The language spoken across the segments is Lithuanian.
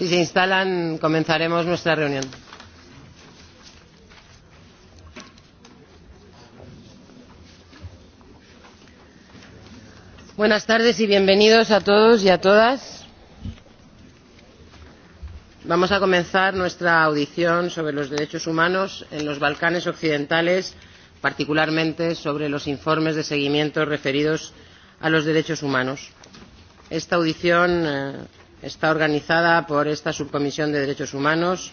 si se instalan comenzaremos nuestra reunión. buenas tardes y bienvenidos a todos y a todas. vamos a comenzar nuestra audición sobre los derechos humanos en los balcanes occidentales particularmente sobre los informes de seguimiento referidos a los derechos humanos. esta audición eh, está organizada por esta subcomisión de derechos humanos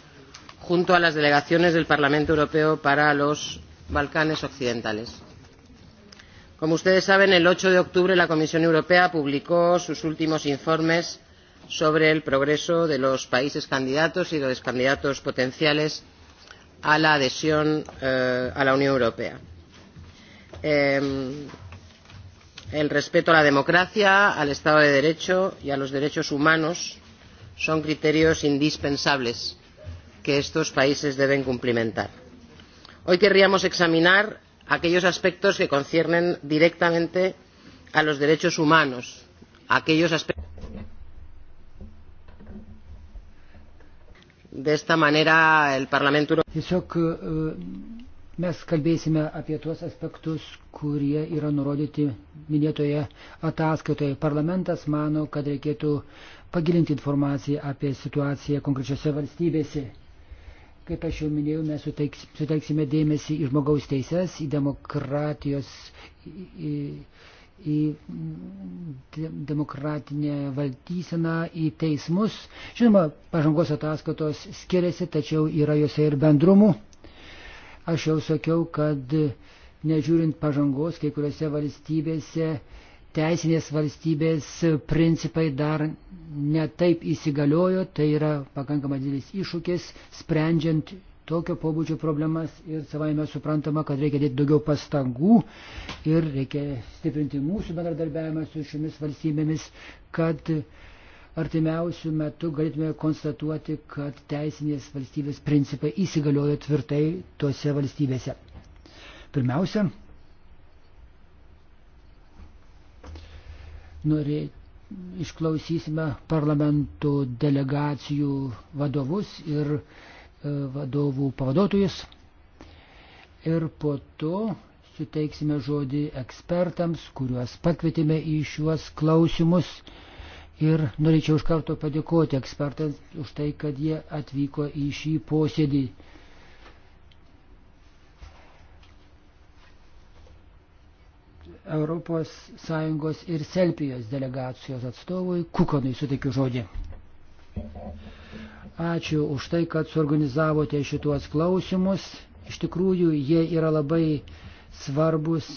junto a las delegaciones del Parlamento Europeo para los Balcanes Occidentales. Como ustedes saben, el 8 de octubre la Comisión Europea publicó sus últimos informes sobre el progreso de los países candidatos y de los candidatos potenciales a la adhesión eh, a la Unión Europea. Eh, el respeto a la democracia, al Estado de Derecho y a los derechos humanos son criterios indispensables que estos países deben cumplimentar. Hoy querríamos examinar aquellos aspectos que conciernen directamente a los derechos humanos, aquellos aspectos. De esta manera, el Parlamento Europeo Mes kalbėsime apie tuos aspektus, kurie yra nurodyti minėtoje ataskaitoje. Parlamentas mano, kad reikėtų pagilinti informaciją apie situaciją konkrečiose valstybėse. Kaip aš jau minėjau, mes suteiksime dėmesį į žmogaus teises, į demokratijos, į, į de, demokratinę valdyseną, į teismus. Žinoma, pažangos ataskaitos skiriasi, tačiau yra jose ir bendrumų Aš jau sakiau, kad nežiūrint pažangos, kai kuriuose valstybėse teisinės valstybės principai dar netaip įsigaliojo, tai yra pakankamai didelis iššūkis sprendžiant tokio pobūdžio problemas ir savai mes suprantama, kad reikia dėti daugiau pastangų ir reikia stiprinti mūsų bendradarbiavimą su šiomis valstybėmis, kad uh, artimiausių metų galėtume konstatuoti, kad teisinės valstybės principai įsigaliojo tvirtai tose valstybėse. Pirmiausia, norė, išklausysime parlamentų delegacijų vadovus ir e, vadovų pavaduotojus. Ir po to suteiksime žodį ekspertams, kuriuos pakvietėme į šiuos klausimus. Ir norėčiau iš karto padėkoti ekspertams už tai, kad jie atvyko į šį posėdį. Europos Sąjungos ir Selpijos delegacijos atstovui Kukonui suteikiu žodį. Ačiū už tai, kad suorganizavote šituos klausimus. Iš tikrųjų, jie yra labai svarbus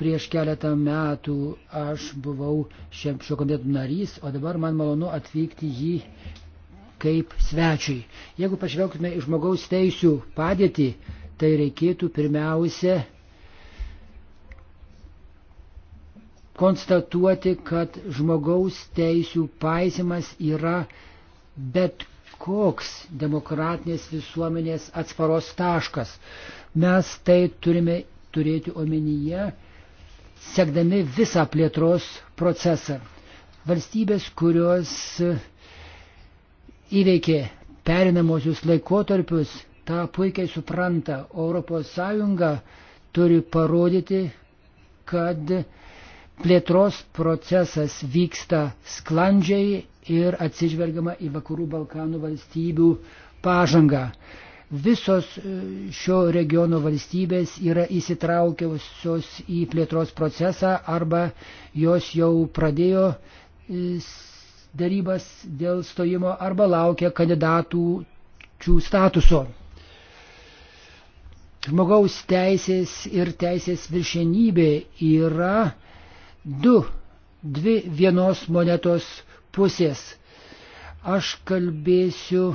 Prieš keletą metų aš buvau šio komiteto narys, o dabar man malonu atvykti jį kaip svečiui. Jeigu pažvelgtume į žmogaus teisų padėtį, tai reikėtų pirmiausia konstatuoti, kad žmogaus teisų paisimas yra bet koks demokratinės visuomenės atsparos taškas. Mes tai turime turėti omenyje sekdami visą plėtros procesą. Valstybės, kurios įveikė perinamosius laikotarpius, tą puikiai supranta. ES turi parodyti, kad plėtros procesas vyksta sklandžiai ir atsižvelgiama į Vakarų Balkanų valstybių pažangą. Visos e, šio regiono valstybės yra įsitraukiausios į plėtros procesą arba jos jau pradėjo e, darybas dėl stojimo arba laukia kandidatų statuso. Žmogaus teisės ir teisės viršenybė yra du, dvi vienos monetos pusės. Aš kalbėsiu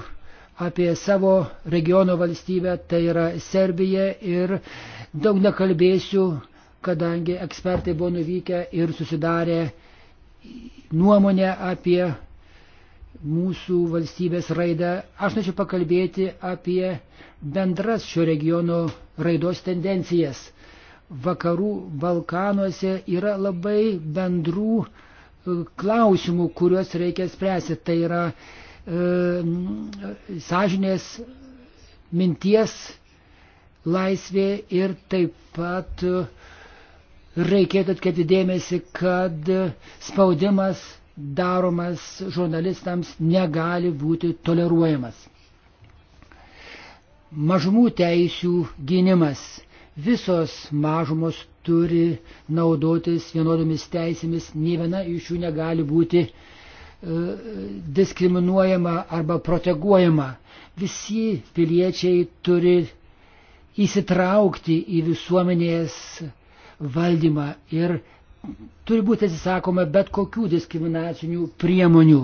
apie savo regiono valstybę, tai yra Serbija ir daug nekalbėsiu, kadangi ekspertai buvo nuvykę ir susidarė nuomonę apie mūsų valstybės raidą. Aš norėčiau pakalbėti apie bendras šio regiono raidos tendencijas. Vakarų Balkanuose yra labai bendrų e, klausimų, kuriuos reikia spręsti. Tai yra E, sąžinės minties laisvė ir taip pat reikėtų atkėti dėmesį, kad spaudimas daromas žurnalistams negali būti toleruojamas. Mažumų teisių gynimas. Visos mažumos turi naudotis vienodomis teisėmis, nė viena iš jų negali būti uh, diskriminuojama arba proteguojama. Visi piliečiai turi įsitraukti į visuomenės valdymą ir turi būti atsisakoma bet kokių diskriminacinių priemonių.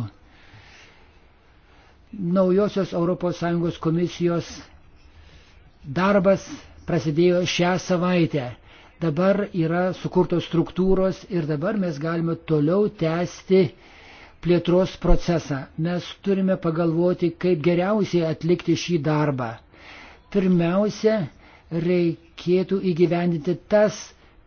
Naujosios ES komisijos darbas prasidėjo šią savaitę. Dabar yra sukurtos struktūros ir dabar mes galime toliau tęsti uh, plėtros procesą. Mes turime pagalvoti, kaip geriausiai atlikti šį darbą. Pirmiausia, reikėtų įgyvendinti tas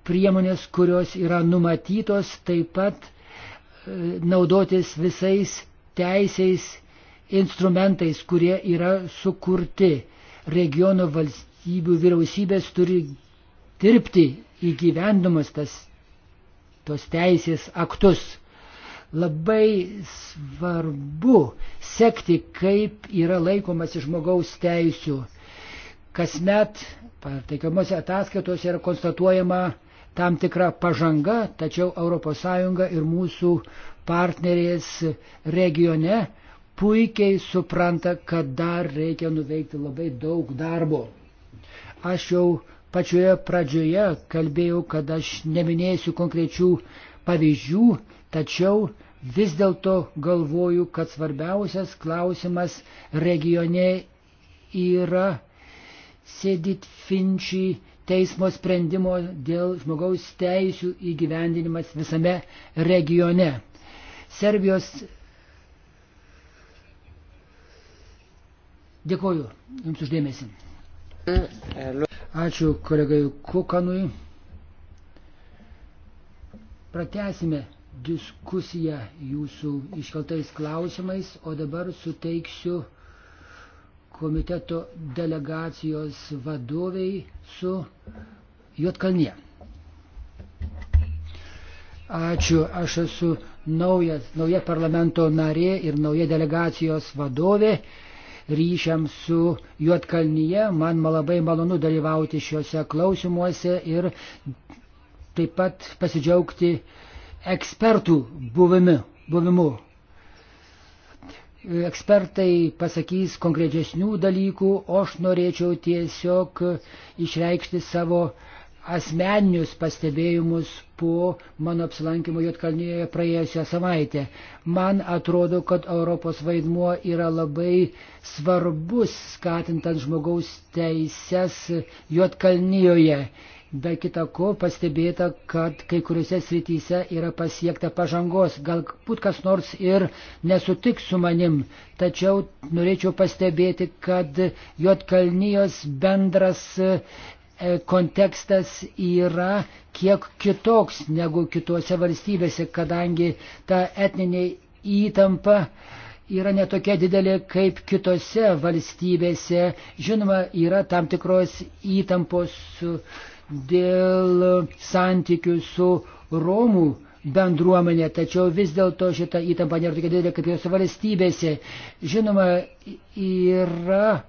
priemonės, kurios yra numatytos, taip pat e, naudotis visais teisiais instrumentais, kurie yra sukurti. Regiono valstybių vyriausybės turi dirbti įgyvendamas tas, tos teisės aktus. Labai svarbu sekti, kaip yra laikomasi žmogaus teisių. Kasmet pateikiamuose ataskaitos yra konstatuojama tam tikra pažanga, tačiau ES ir mūsų partnerės regione puikiai supranta, kad dar reikia nuveikti labai daug darbo. Aš jau pačioje pradžioje kalbėjau, kad aš neminėsiu konkrečių pavyzdžių, Tačiau vis dėlto galvoju, kad svarbiausias klausimas regione yra sėdit finčiai teismo sprendimo dėl žmogaus teisų įgyvendinimas visame regione. Serbijos. Dėkuoju Jums uždėmesi. Ačiū kolegai Kukanui. Pratesime diskusiją jūsų iškeltais klausimais, o dabar suteiksiu komiteto delegacijos vadoviai su Jotkalnie. Ačiū, aš esu naujas, nauja parlamento narė ir nauja delegacijos vadovė ryšiam su Juotkalnyje. Man labai malonu dalyvauti šiuose klausimuose ir taip pat pasidžiaugti uh, ekspertų buvimi, buvimu. Ekspertai pasakys konkrečesnių dalykų, o aš norėčiau tiesiog išreikšti savo asmeninius pastebėjimus po mano apsilankimo Jotkalnyje praėjusią savaitę. Man atrodo, kad Europos vaidmuo yra labai svarbus skatintant žmogaus teises Jotkalnyje Be kita ko pastebėta, kad kai kuriuose srityse yra pasiekta pažangos. Galbūt kas nors ir nesutiks su manim, tačiau norėčiau pastebėti, kad Jotkalnyjos bendras e, kontekstas yra kiek kitoks negu kitose valstybėse, kadangi ta etninė įtampa yra netokia didelė kaip kitose valstybėse. Žinoma, yra tam tikros įtampos. Su, dėl santykių su Romų bendruomenė, tačiau vis dėlto šita įtampa nėra tokia didelė kaip jos valstybėse. Žinoma, yra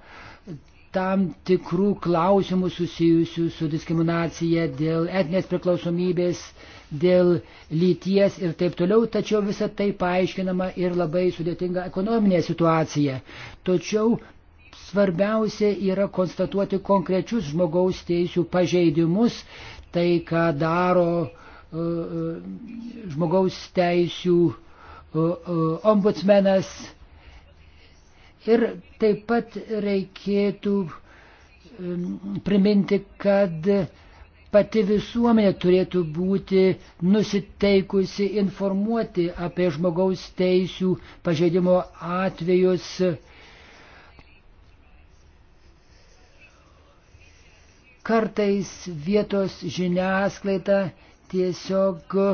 tam tikrų klausimų susijusių su diskriminacija dėl etinės priklausomybės, dėl lyties ir taip toliau, tačiau visa tai paaiškinama ir labai sudėtinga ekonominė situacija. Tačiau Svarbiausia yra konstatuoti konkrečius žmogaus teisų pažeidimus, tai ką daro e, e, žmogaus teisų e, ombudsmenas. Ir taip pat reikėtų priminti, kad pati visuomenė turėtų būti nusiteikusi informuoti apie žmogaus teisų pažeidimo atvejus Kartais vietos žiniasklaida tiesiog e,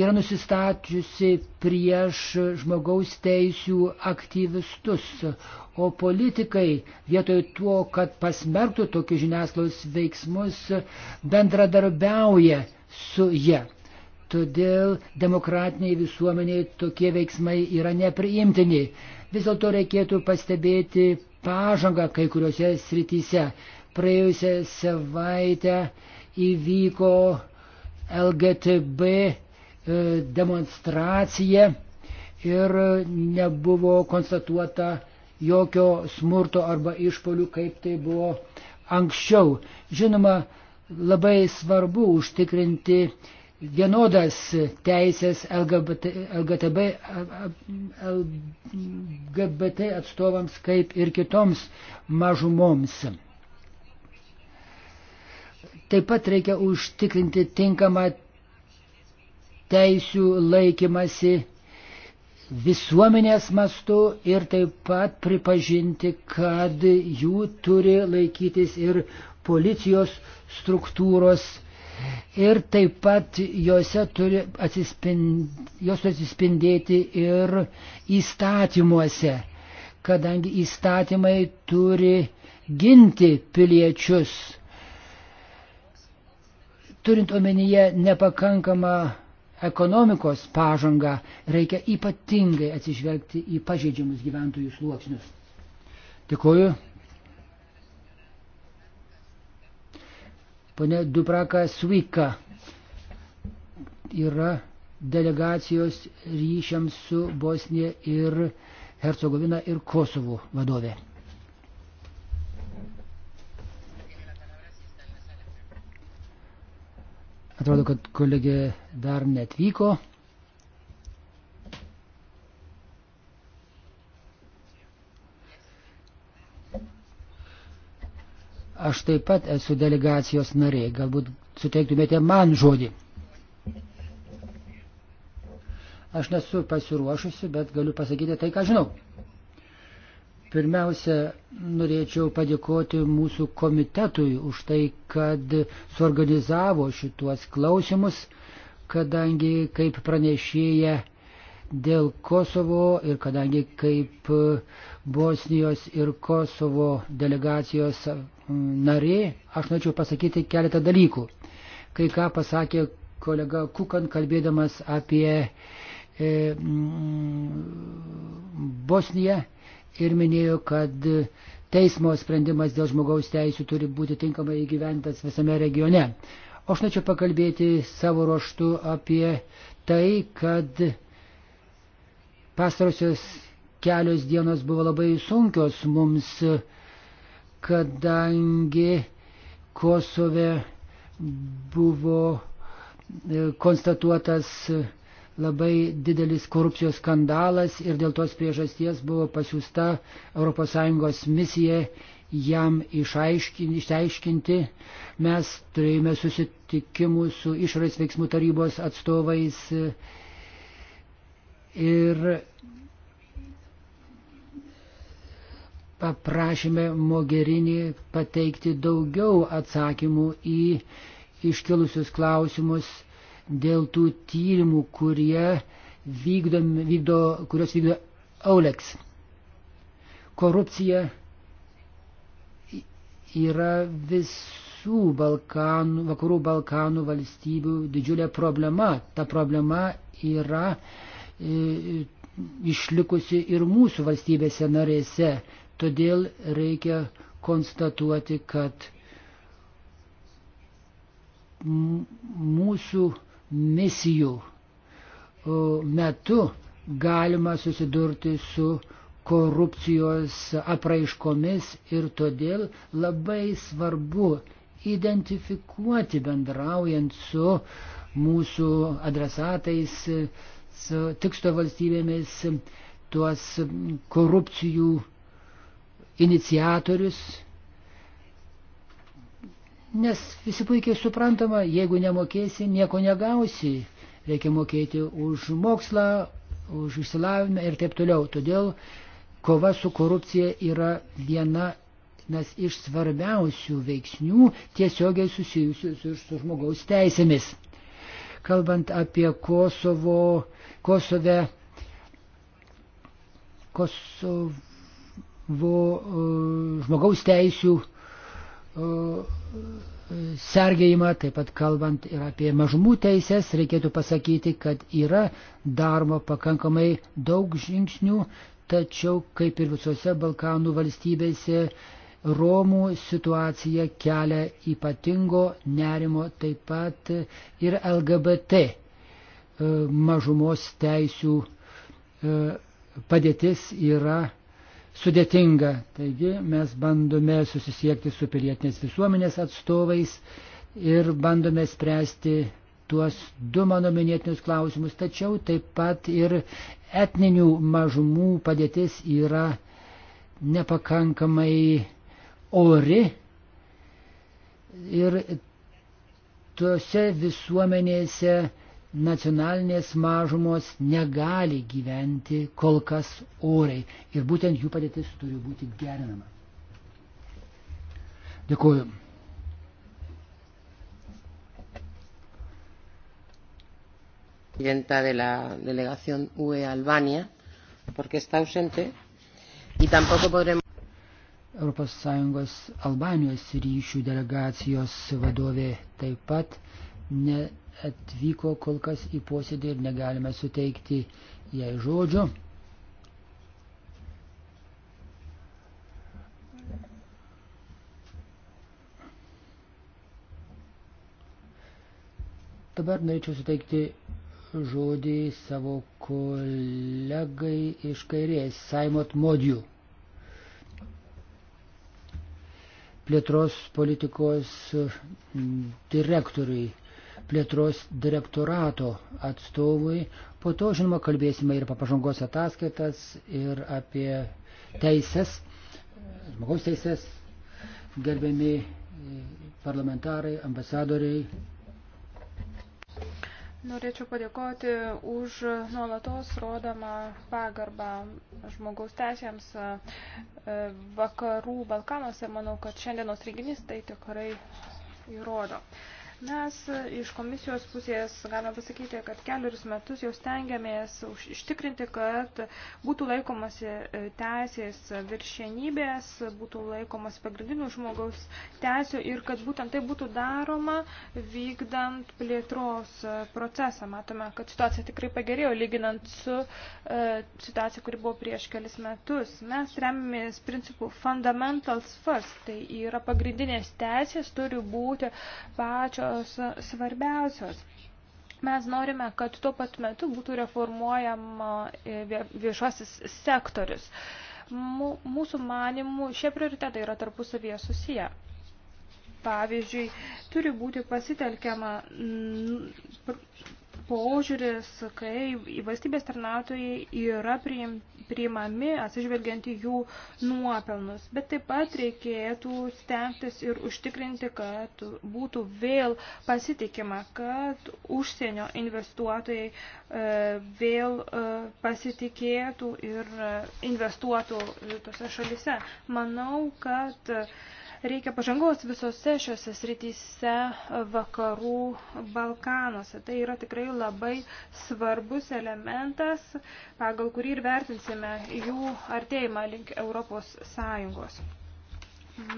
yra nusistačiusi prieš žmogaus teisų aktyvistus, o politikai vietoj to, kad pasmerktų tokius žiniasklaidos veiksmus, bendradarbiauja su jie. Todėl demokratiniai visuomeniai tokie veiksmai yra nepriimtini. Vis dėlto reikėtų pastebėti pažangą kai kuriuose srityse. Praėjusią savaitę įvyko LGTB e, demonstracija ir nebuvo konstatuota jokio smurto arba išpolių, kaip tai buvo anksčiau. Žinoma, labai svarbu užtikrinti vienodas teisės LGBT, LGTB, LGBT atstovams kaip ir kitoms mažumoms. Taip pat reikia užtikrinti tinkamą teisių laikymasi visuomenės mastu ir taip pat pripažinti, kad jų turi laikytis ir policijos struktūros ir taip pat jose turi atsispind, jos turi atsispindėti ir įstatymuose, kadangi įstatymai turi ginti piliečius turint omenyje nepakankamą ekonomikos pažangą, reikia ypatingai atsižvelgti į pažeidžiamus gyventojų sluoksnius. Dėkuoju. Pane Dupraka Svika yra delegacijos ryšiams su Bosnija ir Hercegovina ir Kosovu vadovė. Atrodo, kad kolegė dar netvyko. Aš taip pat esu delegacijos narė. Galbūt suteiktumėte man žodį. Aš nesu pasiruošusi, bet galiu pasakyti tai, ką žinau. Pirmiausia, norėčiau padėkoti mūsų komitetui už tai, kad suorganizavo šituos klausimus, kadangi kaip pranešėja dėl Kosovo ir kadangi kaip Bosnijos ir Kosovo delegacijos narė, aš norėčiau pasakyti keletą dalykų. Kai ką pasakė kolega Kukan, kalbėdamas apie e, Bosniją ir minėjo, kad teismo sprendimas dėl žmogaus teisų turi būti tinkamai įgyventas visame regione. O aš norėčiau pakalbėti savo ruoštų apie tai, kad pastarosios kelios dienos buvo labai sunkios mums, kadangi Kosove buvo e, konstatuotas labai didelis korupcijos skandalas ir dėl tos priežasties buvo pasiūsta ES misija jam išaiškinti. Mes turėjome susitikimų su išorės veiksmų tarybos atstovais e, ir paprašėme Mogerinį pateikti daugiau atsakymų į iškilusius klausimus dėl tų tyrimų, kurie vykdom, vykdo, kurios vykdo Auleks. Korupcija yra visų Balkanų, vakarų Balkanų valstybių didžiulė problema. Ta problema yra e, išlikusi ir mūsų valstybėse narėse. Todėl reikia konstatuoti, kad mūsų misijų metu galima susidurti su korupcijos apraiškomis ir todėl labai svarbu identifikuoti bendraujant su mūsų adresatais, su tiksto valstybėmis, tuos korupcijų iniciatorius Nes visi puikiai suprantama, jeigu nemokėsi, nieko negausi. Reikia mokėti už mokslą, už išsilavinimą ir taip toliau. Todėl kova su korupcija yra viena nes iš svarbiausių veiksnių tiesiogiai susijusių su, su žmogaus teisėmis. Kalbant apie Kosovo, Kosove, Kosovo uh, žmogaus teisų uh, sergėjimą, taip pat kalbant ir apie mažumų teisės, reikėtų pasakyti, kad yra daroma pakankamai daug žingsnių, tačiau kaip ir visose Balkanų valstybėse, Romų situacija kelia ypatingo nerimo taip pat ir LGBT e, mažumos teisių e, padėtis yra sudėtinga. Taigi mes bandome susisiekti su pilietinės visuomenės atstovais ir bandome spręsti tuos du mano minėtinius klausimus, tačiau taip pat ir etninių mažumų padėtis yra nepakankamai ori ir tuose visuomenėse nacionalinės mažumos negali gyventi kol kas oriai ir būtent jų padėtis turi būti gerinama. Dėkuoju. presidenta de la delegación UE Albania, porque está ausente y tampoco podremos. ES Albanijos ryšių delegacijos vadovė taip pat ne, atvyko kol kas į posėdį ir negalime suteikti jai žodžio. Dabar norėčiau suteikti žodį savo kolegai iš kairės, Saimot Modijų. Plėtros politikos direktoriui plėtros direktorato atstovui. Po to, žinoma, kalbėsime ir apie pažangos ataskaitas, ir apie teisės, žmogaus teisės, gerbiami e, parlamentarai, ambasadoriai. Norėčiau padėkoti už nuolatos rodomą pagarbą žmogaus teisėms e, e, vakarų Balkanuose. Manau, kad šiandienos renginys tai tikrai įrodo. Mes e, iš komisijos pusės galime pasakyti, kad keliarius metus jau stengiamės ištikrinti, kad būtų laikomasi e, teisės viršienybės, būtų laikomasi pagrindinių žmogaus teisų ir kad būtent tai būtų daroma vykdant plėtros e, procesą. Matome, kad situacija tikrai pagerėjo lyginant su e, situacija, kuri buvo prieš kelis metus. Mes remiamės principų fundamentals first, tai yra pagrindinės teisės turi būti pačios svarbiausios. Mes norime, kad tuo pat metu būtų reformuojama e, viešasis sektorius. Mūsų manimų šie prioritetai yra tarpusavyje susiję. Pavyzdžiui, turi būti pasitelkiama požiūris, kai valstybės tarnautojai yra priim, priimami atsižvelgiant į jų nuopelnus. Bet taip pat reikėtų stengtis ir užtikrinti, kad būtų vėl pasitikima, kad užsienio investuotojai e, vėl e, pasitikėtų ir e, investuotų tose šalise. Manau, kad e, Reikia pažangos visose šiuose srityse vakarų Balkanuose. Tai yra tikrai labai svarbus elementas, pagal kurį ir vertinsime jų artėjimą link Europos Sąjungos.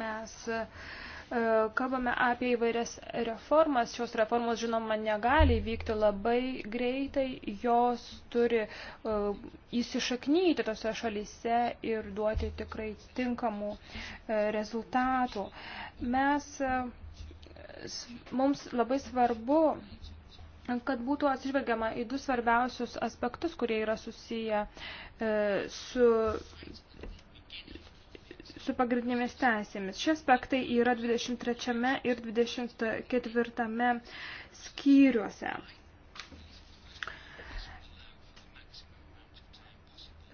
Mes uh, E, kalbame apie įvairias reformas. Šios reformos, žinoma, negali vykti labai greitai, jos turi uh, įsišaknyti tose šalyse ir duoti tikrai tinkamų uh, rezultatų. Mes, uh, mums labai svarbu kad būtų atsižvelgiama į du svarbiausius aspektus, kurie yra susiję e, su su pagrindinėmis teisėmis. Šie aspektai yra 23 ir 24 skyriuose.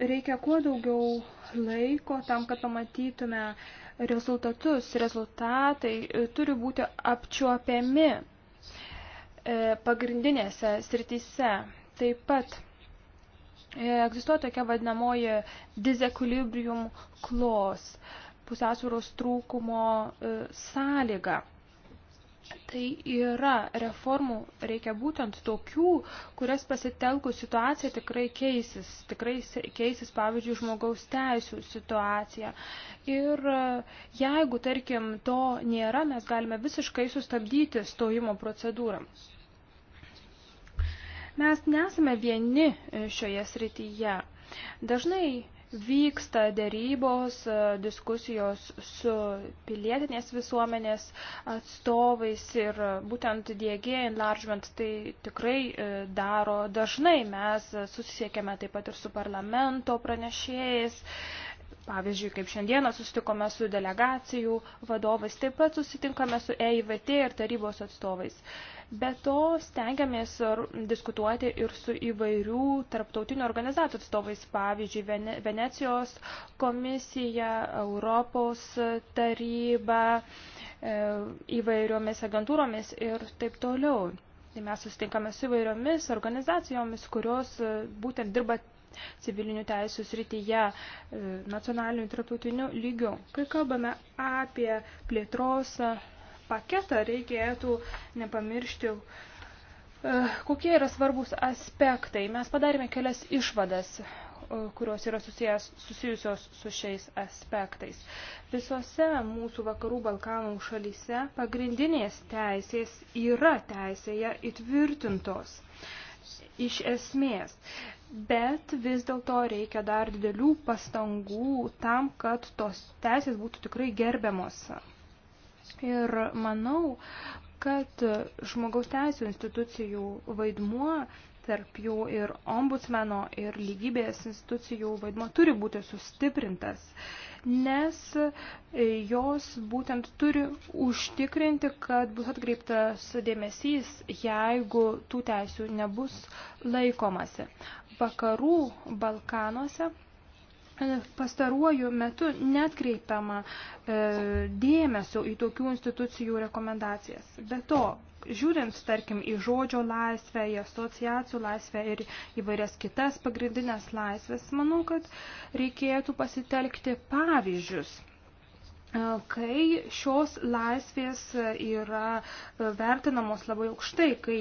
Reikia kuo daugiau laiko tam, kad pamatytume rezultatus. Rezultatai e, turi būti apčiuopiami e, pagrindinėse srityse. Taip pat e, egzistuoja tokia vadinamoji disequilibrium clause pusiausvėros trūkumo e, sąlyga. Tai yra reformų reikia būtent tokių, kurias pasitelkų situacija tikrai keisis, tikrai keisis, pavyzdžiui, žmogaus teisų situacija. Ir e, jeigu, tarkim, to nėra, mes galime visiškai sustabdyti stojimo procedūrą. Mes nesame vieni e, šioje srityje. Dažnai vyksta dėrybos, e, diskusijos su pilietinės visuomenės atstovais ir būtent DG enlargement tai tikrai e, daro dažnai. Mes susisiekėme taip pat ir su parlamento pranešėjais. Pavyzdžiui, kaip šiandieną susitikome su delegacijų vadovais, taip pat susitinkame su EIVT ir tarybos atstovais. Uh, Be to stengiamės diskutuoti ir su įvairių tarptautinių organizacijų atstovais, pavyzdžiui, Vene, Venecijos komisija, Europos taryba, e, įvairiomis agentūromis ir taip toliau. Tai mes susitinkame su įvairiomis organizacijomis, kurios e, būtent dirba civilinių teisų srityje e, nacionaliniu ir tarptautiniu lygiu. Kai kalbame apie plėtros paketą, reikėtų nepamiršti, eh, kokie yra svarbus aspektai. Mes padarėme kelias išvadas eh, kurios yra susijęs, susijusios su šiais aspektais. Visose mūsų vakarų Balkanų šalyse pagrindinės teisės yra teisėje įtvirtintos iš esmės. Bet vis dėlto reikia dar didelių pastangų tam, kad tos teisės būtų tikrai gerbiamos Ir manau, kad žmogaus teisų institucijų vaidmuo tarp jų ir ombudsmeno ir lygybės institucijų vaidmo turi būti sustiprintas, nes jos būtent turi užtikrinti, kad bus atkreiptas dėmesys, jeigu tų teisių nebus laikomasi. Vakarų Balkanuose E, pastaruoju metu netkreipiama e, dėmesio į tokių institucijų rekomendacijas. Be to, žiūrint, tarkim, į žodžio laisvę, į asociacijų laisvę ir įvairias kitas pagrindinės laisvės, manau, kad reikėtų pasitelkti pavyzdžius e, kai šios laisvės yra e, vertinamos labai aukštai, kai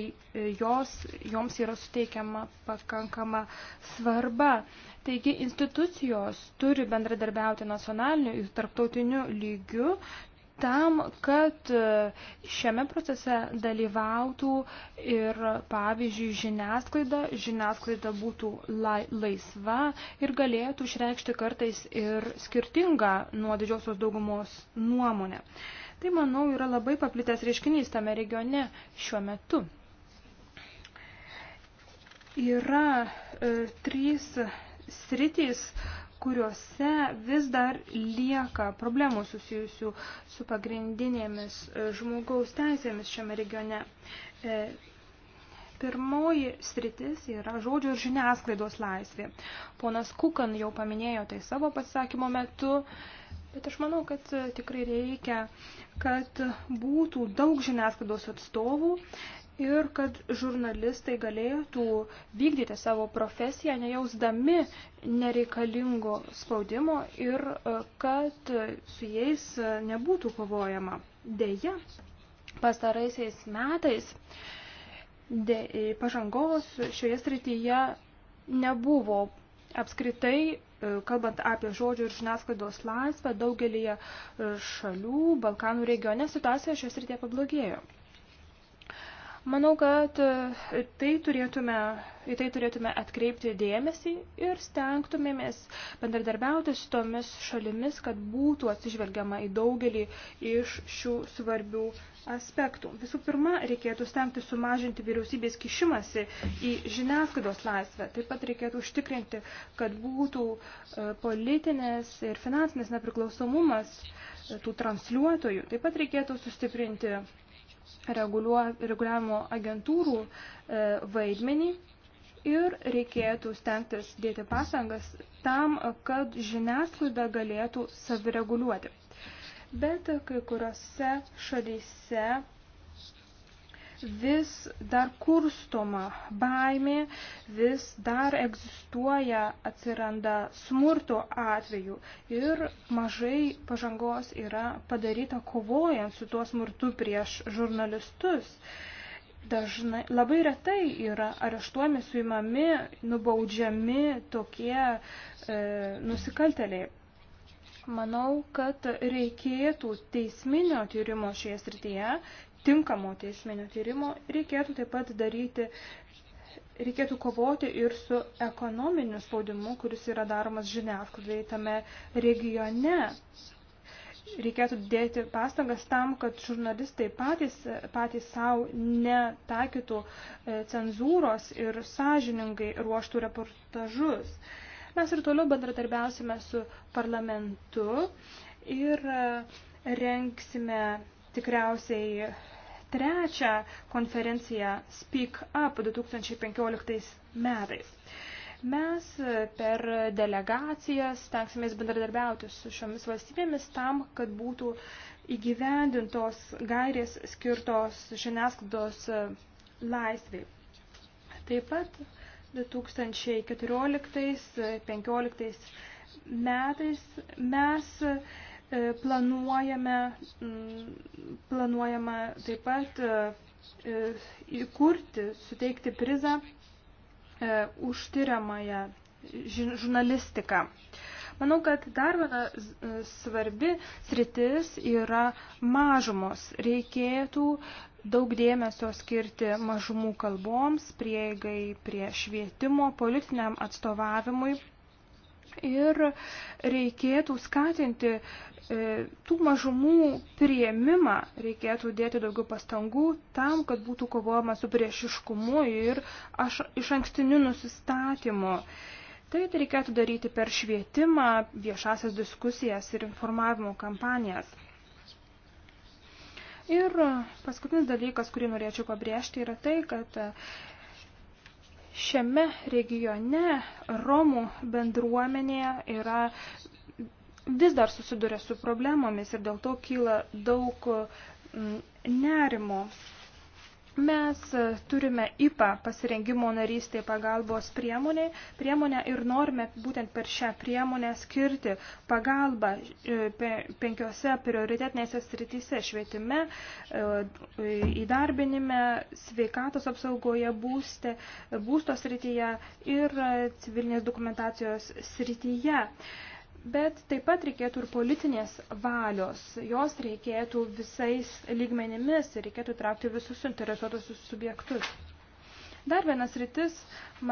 jos, joms yra suteikiama pakankama svarba. Taigi institucijos turi bendradarbiauti nacionaliniu ir tarptautiniu lygiu tam, kad e, šiame procese dalyvautų ir, pavyzdžiui, žiniasklaida, žiniasklaida būtų laisva ir galėtų išreikšti kartais ir skirtingą nuo didžiosios daugumos nuomonę. Tai, manau, yra labai paplitęs reiškinys tame regione šiuo metu yra e, trys sritys, kuriuose vis dar lieka problemų susijusių su pagrindinėmis e, žmogaus teisėmis šiame regione. E, pirmoji sritis yra žodžio ir žiniasklaidos laisvė. Ponas Kukan jau paminėjo tai savo pasisakymo metu, bet aš manau, kad e, tikrai reikia, kad būtų daug žiniasklaidos atstovų ir kad žurnalistai galėtų vykdyti savo profesiją, nejausdami nereikalingo spaudimo ir e, kad su jais e, nebūtų kovojama. Deja, pastaraisiais metais de, e, pažangos šioje srityje nebuvo. Apskritai, kalbant apie žodžių ir žiniasklaidos laisvę, daugelį šalių Balkanų regione situacija šioje srityje pablogėjo. Manau, kad e, tai turėtume, į tai turėtume atkreipti dėmesį ir stengtumėmės bendradarbiauti su tomis šalimis, kad būtų atsižvelgiama į daugelį iš šių svarbių aspektų. Visų pirma, reikėtų stengti sumažinti vyriausybės kišimasi į žiniasklaidos laisvę. Taip pat reikėtų užtikrinti, kad būtų e, politinės ir finansinės nepriklausomumas e, tų transliuotojų. Taip pat reikėtų sustiprinti reguliavimo agentūrų e, vaidmenį ir reikėtų stengtis dėti pasangas tam, kad žiniasklaida galėtų savireguliuoti. Bet kai kuriuose šalyse vis dar kurstoma baimė, vis dar egzistuoja, atsiranda smurto atveju ir mažai pažangos yra padaryta kovojant su tuo smurtu prieš žurnalistus. Dažnai, labai retai yra areštuojami, suimami, nubaudžiami tokie e, nusikalteliai. Manau, kad reikėtų teisminio tyrimo šioje srityje tinkamo teisminio tyrimo, reikėtų taip pat daryti, reikėtų kovoti ir su ekonominiu spaudimu, kuris yra daromas žiniasklaidai tame regione. Reikėtų dėti pastangas tam, kad žurnalistai patys, patys savo netaikytų e, cenzūros ir sąžiningai ruoštų reportažus. Mes ir toliau bendradarbiausime su parlamentu ir e, rengsime tikriausiai trečią konferenciją Speak Up 2015 metais. Mes e, per delegacijas tenksimės bendradarbiauti su šiomis valstybėmis tam, kad būtų įgyvendintos gairės skirtos žiniasklaidos e, laisvai. Taip pat 2014-2015 e, metais mes E, planuojame, planuojama taip pat e, e, įkurti, suteikti prizą užtyriamąją žurnalistiką. Manau, kad dar viena svarbi sritis yra mažumos. Reikėtų daug dėmesio skirti mažumų kalboms, prieigai prie švietimo, politiniam atstovavimui ir reikėtų skatinti e, tų mažumų prieimimą, reikėtų dėti daugiau pastangų tam, kad būtų kovojama su priešiškumu ir aš, iš ankstiniu nusistatymu. Tai reikėtų daryti per švietimą, viešasias diskusijas ir informavimo kampanijas. Ir paskutinis dalykas, kurį norėčiau pabrėžti, yra tai, kad šiame regione Romų bendruomenėje yra vis dar susiduria su problemomis ir dėl to kyla daug mm, nerimo. Mes e, turime IPA pasirengimo narystėje pagalbos priemonė, priemonę ir norime būtent per šią priemonę skirti pagalbą e, penkiose prioritetinėse srityse - švietime, e, įdarbinime, sveikatos apsaugoje, būste, būsto srityje ir civilinės dokumentacijos srityje. Bet taip pat reikėtų ir politinės valios. Jos reikėtų visais lygmenimis ir reikėtų traukti visus suinteresuotusius subjektus. Dar vienas rytis,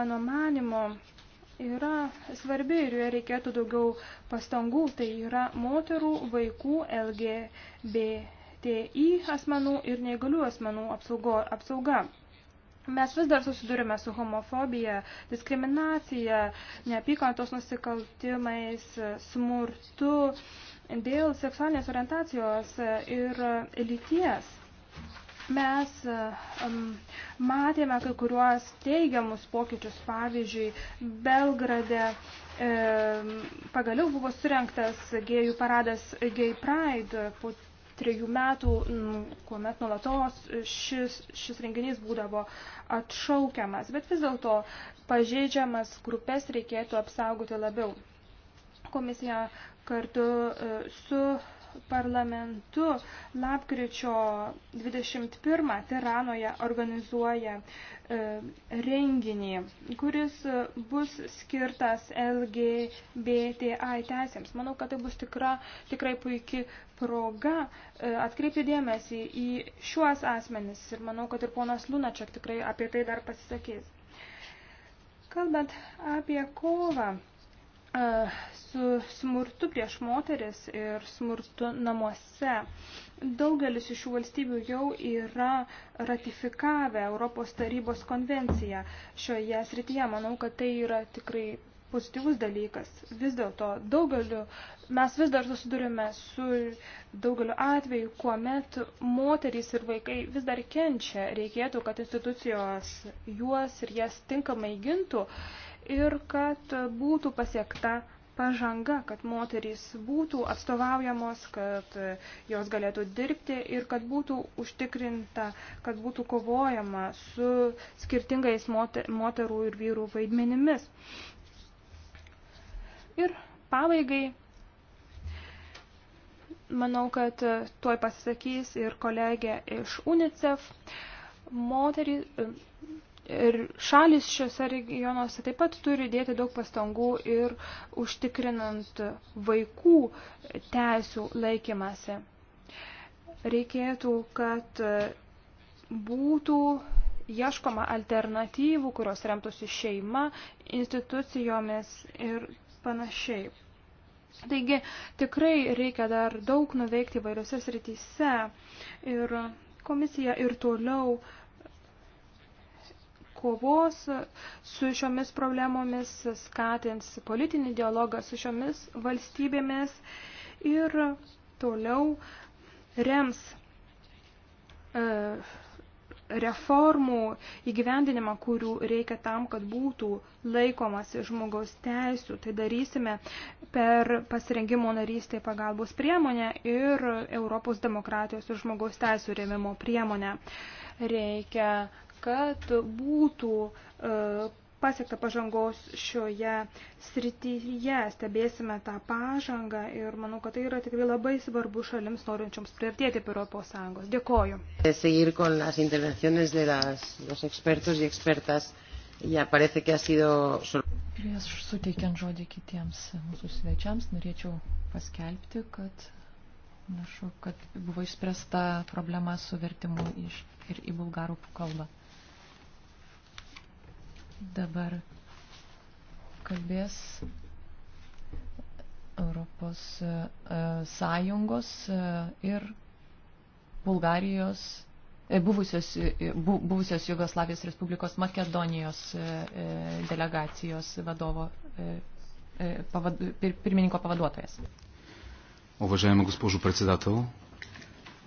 mano manimo, yra svarbi ir joje reikėtų daugiau pastangų. Tai yra moterų, vaikų, LGBTI asmenų ir neįgalių asmenų apsaugo, apsauga. Mes vis dar susidurime su homofobija, diskriminacija, neapykantos nusikaltimais, smurtu dėl seksualinės orientacijos ir lyties mes matėme kai kuriuos teigiamus pokyčius. Pavyzdžiui, Belgrade e, pagaliau buvo surinktas gėjų paradas Gay Pride po trejų metų, nu, kuomet nulatos šis, šis renginys būdavo atšaukiamas, bet vis dėlto pažeidžiamas grupės reikėtų apsaugoti labiau. Komisija kartu e, su parlamentu lapkričio 21 Tiranoje organizuoja e, renginį, kuris e, bus skirtas LGBTI teisėms. Manau, kad tai bus tikra, tikrai puikia proga e, atkreipti dėmesį į šiuos asmenis ir manau, kad ir ponas Lunačiak tikrai apie tai dar pasisakys. Kalbant apie kovą E, su smurtu prieš moteris ir smurtu namuose. Daugelis iš šių valstybių jau yra ratifikavę Europos tarybos konvenciją šioje srityje. Manau, kad tai yra tikrai pozityvus dalykas. Vis dėlto daugeliu, mes vis dar susidurime su daugeliu atveju, kuomet moterys ir vaikai vis dar kenčia. Reikėtų, kad institucijos juos ir jas tinkamai gintų. Uh, ir kad būtų pasiekta pažanga, kad moterys būtų atstovaujamos, kad jos galėtų dirbti ir kad būtų užtikrinta, kad būtų kovojama su skirtingais moterų ir vyrų vaidmenimis. Ir pabaigai, manau, kad tuoj pasisakys ir kolegė iš UNICEF. Moterį, Ir šalis šiuose regionuose taip pat turi dėti daug pastangų ir užtikrinant vaikų teisų laikymasi. Reikėtų, kad būtų ieškoma alternatyvų, kurios remtųsi šeima, institucijomis ir panašiai. Taigi tikrai reikia dar daug nuveikti vairiose srityse ir komisija ir toliau uh, kovos su šiomis problemomis, skatins politinį dialogą su šiomis valstybėmis ir toliau rems e, reformų įgyvendinimą, kurių reikia tam, kad būtų laikomasi žmogaus teisų. Tai darysime per pasirengimo narystę pagalbos priemonę ir Europos demokratijos ir žmogaus teisų rėmimo priemonę. Reikia kad būtų e, pasiekta pažangos šioje srityje. Stebėsime tą pažangą ir manau, kad tai yra tikrai labai svarbu šalims norinčioms priartėti prie Europos Sąjungos. Dėkoju. Seguir con las intervenciones de las, los expertos y expertas. Ya parece que ha sido... Prieš suteikiant žodį kitiems mūsų svečiams, norėčiau paskelbti, kad, našu, kad buvo išspręsta problema su vertimu iš, ir į bulgarų kalbą. Dabar kalbės Europos e, Sąjungos e, ir Bulgarijos, e, buvusios, buvusios Jugoslavijos Respublikos Makedonijos delegacijos vadovo pavad, pirmininko pavaduotojas. Уважаема госпожо председател,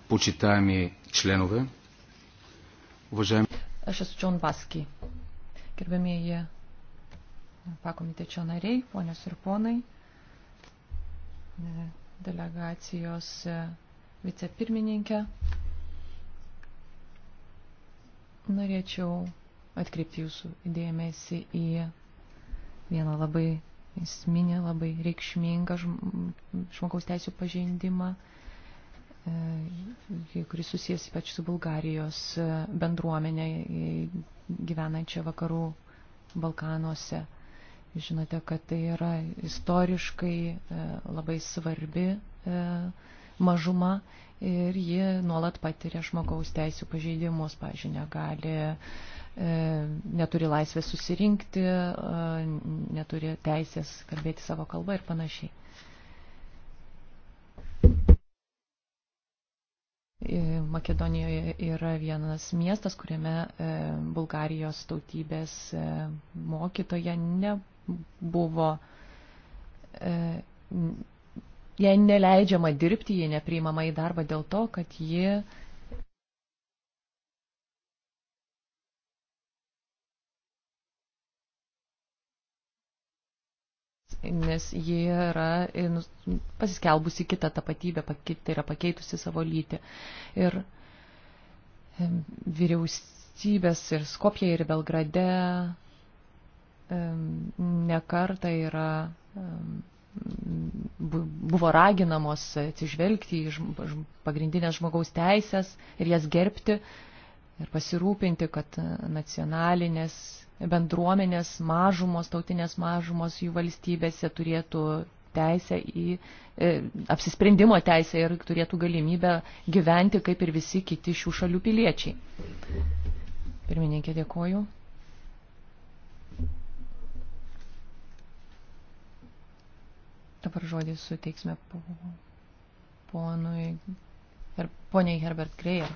почитаеми членове, уважаеми... Аз съм Чон Баски. Gerbėmėji pakomitečio nariai, ponios ir ponai, delegacijos vicepirmininkė, norėčiau atkreipti jūsų dėmesį į vieną labai esminį, labai reikšmingą žmogaus teisų pažeidimą, e, kuris susijęs ypač su Bulgarijos e, bendruomenė gyvenančią vakarų Balkanuose. Žinote, kad tai yra istoriškai e, labai svarbi e, mažuma ir ji nuolat patiria žmogaus teisų pažeidimus, pažiūrėjau, negali, e, neturi laisvės susirinkti, neturi teisės kalbėti savo kalbą ir panašiai. Makedonijoje yra vienas miestas, kuriame e, Bulgarijos tautybės e, mokytoja nebuvo, e, jai neleidžiama dirbti, jie nepriimama į darbą dėl to, kad ji nes ji yra pasiskelbusi kitą tapatybę, tai yra pakeitusi savo lytį. Ir vyriausybės ir Skopje ir Belgrade nekarta yra buvo raginamos atsižvelgti į pagrindinės žmogaus teisės ir jas gerbti ir pasirūpinti, kad nacionalinės bendruomenės mažumos, tautinės mažumos jų valstybėse turėtų teisę į e, apsisprendimo teisę ir turėtų galimybę gyventi kaip ir visi kiti šių šalių piliečiai. Pirmininkė, dėkoju. Dabar žodį suteiksime ponui ir poniai Herbert Greyer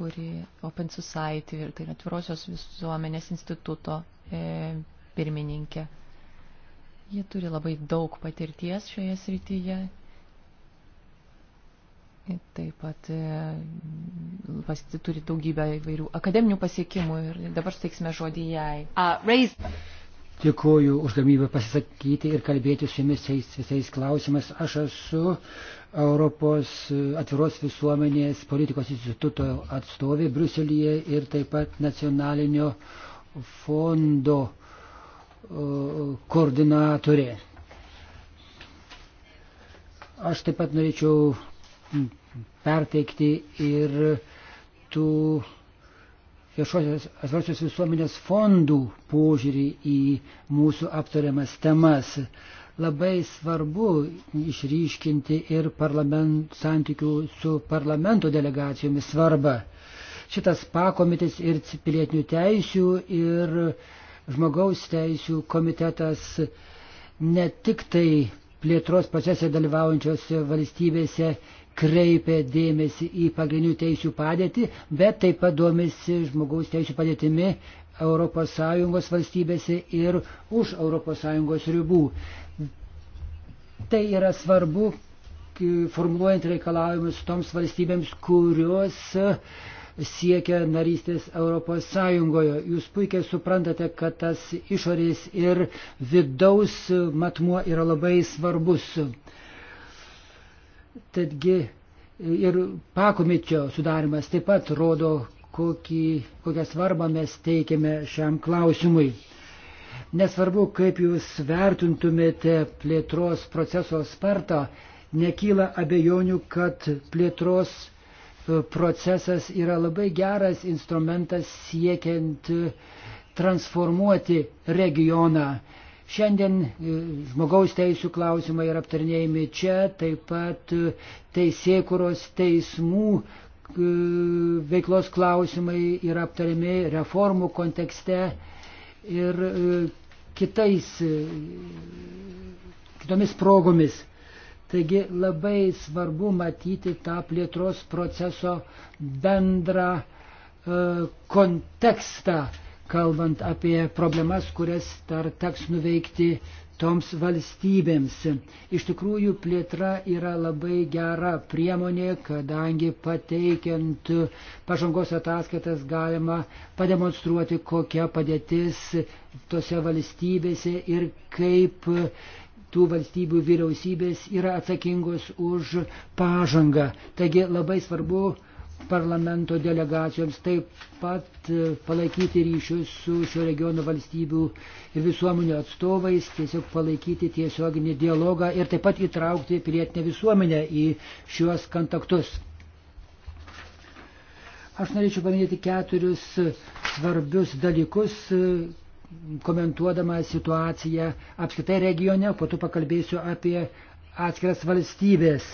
kuri Open Society ir tai atvirosios visuomenės instituto e, pirmininkė. Jie turi labai daug patirties šioje srityje. Ir taip pat e, pas, turi daugybę įvairių akademinių pasiekimų ir dabar steiksime žodį jai. Uh, raise... Dėkuoju už galimybę pasisakyti ir kalbėti su jumis visais klausimais. Aš esu Europos atviros visuomenės politikos instituto atstovė Bruselėje ir taip pat nacionalinio fondo koordinatorė. Aš taip pat norėčiau perteikti ir tų viešosios visuomenės fondų požiūrį į mūsų aptariamas temas. Labai svarbu išryškinti ir parlament, santykių su parlamento delegacijomis svarbą. Šitas pakomitis ir pilietinių teisių ir žmogaus teisių komitetas ne tik tai plėtros procese dalyvaujančiose valstybėse kreipia dėmesį į pagrindinių teisių padėtį, bet taip pat domisi žmogaus teisų padėtimi ES valstybėse ir už ES ribų. Tai yra svarbu, formuluojant reikalavimus toms valstybėms, kurios siekia narystės Europos Sąjungoje. Jūs puikiai suprantate, kad tas išorės ir vidaus matmuo yra labai svarbus. Tadgi ir pakomičio sudarimas taip pat rodo, kokį, kokią svarbą mes teikiame šiam klausimui. Nesvarbu, kaip jūs vertintumėte plėtros proceso spartą, nekyla abejonių, kad plėtros e, procesas yra labai geras instrumentas siekiant e, transformuoti regioną. Šiandien e, žmogaus teisų klausimai yra aptarnėjami čia, taip pat e, teisėkuros teismų e, veiklos klausimai yra aptarimi reformų kontekste ir kitais, kitomis progomis. Taigi labai svarbu matyti tą plėtros proceso bendrą kontekstą kalbant apie problemas, kurias dar teks nuveikti toms valstybėms. Iš tikrųjų, plėtra yra labai gera priemonė, kadangi pateikiant pažangos ataskaitas galima pademonstruoti, kokia padėtis tose valstybėse ir kaip tų valstybių vyriausybės yra atsakingos už pažangą. Taigi labai svarbu parlamento delegacijoms taip pat e, palaikyti ryšius su šio regiono valstybių ir visuomenių atstovais, tiesiog palaikyti tiesioginį dialogą ir taip pat įtraukti pilietinę visuomenę į šiuos kontaktus. Aš norėčiau paminėti keturius svarbius dalykus, e, komentuodama situaciją apskritai regione, po to pakalbėsiu apie atskiras valstybės.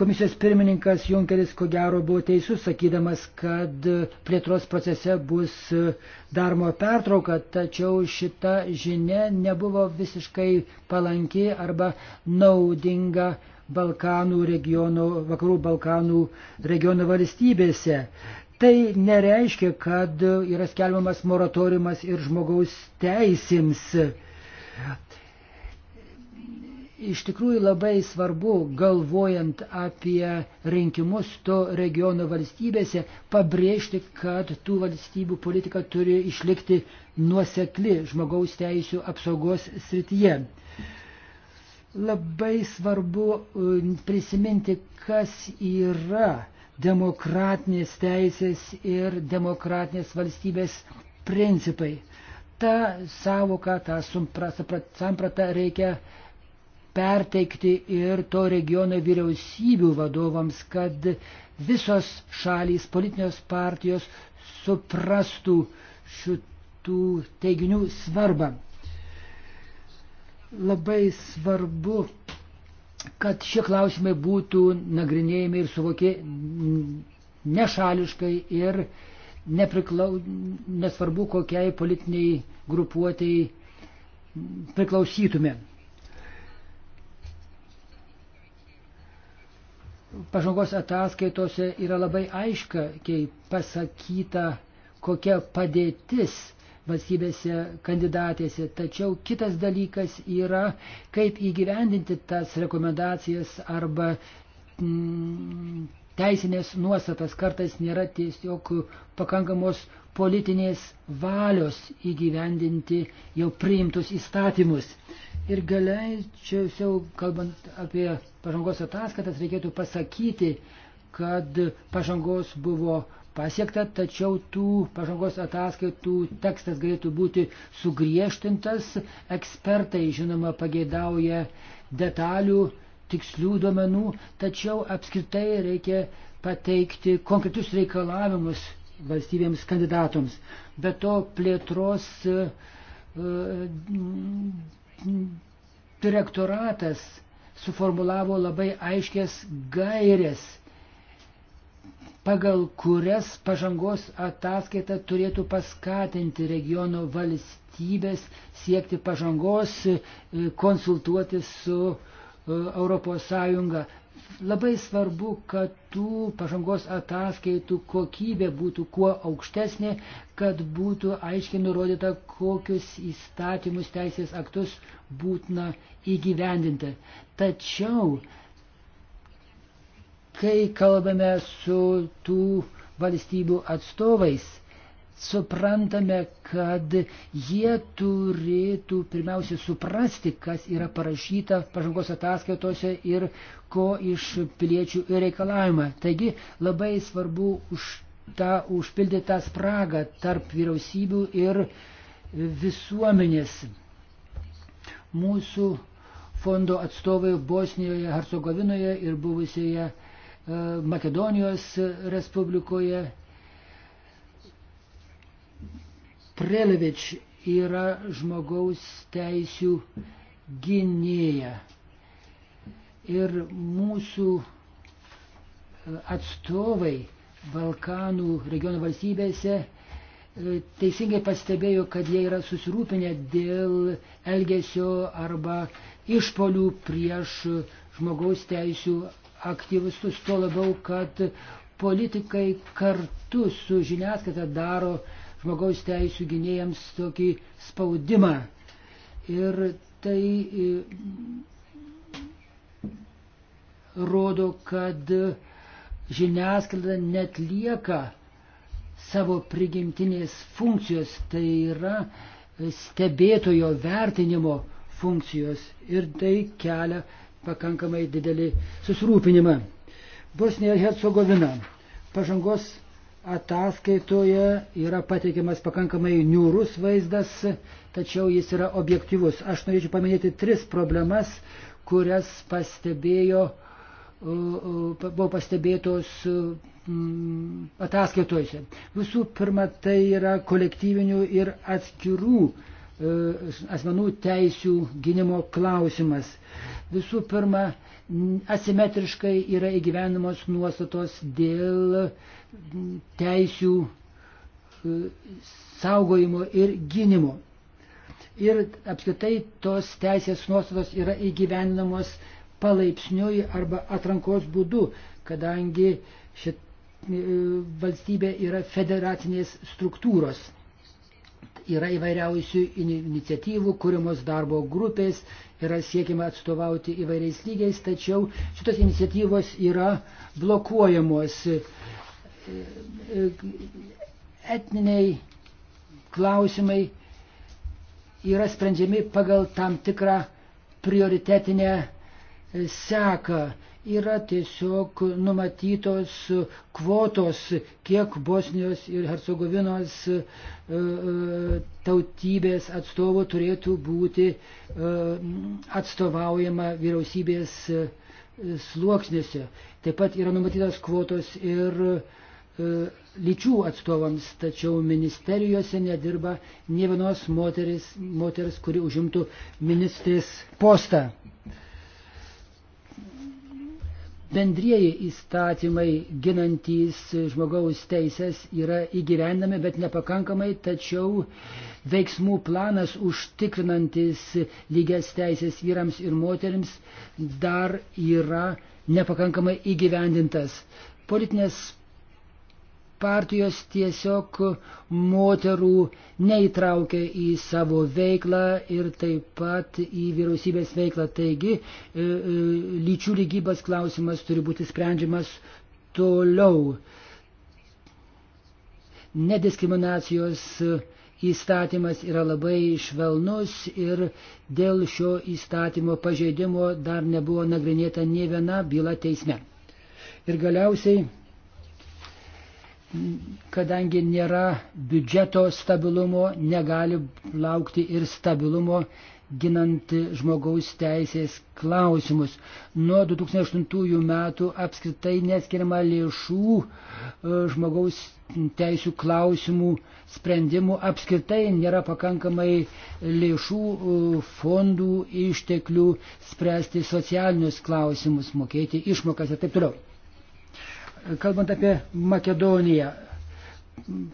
Komisijos pirmininkas Junkeris ko gero buvo teisus, sakydamas, kad plėtros procese bus darmo pertrauka, tačiau šita žinia nebuvo visiškai palanki arba naudinga Balkanų regiono, vakarų Balkanų regiono valstybėse. Tai nereiškia, kad yra skelbiamas moratoriumas ir žmogaus teisėms iš tikrųjų labai svarbu, galvojant apie rinkimus to regiono valstybėse, pabrėžti, kad tų valstybių politika turi išlikti nuosekli žmogaus teisų apsaugos srityje. Labai svarbu e, prisiminti, kas yra demokratinės teisės ir demokratinės valstybės principai. Ta savoka, tą sampratą reikia perteikti ir to regiono vyriausybių vadovams, kad visos šalys, politinės partijos suprastų šitų teiginių svarbą. Labai svarbu, kad šie klausimai būtų nagrinėjami ir suvokė nešališkai ir nepriklau, nesvarbu kokiai politiniai grupuotėjai priklausytume. pažangos ataskaitose yra labai aiška, kai pasakyta, kokia padėtis valstybėse kandidatėse. Tačiau kitas dalykas yra, kaip įgyvendinti tas rekomendacijas arba mm, teisinės nuostatas. Kartais nėra tiesiog pakankamos politinės valios įgyvendinti jau priimtus įstatymus. Ir galėčiau, kalbant apie pažangos ataskaitas, reikėtų pasakyti, kad pažangos buvo pasiekta, tačiau tų pažangos ataskaitų tekstas galėtų būti sugriežtintas. Ekspertai, žinoma, pageidauja detalių, tikslių duomenų, tačiau apskritai reikia pateikti konkretus reikalavimus valstybėms kandidatoms. Be to plėtros e, direktoratas suformulavo labai aiškės gairės, pagal kurias pažangos ataskaita turėtų paskatinti regiono valstybės siekti pažangos, e, konsultuotis su ES labai svarbu, kad tų pažangos ataskaitų kokybė būtų kuo aukštesnė, kad būtų aiškiai nurodyta, kokius įstatymus teisės aktus būtina įgyvendinti. Tačiau, kai kalbame su tų valstybių atstovais, suprantame, kad jie turėtų pirmiausia suprasti, kas yra parašyta pažangos ataskaitose ir ko iš piliečių reikalavimą. Taigi labai svarbu už tą užpildyti tą spragą tarp vyriausybių ir visuomenės. Mūsų fondo atstovai Bosnijoje, Hercegovinoje ir buvusioje e, Makedonijos Respublikoje Prelevič yra žmogaus teisių gynėja. Ir mūsų e, atstovai Balkanų regiono valstybėse e, teisingai pastebėjo, kad jie yra susirūpinę dėl elgesio arba išpolių prieš žmogaus teisų aktyvistus, tuo labiau, kad politikai kartu su žiniasklaida daro uh, žmogaus teisų gynėjams tokį spaudimą. Ir tai e, rodo, kad žiniasklaida net lieka savo prigimtinės funkcijos, tai yra stebėtojo vertinimo funkcijos ir tai kelia pakankamai didelį susirūpinimą. Bosnija ir Hercegovina. Pažangos ataskaitoje yra pateikiamas pakankamai niūrus vaizdas, tačiau jis yra objektivus. Aš norėčiau paminėti tris problemas, kurias pastebėjo, buvo pastebėtos mm, ataskaitose. Visų pirma, tai yra kolektyvinių ir atskirų E, asmenų teisių gynimo klausimas. Visų pirma, asimetriškai yra įgyvenamos nuostatos dėl teisių e, saugojimo ir gynimo. Ir apskritai tos teisės nuostatos yra įgyvendinamos palaipsniui arba atrankos būdu, kadangi šit, e, valstybė yra federacinės struktūros. Yra įvairiausių iniciatyvų, kūrimos darbo grupės, yra siekiama atstovauti įvairiais lygiais, tačiau šitos iniciatyvos yra blokuojamos. E, e, etniniai klausimai yra sprendžiami pagal tam tikrą prioritetinę e, seką yra tiesiog numatytos kvotos, kiek Bosnijos ir Hercegovinos e, e, tautybės atstovų turėtų būti e, atstovaujama vyriausybės sluoksnėse. Taip pat yra numatytos kvotos ir lyčių atstovams, tačiau ministerijose nedirba ne vienos moteris, moteris kuri užimtų ministrės postą bendrieji įstatymai ginantys žmogaus teisės yra įgyvendami, bet nepakankamai, tačiau veiksmų planas užtikrinantis lygias teisės vyrams ir moteriams dar yra nepakankamai įgyvendintas. Politinės partijos tiesiog moterų neįtraukia į savo veiklą ir taip pat į vyriausybės veiklą. Taigi e, e, lyčių lygybės klausimas turi būti sprendžiamas toliau. Nediskriminacijos įstatymas yra labai švelnus ir dėl šio įstatymo pažeidimo dar nebuvo nagrinėta ne viena byla teisme. Ir galiausiai kadangi nėra biudžeto stabilumo, negali laukti ir stabilumo ginant žmogaus teisės klausimus. Nuo 2008 metų apskritai neskiriama lėšų e, žmogaus teisų klausimų sprendimų, apskritai nėra pakankamai lėšų e, fondų išteklių spręsti socialinius klausimus, mokėti išmokas ir taip toliau. Kalbant apie Makedoniją,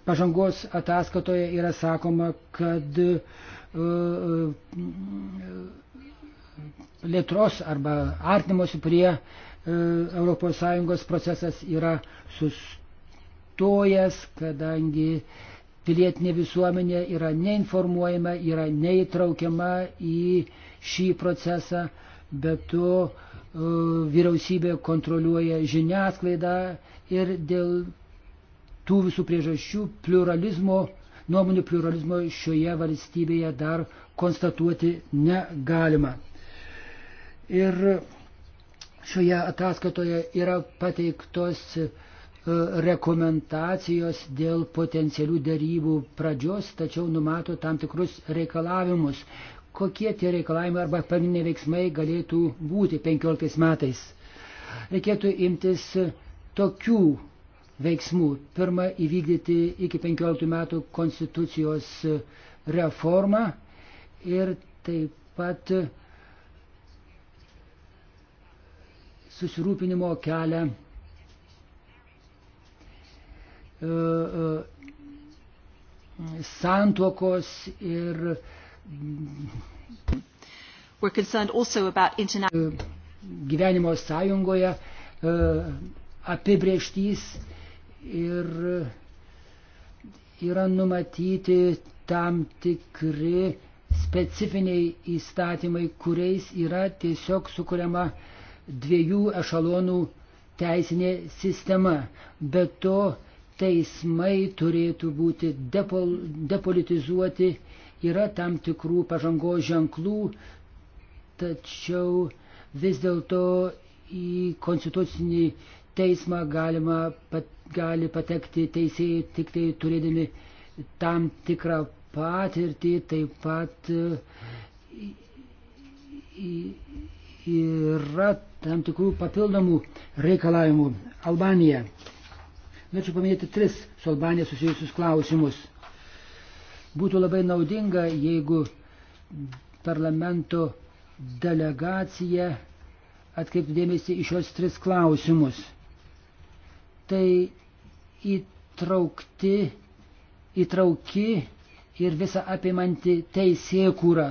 pažangos ataskatoje yra sakoma, kad e, e, plėtros arba artimosi prie e, ES procesas yra sustojęs, kadangi pilietinė visuomenė yra neinformuojama, yra neįtraukiama į šį procesą, bet to E, vyriausybė kontroliuoja žiniasklaidą ir dėl tų visų priežasčių pluralizmo, nuomonių pluralizmo šioje valstybėje dar konstatuoti negalima. Ir šioje ataskatoje yra pateiktos e, rekomendacijos dėl potencialių dėrybų pradžios, tačiau numato tam tikrus reikalavimus, kokie tie reikalavimai arba pagrindiniai veiksmai galėtų būti 15 metais. Reikėtų imtis tokių veiksmų. Pirma, įvykdyti iki 15 metų konstitucijos reformą ir taip pat susirūpinimo kelią e, e, santuokos ir E, gyvenimo sąjungoje e, apibrieštys ir e, yra numatyti tam tikri specifiniai įstatymai, kuriais yra tiesiog sukuriama dviejų ešalonų teisinė sistema. Be to, teismai turėtų būti depol, depolitizuoti yra tam tikrų pažangos ženklų, tačiau vis dėlto į konstitucinį teismą galima, pat, gali patekti teisėjai tik tai turėdami tam tikrą patirtį, taip pat e, yra tam tikrų papildomų reikalavimų Albanija. Norėčiau paminėti tris su Albanija susijusius klausimus. Būtų labai naudinga, jeigu parlamento delegacija atkreiptų dėmesį į šios tris klausimus. Tai įtraukti, įtrauki ir visą apimanti teisėkūrą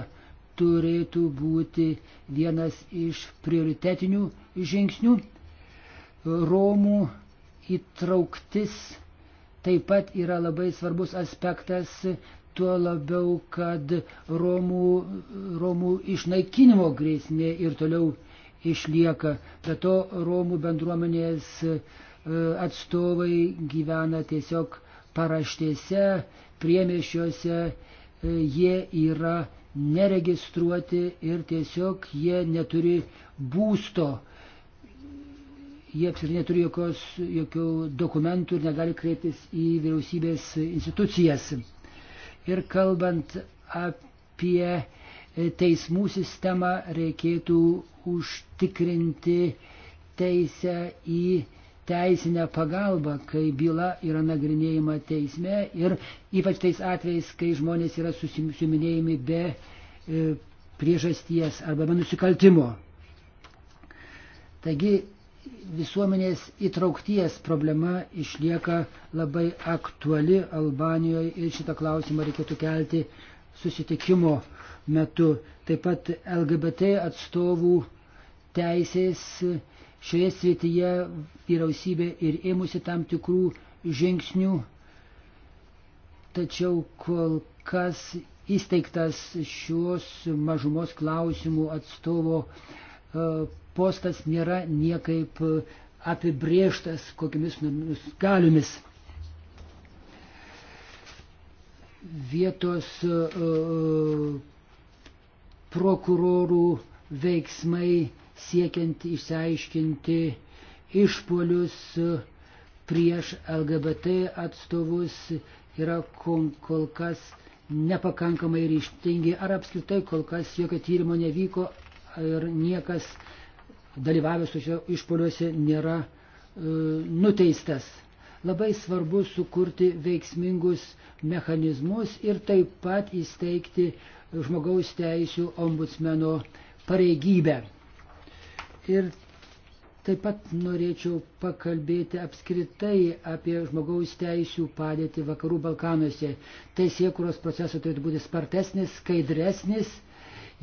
turėtų būti vienas iš prioritetinių žingsnių. Romų įtrauktis taip pat yra labai svarbus aspektas tuo labiau, kad Romų, Romų išnaikinimo grėsmė ir toliau išlieka. Be to, Romų bendruomenės e, atstovai gyvena tiesiog paraštėse, priemiešiuose, e, jie yra neregistruoti ir tiesiog jie neturi būsto. Jie apskritai neturi jokios, jokių dokumentų ir negali kreiptis į vyriausybės institucijas. Ir kalbant apie teismų sistemą, reikėtų užtikrinti teisę į teisinę pagalbą, kai byla yra nagrinėjama teisme ir ypač tais atvejais, kai žmonės yra susiminėjami be e, priežasties arba be nusikaltimo. Taigi visuomenės įtraukties problema išlieka labai aktuali Albanijoje ir šitą klausimą reikėtų kelti susitikimo metu. Taip pat LGBT atstovų teisės šioje srityje vyriausybė ir ėmusi tam tikrų žingsnių, tačiau kol kas įsteigtas šios mažumos klausimų atstovo e, postas nėra niekaip e, apibrieštas kokiamis galiomis. Vietos uh, prokurorų veiksmai siekiant išsiaiškinti išpolius prieš LGBT atstovus yra kol kas nepakankamai ryštingi ar apskritai kol kas jokio tyrimo nevyko ir niekas dalyvavęs tuose išpoliuose nėra e, nuteistas. Labai svarbu sukurti veiksmingus mechanizmus ir taip pat įsteigti žmogaus teisų ombudsmeno pareigybę. Ir taip pat norėčiau pakalbėti apskritai apie žmogaus teisų padėtį Vakarų Balkanuose. Teisėkuros procesas turėtų būti spartesnis, skaidresnis,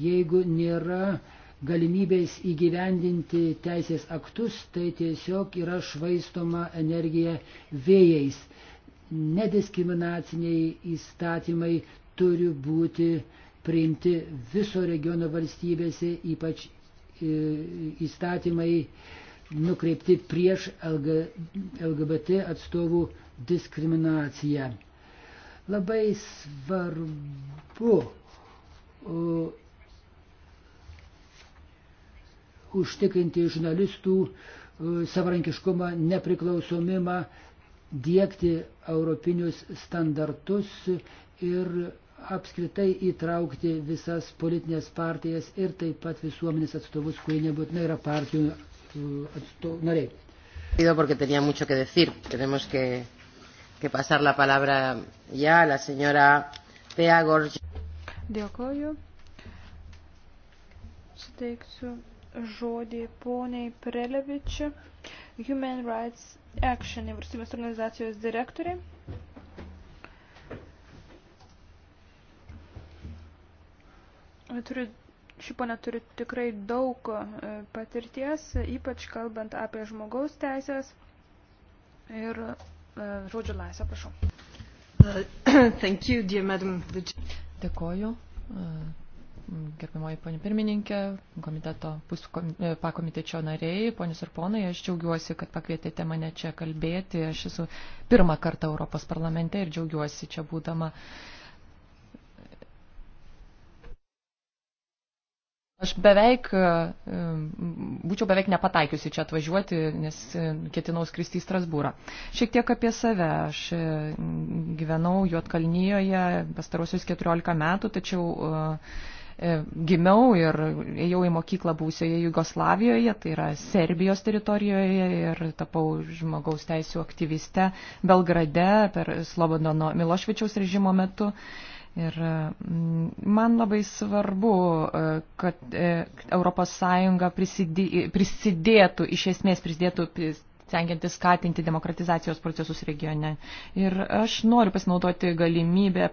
jeigu nėra uh, galimybės įgyvendinti teisės aktus, tai tiesiog yra švaistoma energija vėjais. Nediskriminaciniai įstatymai turi būti priimti viso regiono valstybėse, ypač e, įstatymai nukreipti prieš LGBT atstovų diskriminaciją. Labai svarbu užtikrinti žurnalistų e, savarankiškumą, nepriklausomimą, dėkti europinius standartus ir apskritai įtraukti visas politinės partijas ir taip pat visuomenės atstovus, kurie nebūtinai yra partijų e, atstovų nariai. Porque tenía mucho que decir. Tenemos que, que pasar la palabra ya a la señora Pea Gorgi. Dėkoju. Suteiksiu žodį poniai Prelevič, Human Rights Action, valstybės organizacijos direktoriai. Turiu, ši ponė turi tikrai daug e, patirties, ypač kalbant apie žmogaus teisės ir e, žodžio laisvę, prašau. Uh, thank you, dear madam. Dėkoju, e, gerbimoji ponė pirmininkė, komiteto e, pakomitečio nariai, ponius ir ponai, aš džiaugiuosi, kad pakvietėte mane čia kalbėti. Aš esu pirmą kartą Europos parlamente ir džiaugiuosi čia būdama. Aš beveik, e, būčiau beveik nepataikiusi čia atvažiuoti, nes e, ketinau skristi į Strasbūrą. Šiek tiek apie save. Aš gyvenau Juotkalnyjoje pastarosius 14 metų, tačiau uh, E, gimiau ir ėjau į mokyklą būsioje Jugoslavijoje, tai yra Serbijos teritorijoje ir tapau žmogaus teisų aktyviste Belgrade per Slobodono Miloševičiaus režimo metu. Ir mm, man labai svarbu, e, kad ES prisidėtų, iš esmės prisidėtų stengiantis skatinti demokratizacijos procesus regione. Ir aš noriu pasinaudoti galimybę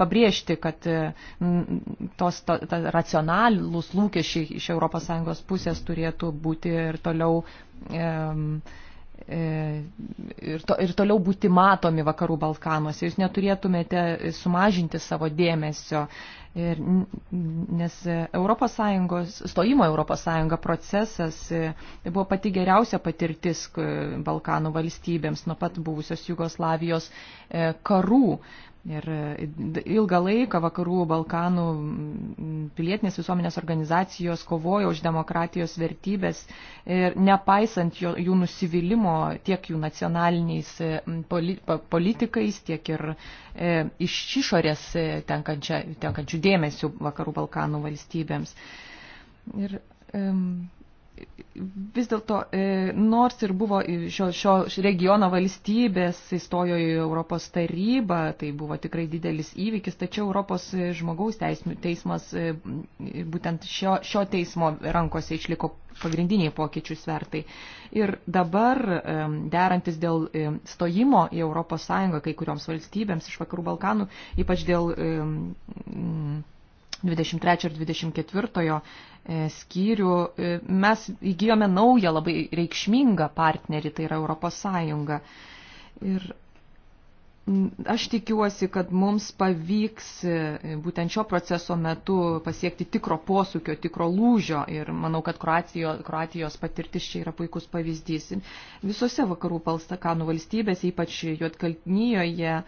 pabrėžti, kad e, tos ta, ta, racionalūs lūkesčiai iš ES pusės turėtų būti ir toliau. Um, e, E, ir, to, ir toliau būti matomi vakarų Balkanuose. Jūs neturėtumėte sumažinti savo dėmesio, ir, nes ES, stojimo ES procesas e, buvo pati geriausia patirtis Balkanų valstybėms nuo pat buvusios Jugoslavijos e, karų. Ir e, ilgą laiką vakarų Balkanų pilietinės visuomenės organizacijos kovojo už demokratijos vertybės ir nepaisant jo, jų nusivylimų tiek jų nacionaliniais e, politikais, tiek ir e, iš išorės e, tenkančių dėmesių vakarų Balkanų valstybėms. Ir, e, vis dėlto, e, nors ir buvo šio, šio regiono valstybės, įstojo į Europos tarybą, tai buvo tikrai didelis įvykis, tačiau Europos žmogaus teismų, teismas e, būtent šio, šio teismo rankose išliko pagrindiniai pokyčių svertai. Ir dabar, e, derantis dėl stojimo į Europos Sąjungą kai kurioms valstybėms iš Vakarų Balkanų, ypač dėl 23 ir 24 E, skyrių, e, mes įgyjome naują labai reikšmingą partnerį, tai yra Europos Sąjunga. Ir aš tikiuosi, kad mums pavyks e, būtent šio proceso metu pasiekti tikro posūkio, tikro lūžio ir manau, kad Kroatijo, Kroatijos patirtis čia yra puikus pavyzdys. Visose vakarų palstakanų valstybėse, ypač Juotkalnyjoje,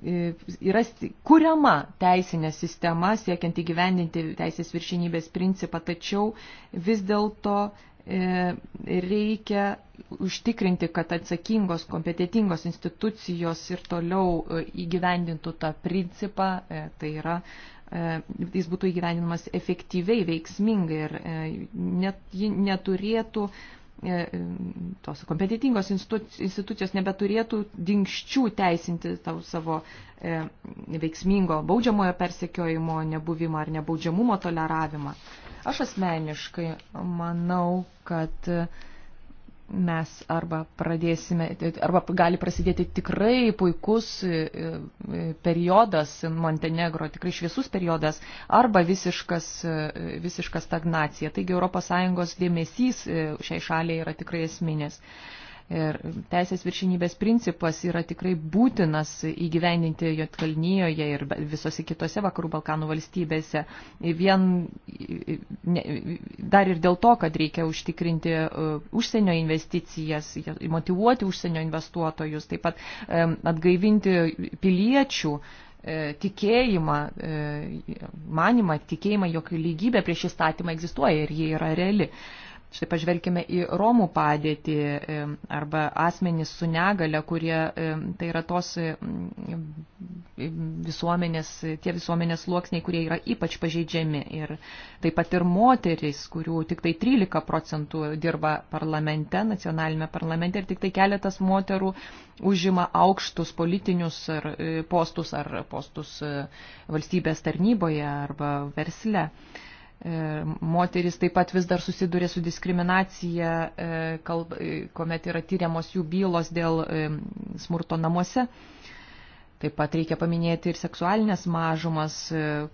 E, yra kuriama teisinė sistema siekiant įgyvendinti teisės viršinybės principą, tačiau vis dėlto e, reikia užtikrinti, kad atsakingos, kompetitingos institucijos ir toliau e, įgyvendintų tą principą, tai yra, jis būtų įgyvendinamas efektyviai, veiksmingai ir net, neturėtų E, tos kompetitingos institucijos nebeturėtų dinkščių teisinti tau savo e, veiksmingo baudžiamojo persekiojimo nebuvimą ar nebaudžiamumo toleravimą. Aš asmeniškai manau, kad mes arba pradėsime, arba gali prasidėti tikrai puikus e, e, periodas Montenegro, tikrai šviesus periodas, arba visiškas, e, visiška stagnacija. Taigi ES dėmesys šiai šaliai yra tikrai esminis. Ir teisės viršinybės principas yra tikrai būtinas įgyvendinti Jotkalnyjoje ir visose kitose Vakarų Balkanų valstybėse. Vien, ne, dar ir dėl to, kad reikia užtikrinti e, užsienio investicijas, motivuoti užsienio investuotojus, taip pat atgaivinti piliečių e, tikėjimą, e, manimą, tikėjimą, jog lygybė prieš įstatymą egzistuoja ir ji yra reali. Štai pažvelkime į Romų padėtį e, arba asmenys su negale, kurie e, tai yra tos e, visuomenės, tie visuomenės sluoksniai, kurie yra ypač pažeidžiami. Ir taip pat ir moteris, kurių tik tai 13 procentų dirba parlamente, nacionalinėme parlamente, ir tik tai keletas moterų užima aukštus politinius ar postus ar postus valstybės tarnyboje arba versle. E, moteris taip pat vis dar susiduria su diskriminacija, e, kalb, e, kuomet yra tyriamos jų bylos dėl smurto namuose. Taip pat reikia paminėti ir seksualinės mažumas,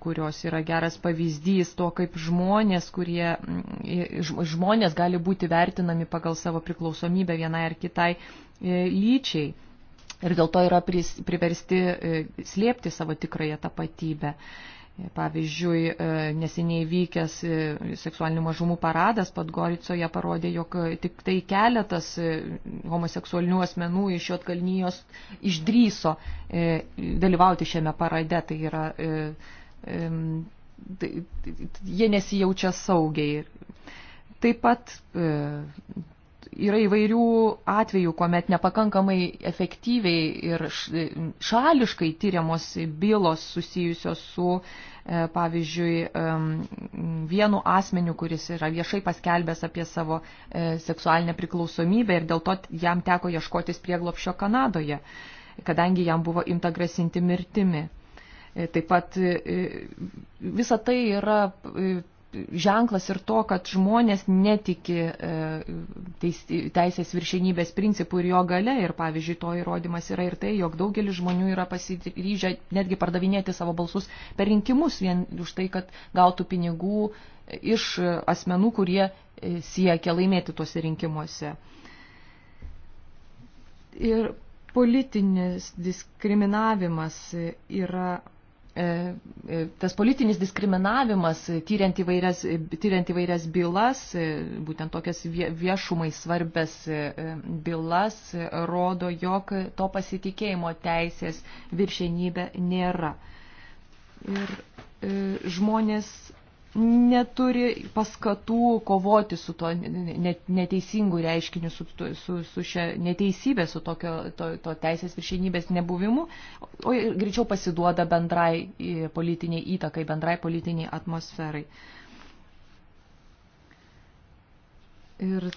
kurios yra geras pavyzdys to, kaip žmonės, kurie, žmonės gali būti vertinami pagal savo priklausomybę vienai ar kitai lyčiai. Ir dėl to yra priversti slėpti savo tikrąją tapatybę. Pavyzdžiui, e, neseniai vykęs e, seksualinių mažumų paradas Podgoricoje parodė, jog e, tik tai keletas homoseksualinių asmenų iš Jotkalnyjos išdryso dalyvauti šiame parade. Tai yra, tai, tai, jie nesijaučia saugiai. Taip pat yra įvairių atvejų, kuomet nepakankamai efektyviai ir šališkai tyriamos bylos susijusios su, e, pavyzdžiui, vienu asmeniu, kuris yra viešai paskelbęs apie savo e, seksualinę priklausomybę ir dėl to jam teko ieškotis prieglopšio Kanadoje, kadangi jam buvo imta grasinti mirtimi. E, taip pat visa tai yra ženklas ir to, kad žmonės netiki e, teisės viršenybės principų ir jo gale. Ir pavyzdžiui, to įrodymas yra ir tai, jog daugelis žmonių yra pasiryžę netgi pardavinėti savo balsus per rinkimus vien už tai, kad gautų pinigų e, iš asmenų, kurie e, siekia laimėti tuose rinkimuose. Ir politinis diskriminavimas yra E, e, tas politinis diskriminavimas, e, tyriant įvairias, tyriant įvairias bylas, būtent tokias viešumai svarbės bylas, rodo, jog to pasitikėjimo teisės viršenybė nėra. Ir žmonės neturi paskatų kovoti su to neteisingu reiškiniu, su, su, su šia neteisybė, su tokio, to, to teisės viršienybės nebuvimu, o greičiau pasiduoda bendrai e, politiniai įtakai, bendrai politiniai atmosferai. Ir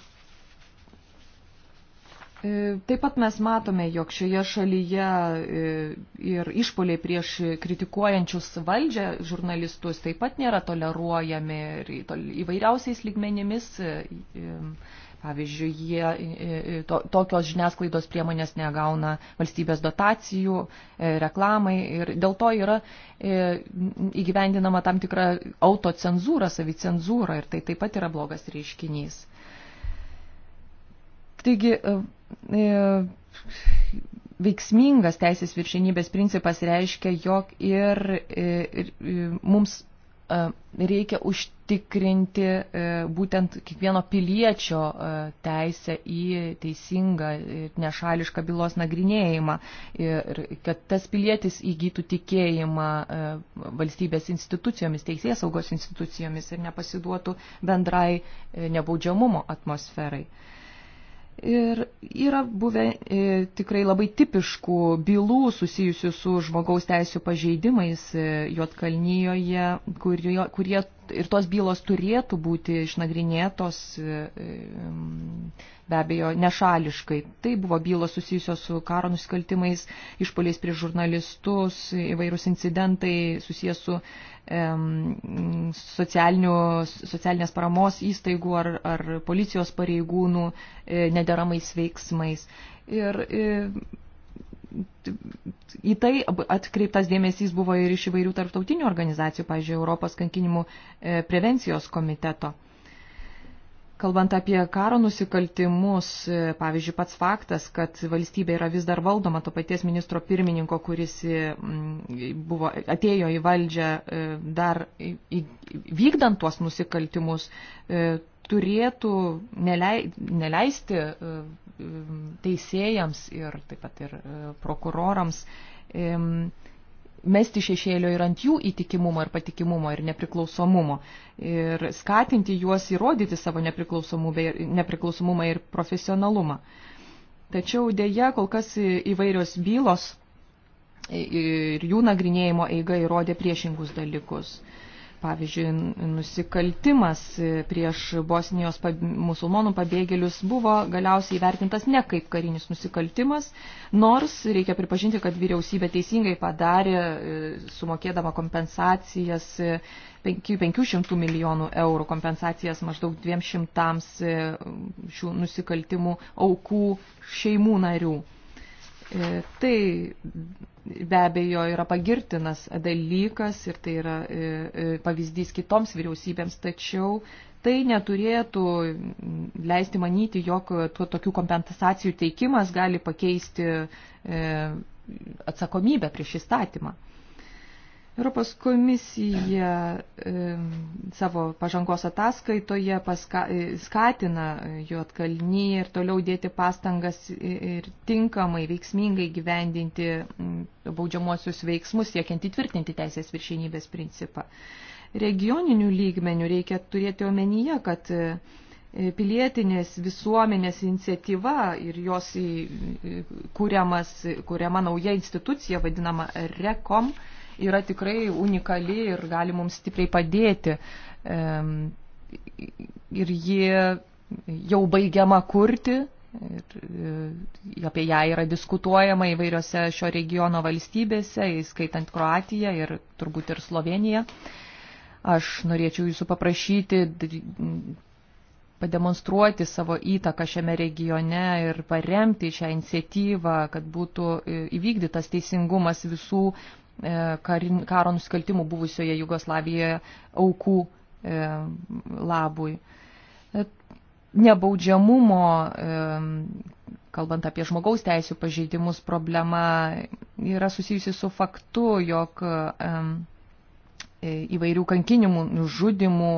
E, taip pat mes matome, jog šioje šalyje e, ir išpoliai prieš kritikuojančius valdžią žurnalistus taip pat nėra toleruojami ir įvairiausiais lygmenimis. E, pavyzdžiui, jie to, tokios žiniasklaidos priemonės negauna valstybės dotacijų, reklamai ir dėl to yra įgyvendinama tam tikra autocenzūra, savicenzūra ir tai taip pat yra blogas reiškinys. Taigi, e, e, veiksmingas teisės viršinybės principas reiškia, jog ir, e, ir, ir mums reikia užtikrinti būtent kiekvieno piliečio teisę į teisingą ir nešališką bylos nagrinėjimą ir kad tas pilietis įgytų tikėjimą valstybės institucijomis, teisės saugos institucijomis ir nepasiduotų bendrai nebaudžiamumo atmosferai. Ir yra buvę e, tikrai labai tipiškų bylų susijusių su žmogaus teisų pažeidimais e, Jotkalnyjoje, kurie, kurie ir tos bylos turėtų būti išnagrinėtos e, e, be abejo nešališkai. Tai buvo bylos susijusios su karo nusikaltimais, išpoliais prie žurnalistus, įvairūs incidentai susijęs su socialinės paramos įstaigų ar, ar policijos pareigūnų e, nederamais veiksmais. Ir e, į tai atkreiptas dėmesys buvo ir iš įvairių tarptautinių organizacijų, pavyzdžiui, Europos kankinimų e, prevencijos komiteto. Kalbant apie karo nusikaltimus, e, pavyzdžiui, pats faktas, kad valstybė yra vis dar valdoma to paties ministro pirmininko, kuris e, buvo, atėjo į valdžią e, dar vykdant tuos nusikaltimus, turėtų nelei, neleisti teisėjams ir taip pat ir prokurorams mesti šešėlio ir ant jų įtikimumo ir patikimumo ir nepriklausomumo ir skatinti juos įrodyti savo nepriklausomumą ir profesionalumą. Tačiau dėja kol kas įvairios bylos ir jų nagrinėjimo eiga įrodė priešingus dalykus. Pavyzdžiui, nusikaltimas prieš Bosnijos pab musulmonų pabėgėlius buvo galiausiai vertintas ne kaip karinis nusikaltimas, nors reikia pripažinti, kad vyriausybė teisingai padarė, e, sumokėdama kompensacijas 500 e, milijonų eurų, kompensacijas maždaug 200 e, šių nusikaltimų aukų šeimų narių. E, tai be abejo yra pagirtinas dalykas ir tai yra e, e, pavyzdys kitoms vyriausybėms, tačiau tai neturėtų leisti manyti, jog tokių kompensacijų teikimas gali pakeisti atsakomybę prieš įstatymą. Europos komisija e, savo pažangos ataskaitoje paska, e, skatina e, juotkalnį ir toliau dėti pastangas ir tinkamai, veiksmingai gyvendinti baudžiamuosius veiksmus, siekiant įtvirtinti teisės viršinybės principą. Regioninių lygmenių reikia turėti omenyje, kad e, pilietinės visuomenės iniciatyva ir jos kūriamas, kūriama nauja institucija, vadinama RECOM, e, yra tikrai unikali ir gali mums stipriai padėti. Ir ji jau baigiama kurti, ir e, apie ją yra diskutuojama įvairiose šio regiono valstybėse, įskaitant Kroatiją ir turbūt ir Sloveniją. Aš norėčiau jūsų paprašyti pademonstruoti savo įtaką šiame regione ir paremti šią iniciatyvą, kad būtų e, įvykdytas teisingumas visų E, karo nusikaltimų buvusioje Jugoslavijoje aukų e, labui. E, nebaudžiamumo, kalbant apie žmogaus teisų pažeidimus, problema yra susijusi su faktu, jog įvairių kankinimų, žudimų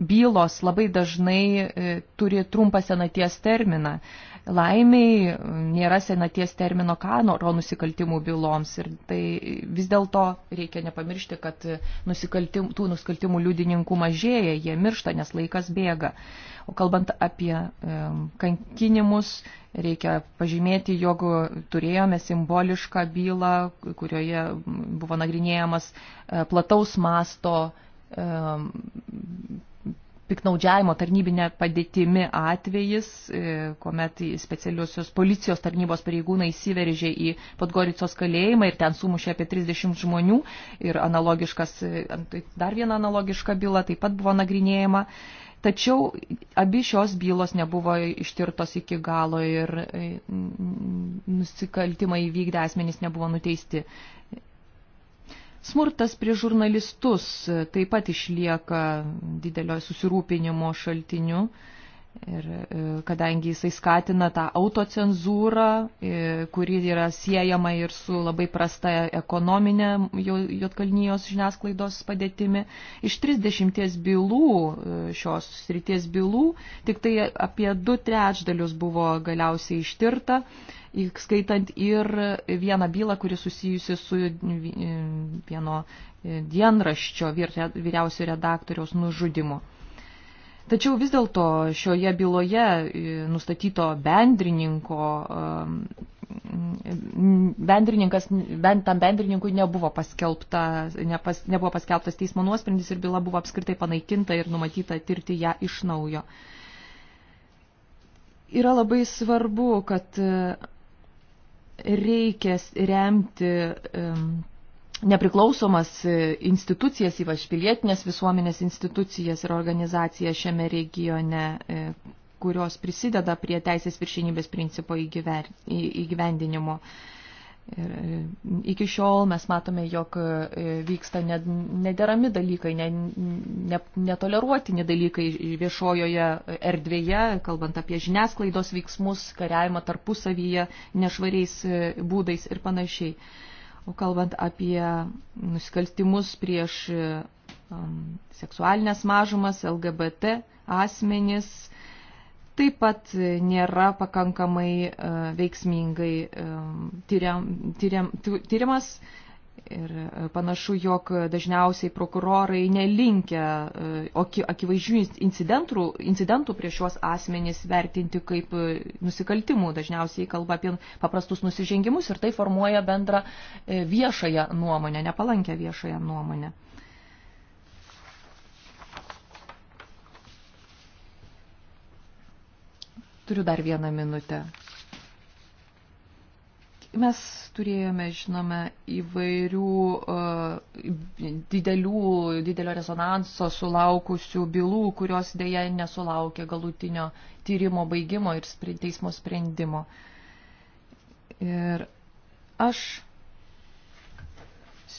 bylos labai dažnai turi trumpą senaties terminą. Laimiai nėra senaties termino kanoro nusikaltimų byloms ir tai vis dėlto reikia nepamiršti, kad nusikaltim, tų nusikaltimų liudininkų mažėja, jie miršta, nes laikas bėga. O kalbant apie kankinimus, reikia pažymėti, jog turėjome simbolišką bylą, kurioje buvo nagrinėjamas e, plataus masto piknaudžiavimo tarnybinė padėtimi atvejis, e, kuomet specialiosios policijos tarnybos pareigūnai įsiveržė į Podgoricos kalėjimą ir ten sumušė apie 30 žmonių ir analogiškas, e, tai dar viena analogiška byla taip pat buvo nagrinėjama. Tačiau abi šios bylos nebuvo ištirtos iki galo ir e, nusikaltimą įvykdę asmenys nebuvo nuteisti. Smurtas prie žurnalistus taip pat išlieka didelio susirūpinimo šaltiniu. Ir e, kadangi jisai skatina tą autocenzūrą, e, kuri yra siejama ir su labai prasta ekonominė Jotkalnyjos žiniasklaidos padėtimi, iš 30 bylų, e, šios srities bylų, tik tai apie du trečdalius buvo galiausiai ištirta skaitant ir vieną bylą, kuri susijusi su e, vieno e, dienraščio vyriausio redaktoriaus nužudimu. Tačiau vis dėlto šioje byloje e, nustatyto bendrininko, bendrininkas, bent tam bendrininkui nebuvo, paskelbta, nepas, nebuvo paskelbtas teismo nuosprendis ir byla buvo apskritai panaikinta ir numatyta tirti ją iš naujo. Yra labai svarbu, kad reikia remti nepriklausomas institucijas, ypač pilietinės visuomenės institucijas ir organizacijas šiame regione, e, kurios prisideda prie teisės viršinybės principo įgyvendinimo. Ir e, iki šiol mes matome, jog e, vyksta nederami dalykai, ne, ne, netoleruotini dalykai viešojoje erdvėje, kalbant apie žiniasklaidos veiksmus, kariavimą tarpusavyje, nešvariais e, būdais ir panašiai. O kalbant apie nusikaltimus prieš um, seksualinės mažumas, LGBT asmenis, uh, taip pat nėra pakankamai e, veiksmingai e, tyriam, tyriam, tyrimas. Ir e, panašu, jog dažniausiai prokurorai nelinkia akivaizdžių incidentų, incidentų prieš šios asmenys vertinti kaip nusikaltimų. Dažniausiai kalba apie paprastus nusižengimus ir tai formuoja bendrą viešąją nuomonę, nepalankę viešąją nuomonę. Turiu dar vieną minutę. Mes turėjome, žinome, įvairių uh, didelių, didelio rezonanso sulaukusių bylų, kurios dėja nesulaukė galutinio tyrimo baigimo ir teismo sprendimo. Ir aš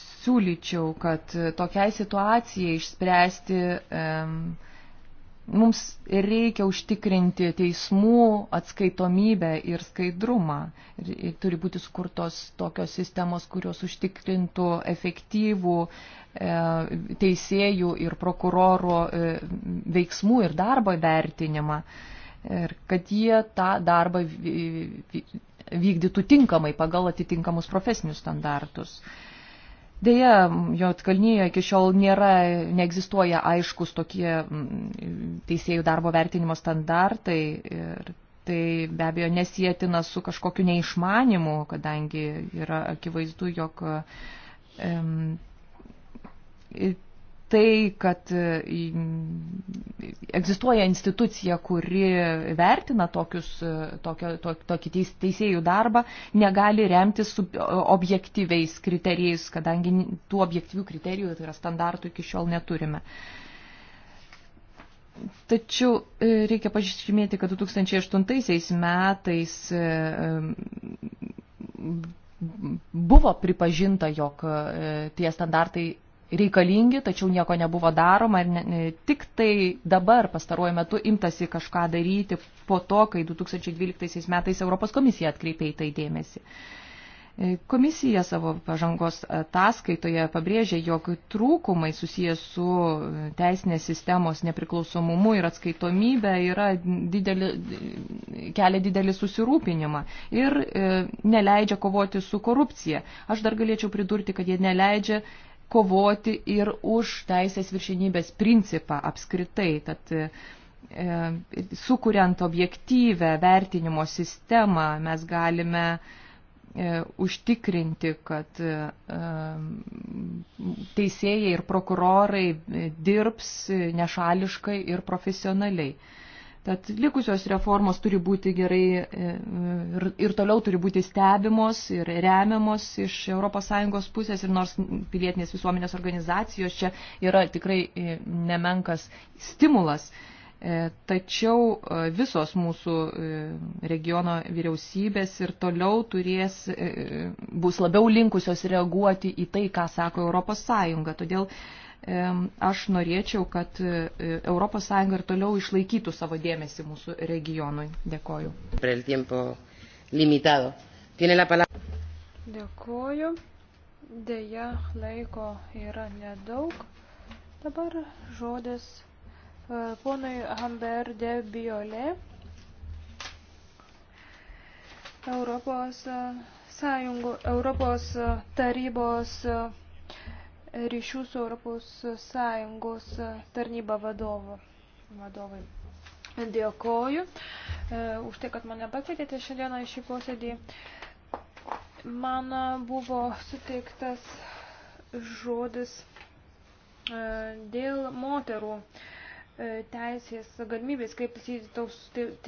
siūlyčiau, kad tokiai situacijai išspręsti um, Mums reikia užtikrinti teismų atskaitomybę ir skaidrumą. Ir, ir turi būti skurtos tokios sistemos, kurios užtikrintų efektyvų e, teisėjų ir prokuroro e, veiksmų ir darbo vertinimą. Ir kad jie tą darbą vykdytų tinkamai pagal atitinkamus profesinius standartus. E, Deja, Jotkalnyje iki šiol nėra, neegzistuoja aiškus tokie mm, teisėjų darbo vertinimo standartai ir tai be abejo nesėtina su kažkokiu neišmanimu, kadangi yra akivaizdu, jog um, tai, kad e, egzistuoja institucija, kuri vertina tokius, e, tokio, tok, tokį teisėjų darbą, negali remtis su objektyviais kriterijais, kadangi tų objektyvių kriterijų, tai yra standartų, iki šiol neturime. Tačiau e, reikia pažymėti, kad 2008 metais buvo pripažinta, jog tie standartai reikalingi, tačiau nieko nebuvo daroma ir ne, ne, tik tai dabar pastaruoju metu imtasi kažką daryti po to, kai 2012 metais Europos komisija atkreipė į tai dėmesį. E, komisija savo pažangos ataskaitoje pabrėžė, jog trūkumai susijęs su teisinės sistemos nepriklausomumu ir atskaitomybė yra didelį, kelia didelį susirūpinimą ir e, neleidžia kovoti su korupcija. Aš dar galėčiau pridurti, kad jie neleidžia kovoti ir už teisės viršinybės principą apskritai. Tad, e, sukuriant objektyvę vertinimo sistemą, mes galime e, užtikrinti, kad e, teisėjai ir prokurorai dirbs nešališkai ir profesionaliai. Tad likusios reformos turi būti gerai e, ir, ir toliau turi būti stebimos ir remiamos iš ES pusės ir nors pilietinės visuomenės organizacijos čia yra tikrai e, nemenkas stimulas. E, tačiau visos mūsų regiono vyriausybės ir toliau turės, bus labiau linkusios reaguoti į tai, ką sako Europos Sąjunga. Todėl aš norėčiau, kad ES ir toliau išlaikytų savo dėmesį mūsų regionui. Dėkoju. Dėkoju. Deja, laiko yra nedaug. Dabar žodis e, ponui Hamber de Biole, Europos, e, sąjungų, Europos e, tarybos ryšių su Europos Sąjungos tarnyba vadovu. vadovai. Dėkoju e, už tai, kad mane pakvietėte šiandieną į šį posėdį. Man buvo suteiktas žodis e, dėl moterų e, teisės galimybės kreiptis į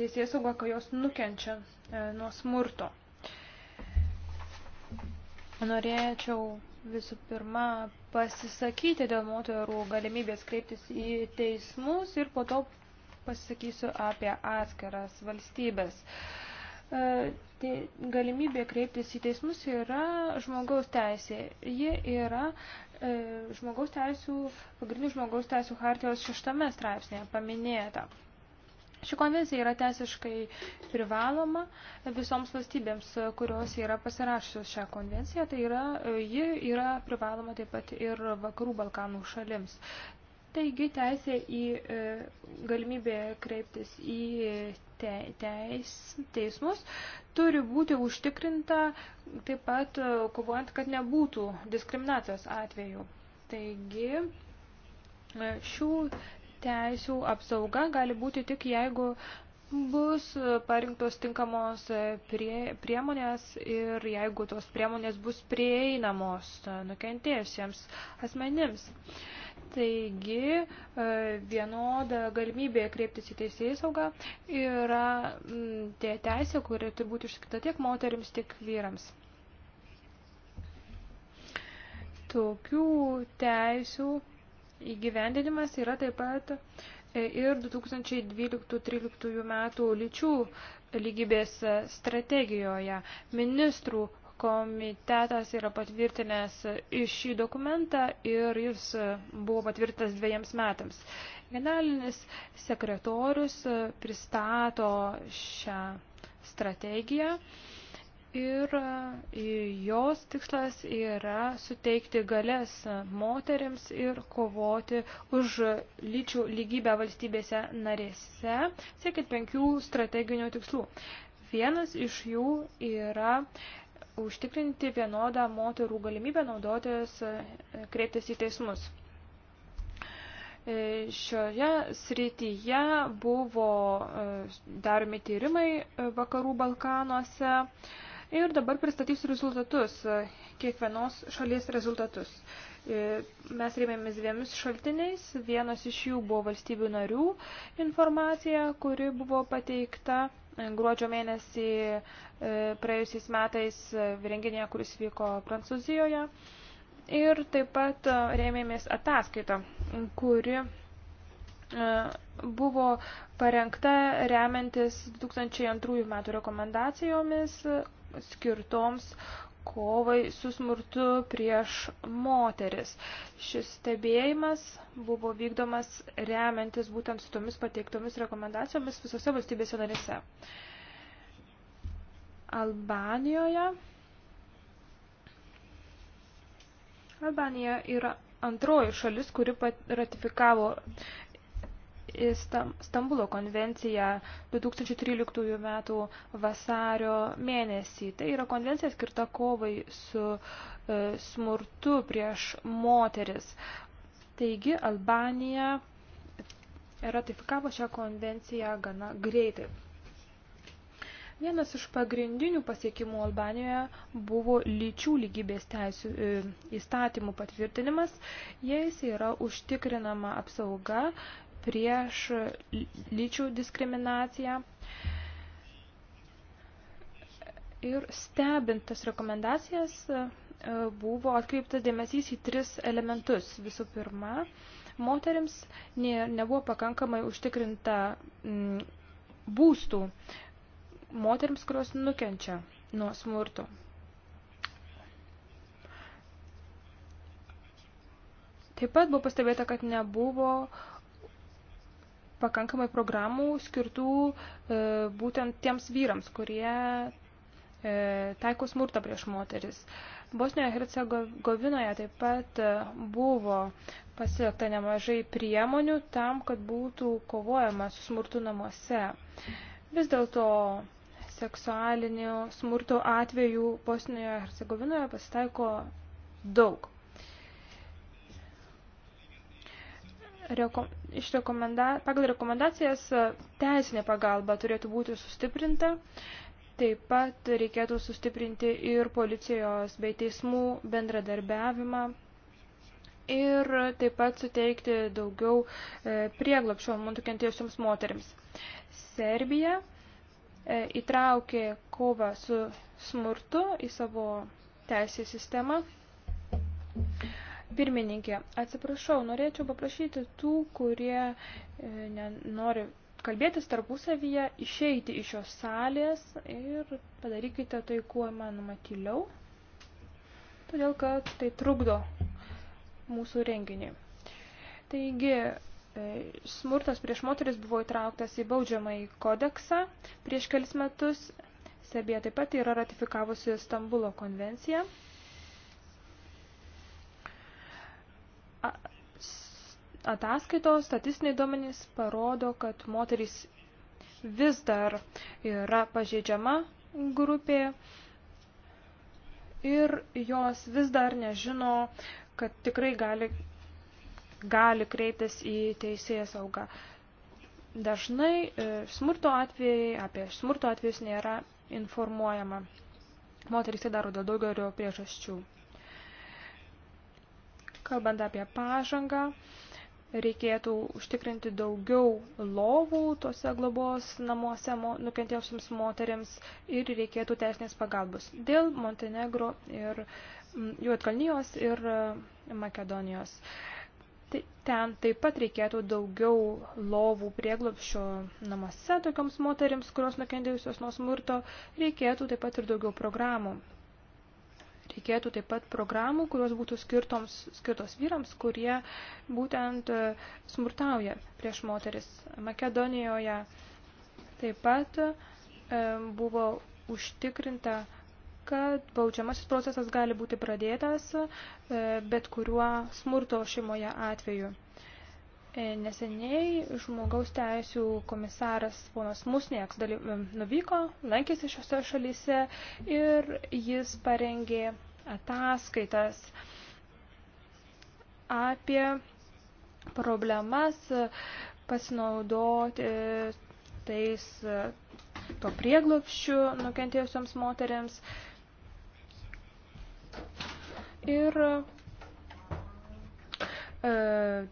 teisės saugą, kai jos nukenčia nuo smurto. Norėčiau visų pirma pasisakyti dėl moterų galimybės kreiptis į teismus ir po to pasisakysiu apie atskiras valstybės. Tai galimybė kreiptis į teismus yra žmogaus teisė. Ji yra e, žmogaus teisų, pagrindinių žmogaus teisų hartijos šeštame straipsnėje paminėta. Ši konvencija yra teisiškai privaloma visoms valstybėms, kurios yra pasirašusios šią konvenciją. Tai yra, ji yra privaloma taip pat ir vakarų Balkanų šalims. Taigi teisė į e, galimybę kreiptis į te, teis, teismus turi būti užtikrinta taip pat e, kovojant, kad nebūtų diskriminacijos atveju. Taigi e, šių teisių apsauga gali būti tik jeigu bus parinktos tinkamos e, prie, priemonės ir jeigu tos priemonės bus prieinamos e, nukentėjusiems asmenims. Taigi e, vienoda galimybė kreiptis į teisėjai saugą yra tie teisė, kuri turi būti užsikita tiek moterims, tiek vyrams. Tokių teisių įgyvendinimas yra taip pat e, ir 2012-2013 metų lyčių lygybės strategijoje. Ministrų komitetas yra patvirtinęs šį dokumentą ir jis buvo patvirtintas dviejams metams. Generalinis sekretorius pristato šią strategiją ir e, jos tikslas yra suteikti galės moteriams ir kovoti už lyčių lygybę valstybėse narėse, siekit penkių strateginių tikslų. Vienas iš jų yra užtikrinti vienodą moterų galimybę naudotis e, kreiptis į teismus. E, šioje srityje buvo daromi tyrimai vakarų Balkanuose, Ir dabar pristatysiu rezultatus, e, kiekvienos šalies rezultatus. E, mes rėmėmės dviemis šaltiniais, vienas iš jų buvo valstybių narių informacija, kuri buvo pateikta e, gruodžio mėnesį praėjusiais metais renginėje, kuris vyko Prancūzijoje. Ir taip pat rėmėmės ataskaitą, kuri buvo parengta remiantis 2002 metų rekomendacijomis, skirtoms kovai su smurtu prieš moteris. Šis stebėjimas buvo vykdomas remiantis būtent su tomis pateiktomis rekomendacijomis visose valstybėse narėse. Albanijoje. Albanija yra antroji šalis, kuri ratifikavo Stambulo konvenciją 2013 m. vasario mėnesį. Tai yra konvencija skirta kovai su e, smurtu prieš moteris. Taigi Albanija ratifikavo šią konvenciją gana greitai. Vienas iš pagrindinių pasiekimų Albanijoje buvo lyčių lygybės teisų e, įstatymų patvirtinimas. Jais yra užtikrinama apsauga prieš lyčių diskriminaciją. Ir stebint tas rekomendacijas e, buvo atkreiptas dėmesys į tris elementus. Visų pirma, moteriams ne, nebuvo pakankamai užtikrinta m, mm, būstų moteriams, kurios nukenčia nuo smurto. Taip pat buvo pastebėta, kad nebuvo uh, pakankamai programų skirtų e, būtent tiems vyrams, kurie e, taiko smurtą prieš moteris. Bosnijoje Hercegovinoje taip pat e, buvo pasiekta nemažai priemonių tam, kad būtų kovojama su smurtu namuose. Vis dėlto seksualinių smurto atvejų Bosnijoje Hercegovinoje pasitaiko daug. reko, rekomenda, pagal rekomendacijas e, teisinė pagalba turėtų būti sustiprinta. Taip pat reikėtų sustiprinti ir policijos bei teismų bendradarbiavimą ir taip pat suteikti daugiau e, prieglapšio nukentėjusiams moteriams. Serbija e, įtraukė kovą su smurtu į savo teisės sistemą. Pirmininkė, atsiprašau, norėčiau paprašyti tų, kurie e, nori kalbėtis tarpusavyje, išeiti iš šios salės ir padarykite tai kuo manoma tyliau, todėl kad tai trukdo mūsų renginį. Taigi, e, smurtas prieš moteris buvo įtrauktas į baudžiamąjį kodeksą prieš kelis metus. Serbija taip pat yra ratifikavusi Stambulo konvenciją. ataskaitos statistiniai duomenys parodo, kad moterys vis dar yra pažeidžiama grupė ir jos vis dar nežino, kad tikrai gali, gali kreiptis į teisėją saugą. Dažnai e, smurto atvejai, apie smurto atvejus nėra informuojama. Moterys tai daro dėl daugelio priežasčių. Kalbant apie pažangą, reikėtų užtikrinti daugiau lovų tose globos namuose nukentėjusiams moteriams ir reikėtų teisinės pagalbos dėl Montenegro ir mm, Juotkalnijos ir e, Makedonijos. Tai ten taip pat reikėtų daugiau lovų prieglopščio namuose tokioms moteriams, kurios nukentėjusios nuo smurto, reikėtų taip pat ir daugiau programų Reikėtų taip pat programų, kurios būtų skirtoms, skirtos vyrams, kurie būtent e, smurtauja prieš moteris. Makedonijoje taip pat e, buvo užtikrinta, kad baudžiamasis procesas gali būti pradėtas e, bet kuriuo smurto šeimoje atveju. Neseniai žmogaus teisų komisaras ponas Musnieks nuvyko, lankėsi šiose šalyse ir jis parengė ataskaitas apie problemas pasinaudoti tais to prieglopščių nukentėjusioms moteriams. Ir e,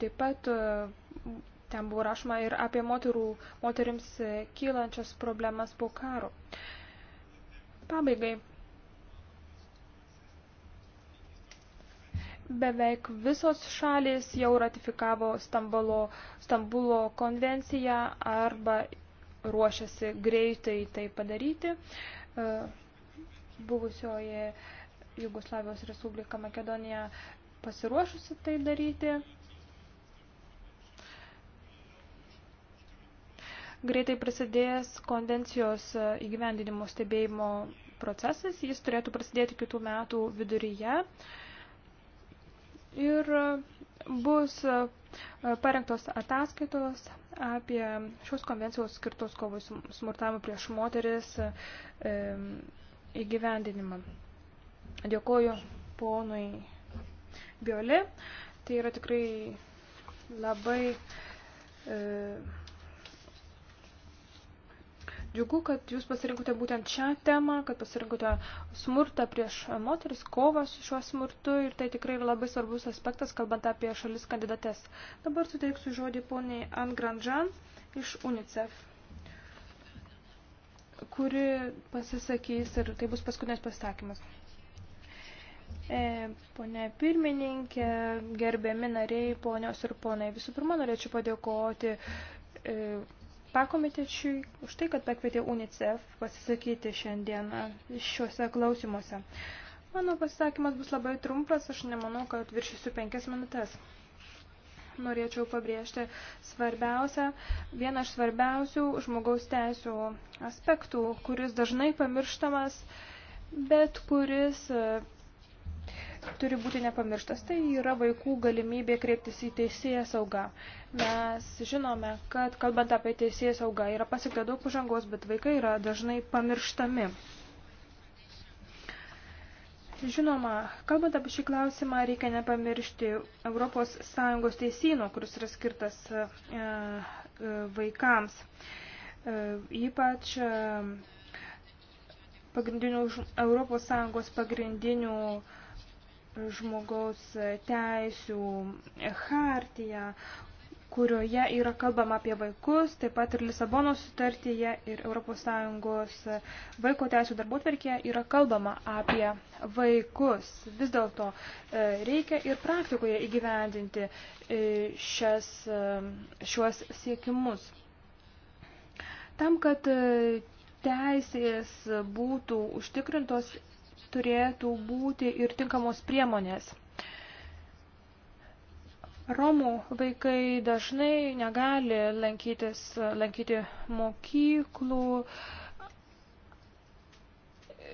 taip pat e, ten buvo rašoma ir apie moterų, moterims kylančias problemas po karo. Pabaigai Beveik visos šalis jau ratifikavo Stambulo, Stambulo konvenciją arba ruošiasi greitai tai padaryti. E, buvusioje Jugoslavijos Respublika Makedonija pasiruošusi tai daryti. greitai prasidės konvencijos įgyvendinimo stebėjimo procesas. Jis turėtų prasidėti kitų metų viduryje ir e, bus e, parengtos ataskaitos apie šios konvencijos skirtos kovai smurtavimu prieš moteris e, įgyvendinimą. Dėkoju ponui Bioli. Tai yra tikrai labai e, Džiugu, kad jūs pasirinkote būtent šią temą, kad pasirinkote smurtą prieš moteris, kovą su šiuo smurtu ir tai tikrai yra labai svarbus aspektas, kalbant apie šalis kandidates. Dabar suteiksiu žodį poniai Anne Grandžan iš UNICEF kuri pasisakys ir tai bus paskutinis pasisakymas. E, pone pirmininkė, gerbiami nariai, ponios ir ponai, visų pirma norėčiau padėkoti e, pakomitečiui už tai, kad pakvietė UNICEF pasisakyti šiandien šiuose klausimuose. Mano pasisakymas bus labai trumpas, aš nemanau, kad viršysiu penkias minutės. Norėčiau pabrėžti svarbiausią, vieną iš svarbiausių žmogaus teisų aspektų, kuris dažnai pamirštamas, bet kuris turi būti nepamirštas. Tai yra vaikų galimybė kreiptis į teisėją saugą. Mes žinome, kad kalbant apie teisėją saugą yra pasiekta daug pažangos, bet vaikai yra dažnai pamirštami. Žinoma, kalbant apie šį klausimą, reikia nepamiršti ES teisynų, kuris yra skirtas e, e, vaikams. E, ypač e, pagrindinių, ES pagrindinių žmogaus teisių hartiją, kurioje yra kalbama apie vaikus, taip pat ir Lisabono sutartyje ir ES vaiko teisų darbotverkėje yra kalbama apie vaikus. Vis dėlto e, reikia ir praktikoje įgyvendinti e, šias, e, šiuos siekimus. Tam, kad teisės būtų užtikrintos turėtų būti ir tinkamos priemonės. Romų vaikai dažnai negali lankytis, lankyti mokyklų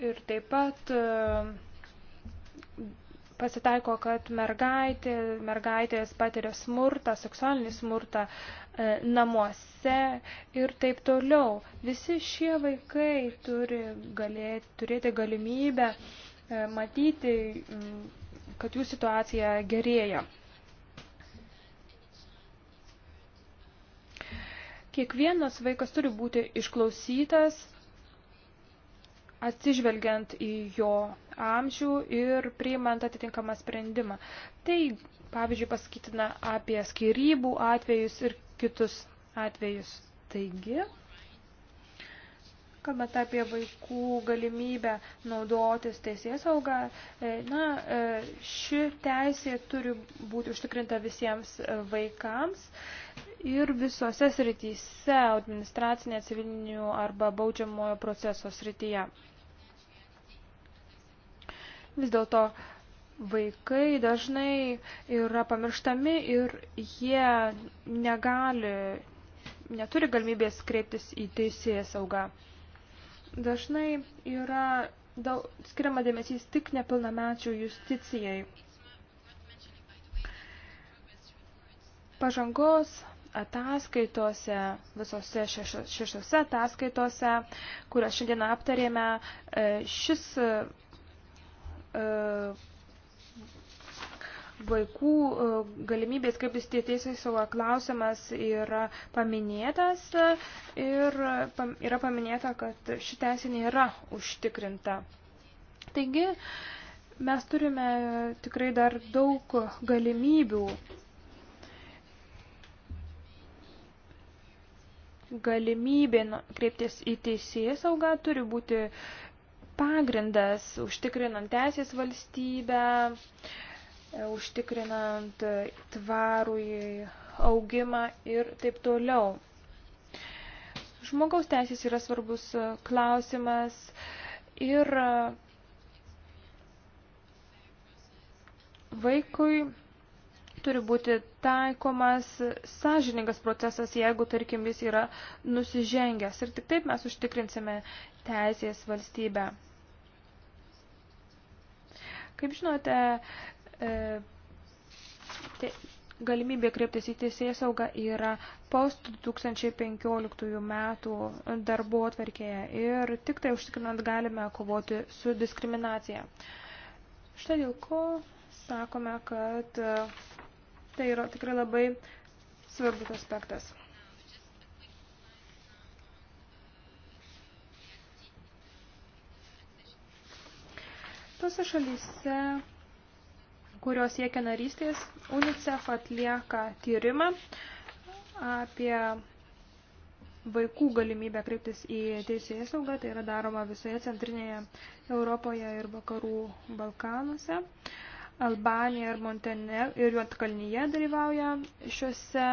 ir taip pat e, pasitaiko, kad mergaitė, mergaitės patiria smurtą, seksualinį smurtą E, namuose ir taip toliau. Visi šie vaikai turi galėti, turėti galimybę e, matyti, kad jų situacija gerėja. Kiekvienas vaikas turi būti išklausytas, atsižvelgiant į jo amžių ir priimant atitinkamą sprendimą. Tai, pavyzdžiui, pasakytina apie skirybų atvejus ir kitus atvejus. Taigi, kalbant apie vaikų galimybę naudotis teisės saugą, e, na, e, ši teisė turi būti užtikrinta visiems vaikams ir visose srityse administracinė, civilinių arba baudžiamojo proceso srityje. Vis dėlto Vaikai dažnai yra pamirštami ir jie negali, neturi galimybės kreiptis į teisėją saugą. Dažnai yra daug, skiriama dėmesys tik nepilnamečių justicijai. Pažangos ataskaitose, visose šešiose ataskaitose, kurias šiandien aptarėme, e, šis e, vaikų e, galimybės kreiptis į teisę savo klausimas yra paminėtas ir e, yra paminėta, kad ši teisė nėra užtikrinta. Taigi, mes turime tikrai dar daug galimybių galimybė nu, kreiptis į teisėjų saugą turi būti pagrindas užtikrinant teisės valstybę, uh, E, užtikrinant e, tvarų augimą ir taip toliau. Žmogaus teisės yra svarbus e, klausimas ir vaikui turi būti taikomas sąžiningas procesas, jeigu, tarkim, jis yra nusižengęs. Ir tik taip mes užtikrinsime teisės valstybę. Kaip žinote, E, te, galimybė kreiptis į teisėsaugą yra post 2015 metų darbo atverkėje ir tik tai užtikrinant galime kovoti su diskriminacija. Štai dėl ko sakome, kad e, tai yra tikrai labai svarbus aspektas. Tose šalyse kurios siekia narystės, UNICEF atlieka tyrimą apie vaikų galimybę kreiptis į teisėjų saugą. Tai yra daroma visoje centrinėje Europoje ir vakarų Balkanuose. Albanija ir Montene ir Juotkalnyje dalyvauja šiuose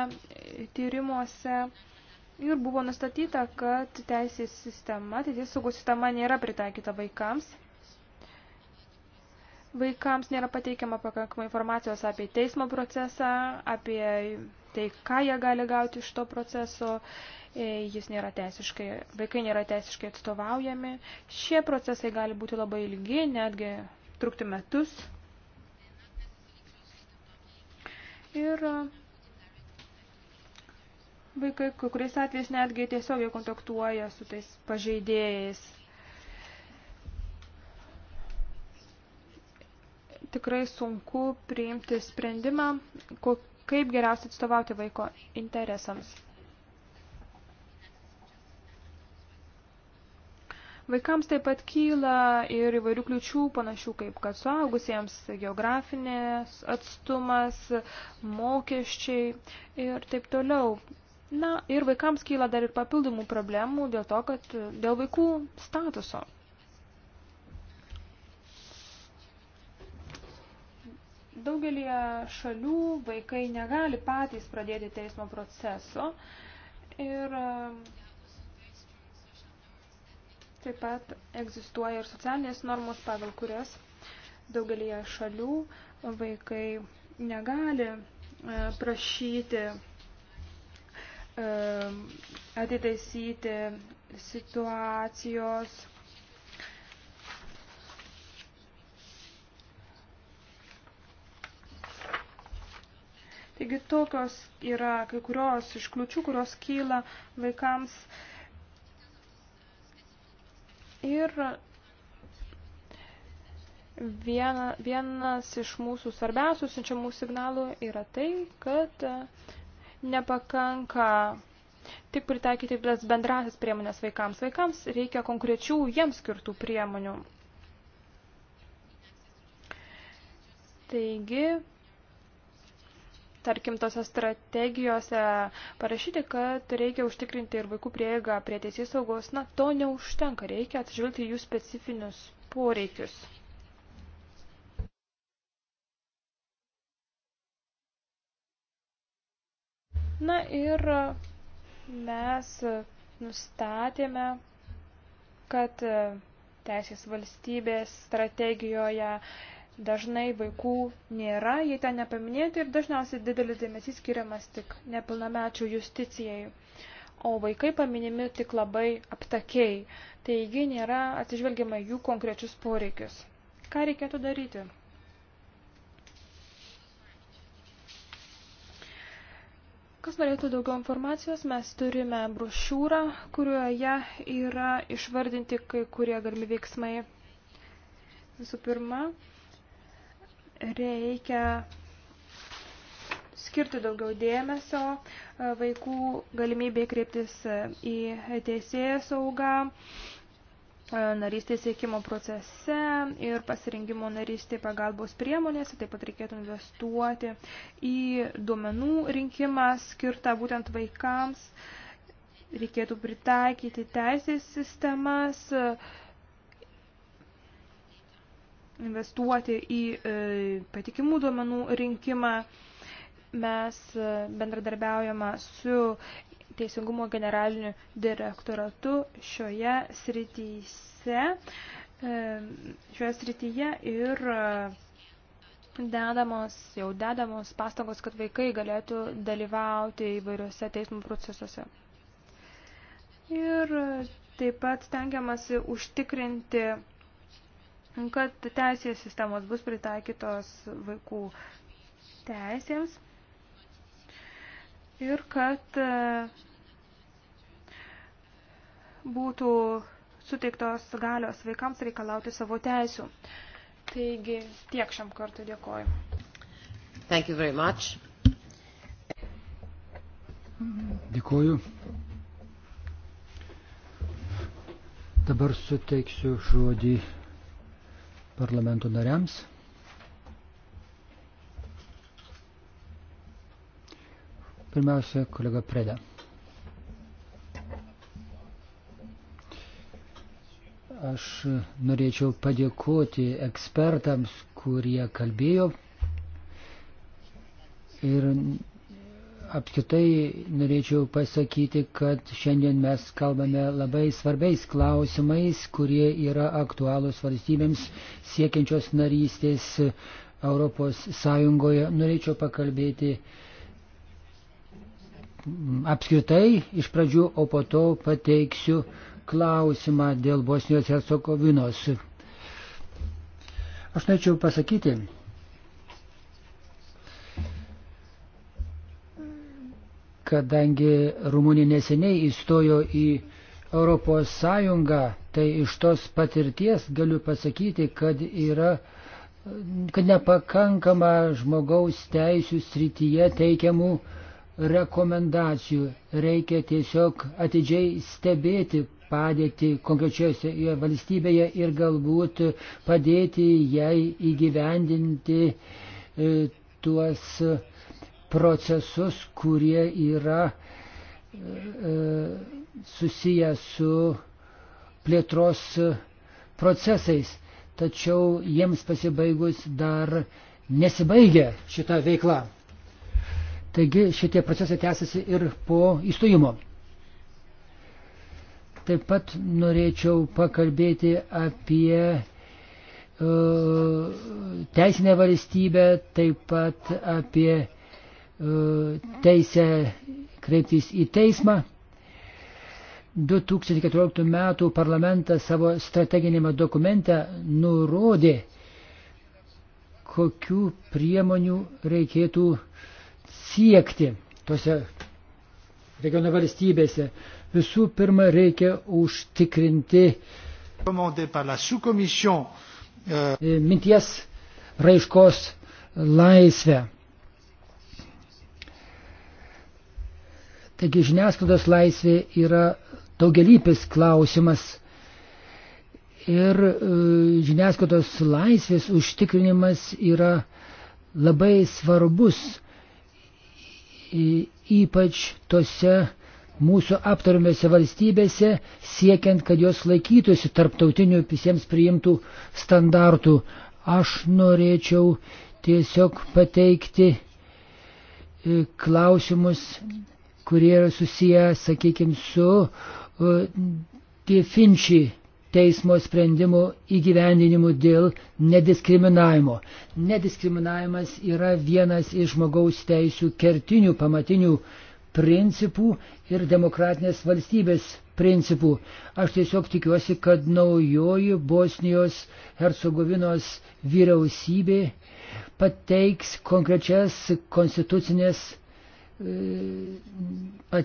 tyrimuose. Ir buvo nustatyta, kad teisės sistema, teisės saugos sistema nėra pritaikyta vaikams. Vaikams nėra pateikiama pakankamai informacijos apie teismo procesą, apie tai, ką jie gali gauti iš to proceso, e, jis nėra teisiškai, vaikai nėra teisiškai atstovaujami. Šie procesai gali būti labai ilgi, netgi trukti metus. Ir e, vaikai, kuriais atvejais netgi tiesiog jau kontaktuoja su tais pažeidėjais tikrai sunku priimti sprendimą, kaip geriausiai atstovauti vaiko interesams. Vaikams taip pat kyla ir įvairių kliučių, panašių kaip kad suaugusiems geografinės atstumas, mokesčiai ir taip toliau. Na, ir vaikams kyla dar ir papildomų problemų dėl to, kad dėl vaikų statuso. Daugelį šalių vaikai negali patys pradėti teismo proceso ir e, taip pat egzistuoja ir socialinės normos, pagal kurias daugelį šalių vaikai negali e, prašyti e, atitaisyti situacijos Taigi tokios yra kai kurios iškliučių, kurios kyla vaikams. Ir viena, vienas iš mūsų svarbiausių siunčiamų signalų yra tai, kad nepakanka tik pritaikyti tas bendrasis priemonės vaikams. Vaikams reikia konkrečių jiems skirtų priemonių. Taigi, tarkim, tose strategijose parašyti, kad reikia užtikrinti ir vaikų prieigą prie teisės saugos, na, to neužtenka, reikia atsižvelgti jų specifinius poreikius. Na ir mes nustatėme, kad teisės valstybės strategijoje dažnai vaikų nėra, jie ten nepaminėti ir dažniausiai didelis dėmesys skiriamas tik nepilnamečių justicijai, o vaikai paminimi tik labai aptakiai, taigi nėra atsižvelgiama jų konkrečius poreikius. Ką reikėtų daryti? Kas norėtų daugiau informacijos, mes turime brošiūrą, kurioje yra išvardinti kai kurie galimi veiksmai. Visų pirma, reikia skirti daugiau dėmesio e, vaikų galimybė kreiptis e, į teisėją saugą, e, narystės siekimo procese ir pasirinkimo narystė pagalbos priemonėse. Taip pat reikėtų investuoti į duomenų rinkimą skirtą būtent vaikams. Reikėtų pritaikyti teisės sistemas, investuoti į e, patikimų duomenų rinkimą. Mes e, bendradarbiaujame su Teisingumo generaliniu direktoratu šioje srityse, e, šioje srityje ir dedamos, jau dedamos pastangos, kad vaikai galėtų dalyvauti įvairiuose teismų procesuose. Ir taip pat stengiamasi užtikrinti kad teisės sistemos bus pritaikytos vaikų teisėms ir kad e, būtų suteiktos galios vaikams reikalauti savo teisių. Taigi tiek šiam kartui dėkoju. Thank you very much. Dėkoju. Dabar suteiksiu žodį parlamento nariams. Pirmiausia, kolega Preda. Aš norėčiau padėkoti ekspertams, kurie kalbėjo ir apskritai norėčiau pasakyti, kad šiandien mes kalbame labai svarbiais klausimais, kurie yra aktualūs valstybėms siekiančios narystės Europos Sąjungoje. Norėčiau pakalbėti mm, apskritai iš pradžių, o po to pateiksiu klausimą dėl Bosnijos ir Sokovinos. Aš norėčiau pasakyti, kadangi Rumunija neseniai įstojo į Europos Sąjungą, tai iš tos patirties galiu pasakyti, kad yra kad nepakankama žmogaus teisų srityje teikiamų rekomendacijų. Reikia tiesiog atidžiai stebėti padėti konkrečioje valstybėje ir galbūt padėti jai įgyvendinti e, tuos procesus, kurie yra e, susiję su plėtros procesais, tačiau jiems pasibaigus dar nesibaigia šita veikla. Taigi šitie procesai tęsiasi ir po įstojimo. Taip pat norėčiau pakalbėti apie e, teisinę valstybę, taip pat apie teisę kreiptis į teismą. 2014 m. parlamentas savo strateginėme dokumente nurodė, kokių priemonių reikėtų siekti tose regiono valstybėse. Visų pirma, reikia užtikrinti euh, minties raiškos laisvę. Taigi žiniasklaidos laisvė yra daugelypis klausimas ir e, žiniasklaidos laisvės užtikrinimas yra labai svarbus, ypač tose mūsų aptariamėse valstybėse, siekiant, kad jos laikytųsi tarptautinių visiems priimtų standartų. Aš norėčiau tiesiog pateikti e, klausimus kurie yra susiję, sakykime, su e, Tiefinčiai teismo sprendimų įgyvendinimu dėl nediskriminavimo. Nediskriminavimas yra vienas iš žmogaus teisų kertinių pamatinių principų ir demokratinės valstybės principų. Aš tiesiog tikiuosi, kad naujoji Bosnijos Hercegovinos vyriausybė pateiks konkrečias konstitucinės E,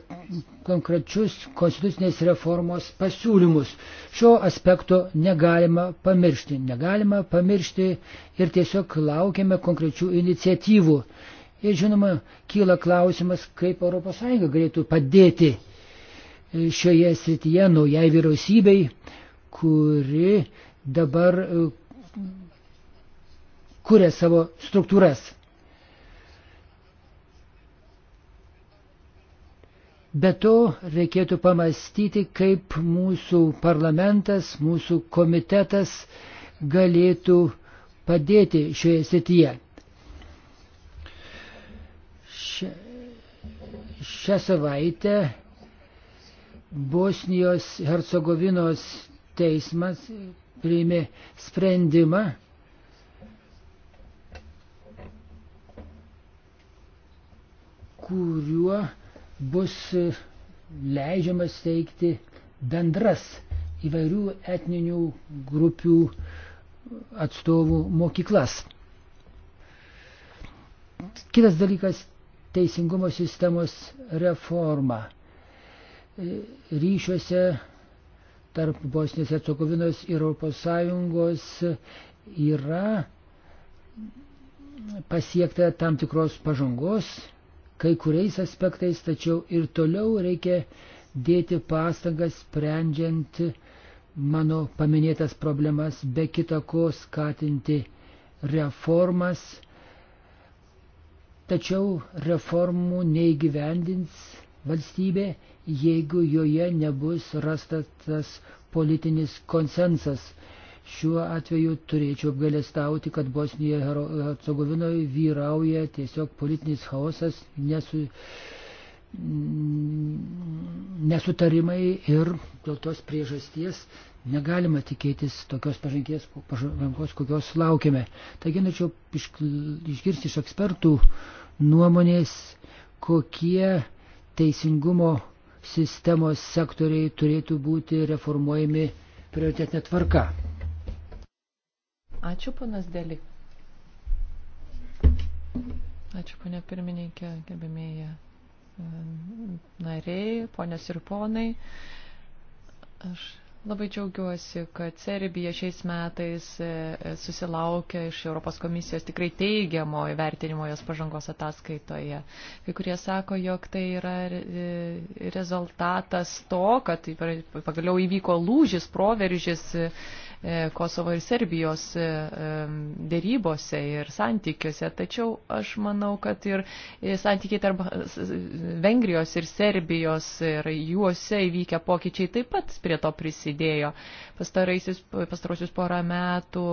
konkrečius konstitucinės reformos pasiūlymus. Šio aspekto negalima pamiršti. Negalima pamiršti ir tiesiog laukiame konkrečių iniciatyvų. Ir žinoma, kyla klausimas, kaip ES galėtų padėti e, šioje srityje naujai vyriausybei, kuri dabar e, kuria savo struktūras. Be to reikėtų pamastyti, kaip mūsų parlamentas, mūsų komitetas galėtų padėti šioje srityje. Šią savaitę Bosnijos Hercegovinos teismas priėmė sprendimą kuriuo bus e, leidžiama steigti bendras įvairių etninių grupių atstovų mokyklas. Kitas dalykas - teisingumo sistemos reforma. E, ryšiuose tarp Bosnijos ir Cekovinos ir ES yra pasiekta tam tikros pažangos, kai kuriais aspektais, tačiau ir toliau reikia dėti pastangas sprendžiant mano paminėtas problemas, be kita ko skatinti reformas. Tačiau reformų neįgyvendins valstybė, jeigu joje nebus rastas tas politinis konsensas. Šiuo atveju turėčiau apgalėstauti, kad Bosnijoje Hercegovinoje vyrauja tiesiog politinis chaosas, nesu, nesutarimai ir dėl tos priežasties negalima tikėtis tokios pažangės, pažangos, kokios laukiame. Taigi norėčiau išgirsti iš ekspertų nuomonės, kokie teisingumo sistemos sektoriai turėtų būti reformuojami prioritetinė tvarka. Ačiū, panas Deli. Ačiū, ponė pirmininkė, gerbėmėje e, nariai, ponės ir ponai. Aš Labai džiaugiuosi, kad Serbija šiais metais e, e, susilaukė iš Europos komisijos tikrai teigiamo įvertinimo jos pažangos ataskaitoje. Kai kurie sako, jog tai yra rezultatas to, kad pagaliau įvyko lūžis, proveržis E, Kosovo ir Serbijos e, e, dėrybose ir santykiuose. Tačiau aš manau, kad ir santykiai tarp Vengrijos ir Serbijos ir juose įvykę pokyčiai taip pat prie to prisidėjo. Pastarosius porą metų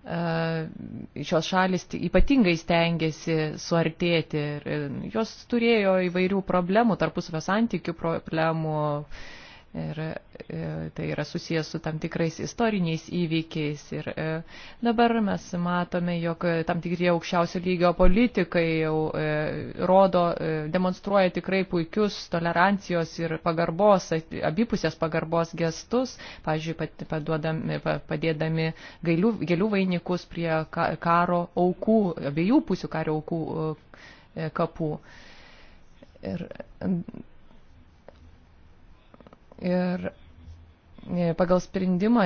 šios šalis ypatingai stengiasi suartėti. Jos turėjo įvairių problemų, tarpusavio santykių problemų Ir e, tai yra susijęs su tam tikrais istoriniais įvykiais. Ir e, dabar mes matome, jog tam tikrie aukščiausio lygio politikai jau e, rodo, demonstruoja tikrai puikius tolerancijos ir pagarbos, abipusės pagarbos gestus, pavyzdžiui, padėdami gailių, gėlių vainikus prie karo aukų, abiejų pusių karo aukų kapų. Ir Ir e, pagal sprendimą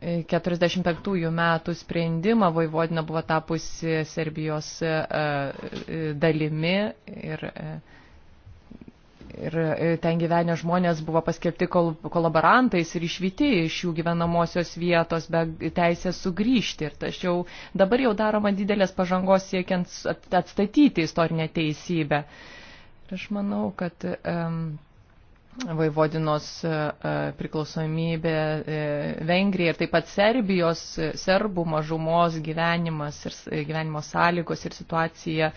45 e, e, metų sprendimą Vojvodina buvo tapusi Serbijos dalimi ir, ir ten gyvenę žmonės buvo paskelbti kol, kolaborantais ir išvyti iš jų gyvenamosios vietos be teisės sugrįžti. Ir tačiau dabar jau daroma didelės pažangos siekiant atstatyti istorinę teisybę. Ir aš manau, kad um, Vaivodinos e, e, priklausomybė e, Vengrija ir taip pat Serbijos, serbų mažumos gyvenimas ir gyvenimo sąlygos ir situacija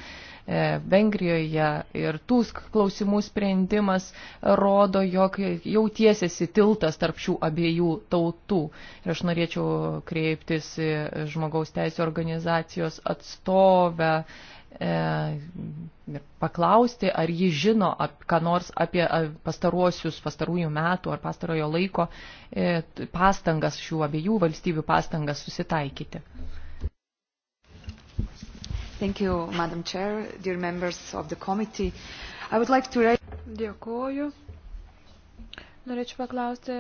Vengrijoje ir tų klausimų sprendimas rodo, jog jau tiesiasi tiltas tarp šių abiejų tautų. Ir aš norėčiau kreiptis žmogaus teisų organizacijos atstovę E, ir paklausti, ar ji žino ap, ką nors apie pastaruosius, pastarųjų metų ar pastarojo laiko e, pastangas šių abiejų valstybių pastangas susitaikyti. Thank you, Madam Chair, dear members of the committee. I would like to raise... Dėkuoju. Norėčiau paklausti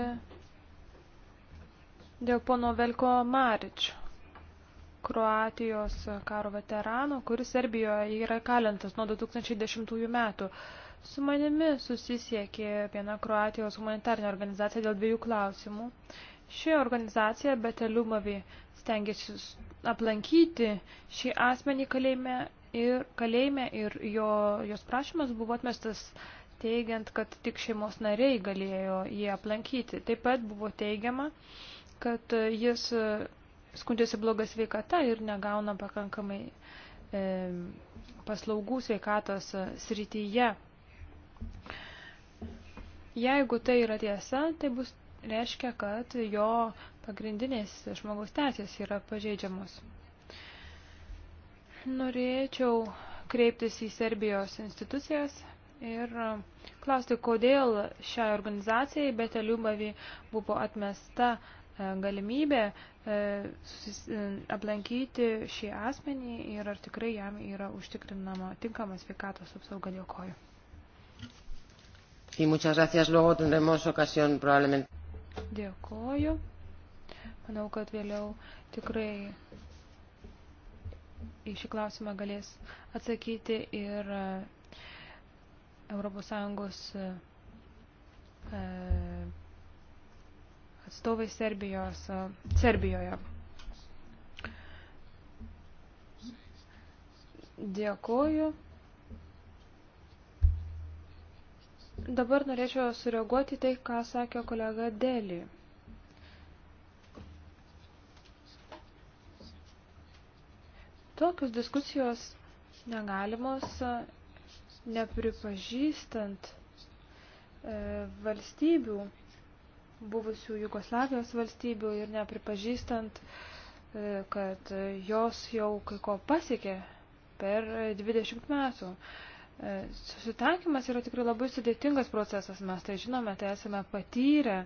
dėl pono Velko Maričio. Kroatijos karo veterano, kuris Serbijoje yra kalintas nuo 2010 metų. Su manimi susisiekė viena Kroatijos humanitarinė organizacija dėl dviejų klausimų. Ši organizacija Beteliumavi stengiasi aplankyti šį asmenį kalėjime ir, kalėjime ir jo, jos prašymas buvo atmestas teigiant, kad tik šeimos nariai galėjo jį aplankyti. Taip pat buvo teigiama, kad jis skundžiasi bloga sveikata ir negauna pakankamai e, paslaugų sveikatos e, srityje. Jeigu tai yra tiesa, tai bus reiškia, kad jo pagrindinės žmogaus teisės yra pažeidžiamos. Norėčiau kreiptis į Serbijos institucijas ir klausti, kodėl šiai organizacijai Beteljubavi buvo atmesta E, galimybė e, e, aplankyti šį asmenį ir ar tikrai jam yra užtikrinama tinkama sveikatos apsauga. Dėkoju. Sí, muchas gracias. Luego tendremos ocasión probablemente. Dėkoju. Manau, kad vėliau tikrai į šį klausimą galės atsakyti ir ES atstovai Serbijos, Serbijoje. Dėkoju. Dabar norėčiau sureaguoti tai, ką sakė kolega Deli. Tokios diskusijos negalimos nepripažįstant e, valstybių buvusių Jugoslavijos valstybių ir nepripažįstant, e, kad jos jau kai ko pasiekė per 20 metų. E, susitaikymas yra tikrai labai sudėtingas procesas, mes tai žinome, tai esame patyrę,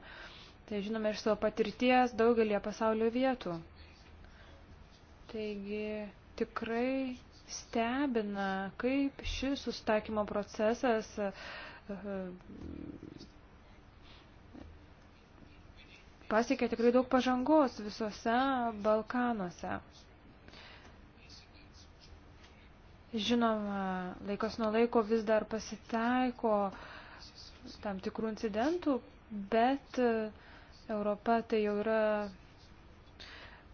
tai žinome iš savo patirties daugelie pasaulio vietų. Taigi tikrai stebina, kaip šis susitaikymo procesas e, pasiekė tikrai daug pažangos visose Balkanuose. Žinoma, laikas nuo laiko vis dar pasitaiko tam tikrų incidentų, bet e, Europa tai jau yra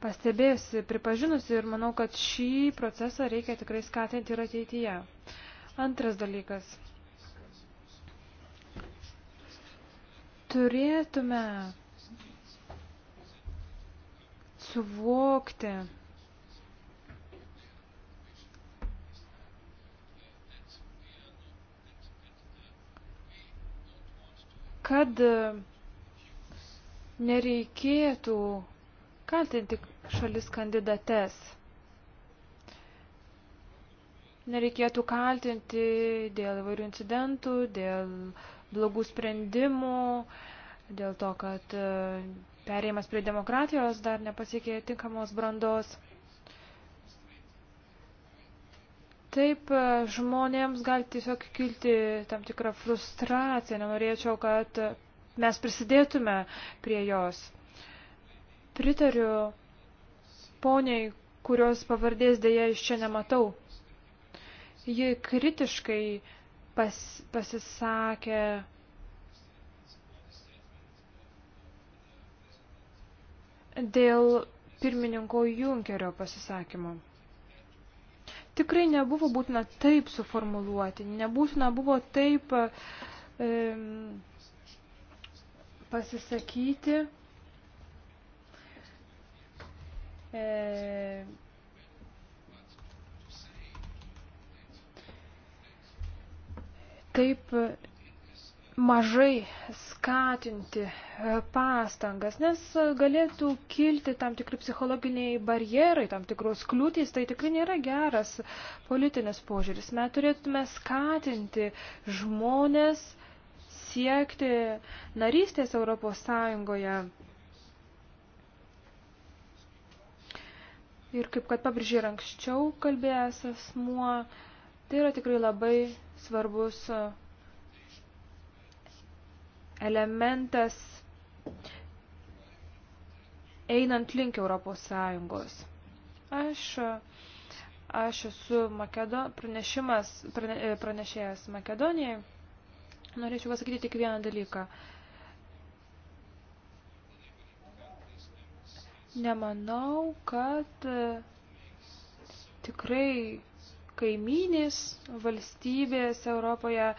pastebėjusi, pripažinusi ir manau, kad šį procesą reikia tikrai skatinti ir ateityje. Antras dalykas. Turėtume suvokti, kad nereikėtų kaltinti šalis kandidates. Nereikėtų kaltinti dėl įvairių incidentų, dėl blogų sprendimų, dėl to, kad perėjimas prie demokratijos dar nepasiekė tinkamos brandos. Taip, e, žmonėms gali tiesiog kilti tam tikrą frustraciją, nenorėčiau, kad mes prisidėtume prie jos. Pritariu poniai, kurios pavardės dėja iš čia nematau. Ji kritiškai pas, pasisakė dėl pirmininko Junkerio pasisakymo. Tikrai nebuvo būtina taip suformuluoti, nebūtina buvo taip e, pasisakyti. E, taip mažai skatinti e, pastangas, nes galėtų kilti tam tikri psichologiniai barjerai, tam tikros kliūtys, tai tikrai nėra geras politinis požiūris. Mes turėtume skatinti žmonės siekti narystės Europos Sąjungoje. Ir kaip kad pabrėžė anksčiau kalbėjęs asmuo, tai yra tikrai labai svarbus elementas einant link Europos Sąjungos. Aš, aš esu Makedo, pranešimas, prane, pranešėjas Makedonijai. Norėčiau pasakyti tik vieną dalyką. Nemanau, kad tikrai kaimynės valstybės Europoje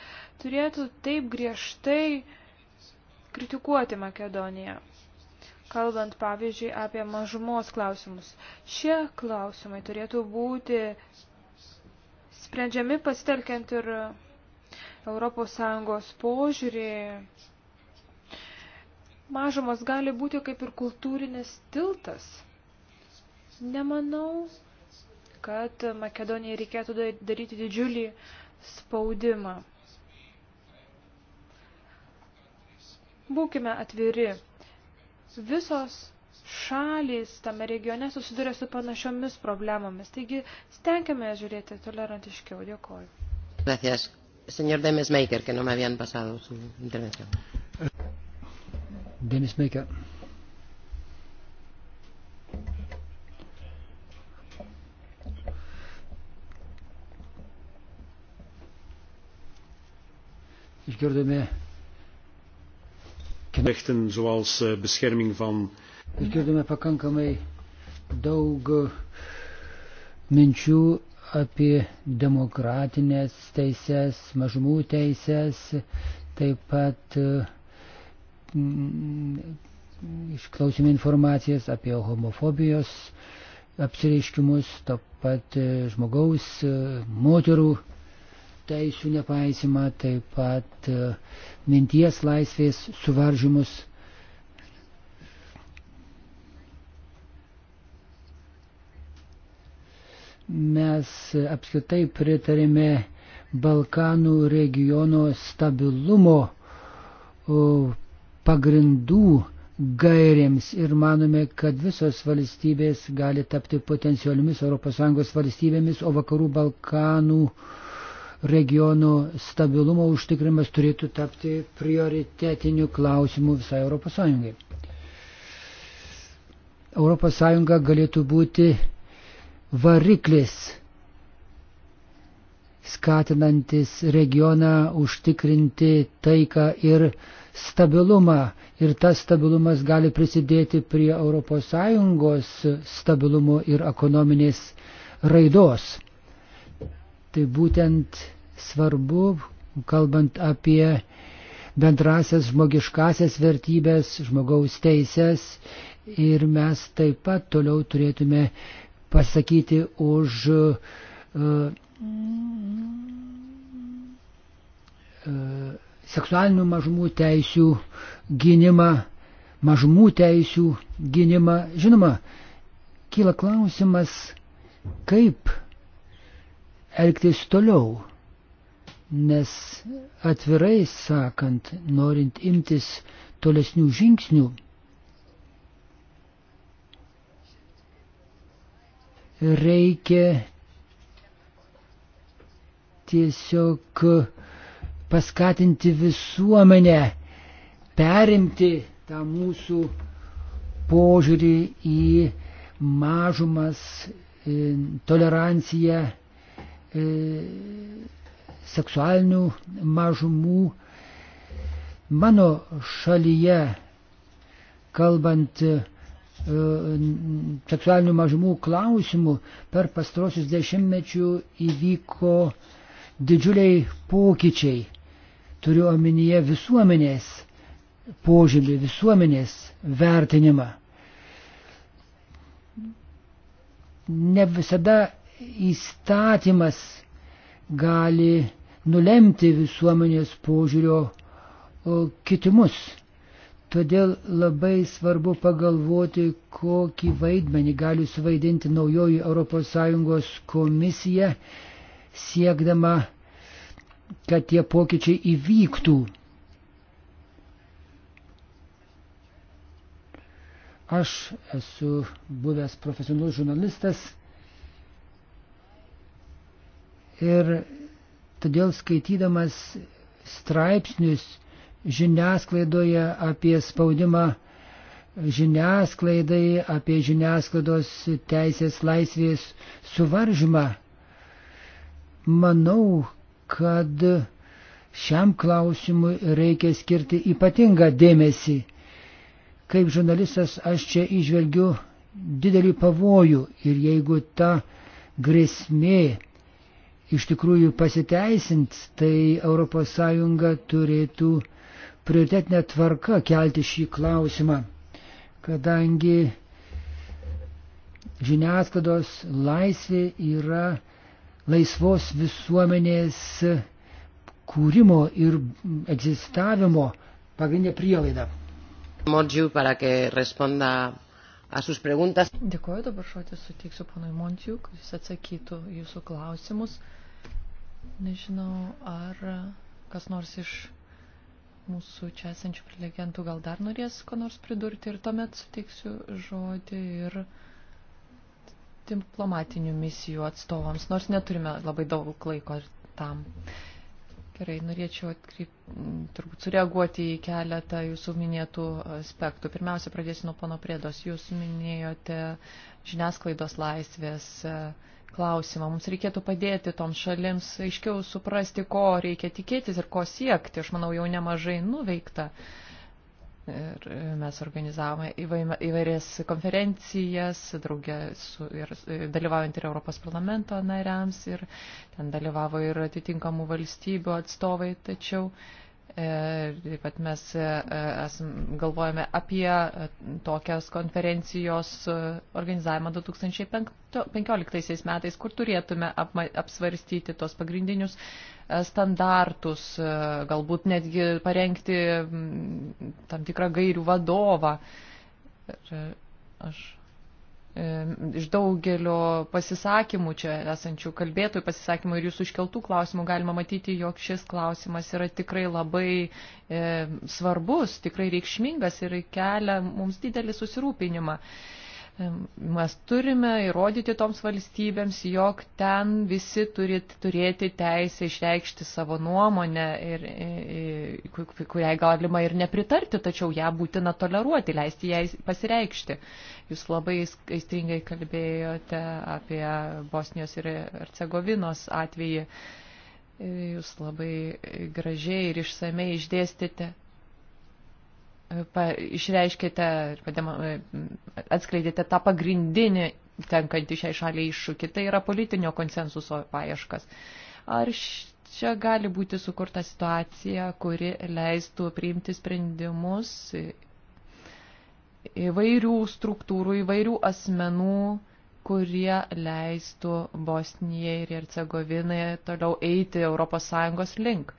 turėtų taip griežtai uh, kritikuoti Makedoniją, kalbant pavyzdžiui apie mažumos klausimus. Šie klausimai turėtų būti sprendžiami pasitelkiant ir ES požiūrį. Mažumas gali būti kaip ir kultūrinis tiltas. Nemanau, kad Makedonijai reikėtų daryti didžiulį spaudimą. Būkime atviri. Visos šalys tame regione susiduria su panašiomis problemomis. Taigi stenkime žiūrėti tolerantiškiau. Dėkoju. Gracias. Señor Demesmaker, que no me habían pasado su intervención. Demesmaker. Išgirdome Rechten, zoals bescherming van. Išgirdome pakankamai daug uh, minčių apie demokratinės teises, mažumų teises, taip pat uh, mm, išklausime informacijas apie homofobijos apsireiškimus, taip pat uh, žmogaus, moterų teisų nepaisimą, taip pat e, minties laisvės suvaržymus. Mes apskritai pritarėme Balkanų regiono stabilumo pagrindų gairėms ir manome, kad visos valstybės gali tapti potencialiomis ES valstybėmis, o vakarų Balkanų uh, regionų stabilumo užtikrimas turėtų tapti prioritetiniu klausimu visai ES. ES galėtų būti variklis skatinantis regioną užtikrinti taiką ir stabilumą. Ir tas stabilumas gali prisidėti prie ES stabilumo ir ekonominės raidos. Tai būtent svarbu, kalbant apie bendrasias žmogiškasias vertybės, žmogaus teisės ir mes taip pat toliau turėtume pasakyti už uh, uh, seksualinių mažumų teisių gynimą, mažumų teisių gynimą. Žinoma, kyla klausimas, kaip elgtis toliau. Nes atvirai sakant, norint imtis tolesnių žingsnių, reikia tiesiog paskatinti visuomenę perimti tą mūsų požiūrį į mažumas, toleranciją, E, seksualinių mažumų. Mano šalyje, kalbant e, seksualinių mažumų klausimų, per pastrosius dešimtmečių įvyko didžiuliai pokyčiai. Turiu omenyje visuomenės požymį, visuomenės vertinimą. Ne visada įstatymas gali nulemti visuomenės požiūrio kitimus. Todėl labai svarbu pagalvoti, kokį vaidmenį gali suvaidinti naujoji ES komisija, siekdama, kad tie pokyčiai įvyktų. Aš esu buvęs profesionalus žurnalistas Ir todėl skaitydamas straipsnius žiniasklaidoje apie spaudimą žiniasklaidai, apie žiniasklaidos teisės laisvės suvaržymą, manau, kad šiam klausimui reikia skirti ypatingą dėmesį. Kaip žurnalistas aš čia išvelgiu didelį pavojų ir jeigu ta grėsmė iš tikrųjų pasiteisint, tai ES turėtų prioritetinę tvarką kelti šį klausimą, kadangi žiniasklaidos laisvė yra laisvos visuomenės kūrimo ir egzistavimo pagrindinė prielaida. Dėkuoju, dabar šuotį sutiksiu panui Montijų, kad jis atsakytų jūsų klausimus. Nežinau, ar kas nors iš mūsų čia esančių prelegentų gal dar norės ko nors pridurti ir tuomet suteiksiu žodį ir diplomatinių misijų atstovams, nors neturime labai daug laiko tam. Gerai, norėčiau atkreip, turbūt sureaguoti į keletą jūsų minėtų aspektų. Pirmiausia, pradėsiu nuo pono Priedos. Jūs minėjote žiniasklaidos laisvės. Uh, klausimą. Mums reikėtų padėti toms šalims aiškiau suprasti, ko reikia tikėtis ir ko siekti. Aš manau, jau nemažai nuveikta. Ir mes organizavome įvairias konferencijas, draugė su, ir, dalyvaujant ir Europos parlamento nariams, ir ten dalyvavo ir atitinkamų valstybių atstovai, tačiau E, taip pat mes e, esam, galvojame apie e, tokias konferencijos organizavimą 2015 metais, kur turėtume apsvarstyti tos pagrindinius standartus, galbūt netgi parengti tam tikrą gairių vadovą. Ir aš E, iš daugelio pasisakymų čia esančių kalbėtojų pasisakymų ir jūsų iškeltų klausimų galima matyti, jog šis klausimas yra tikrai labai e, svarbus, tikrai reikšmingas ir kelia mums didelį susirūpinimą. E, mes turime įrodyti toms valstybėms, jog ten visi turi turėti teisę išreikšti savo nuomonę, ir, ir, kuriai galima ir nepritarti, tačiau ją būtina toleruoti, leisti jai pasireikšti. Jūs labai aistringai kalbėjote apie Bosnijos ir Hercegovinos atvejį. Jūs labai gražiai ir išsamei išdėstėte pa, išreiškėte, pademo, atskleidėte tą pagrindinį tenkantį šiai šaliai iššūkį, tai yra politinio konsensuso paieškas. Ar čia gali būti sukurta situacija, kuri leistų priimti sprendimus įvairių struktūrų, įvairių asmenų, kurie leistų Bosnijai ir Hercegovinai toliau eiti ES link?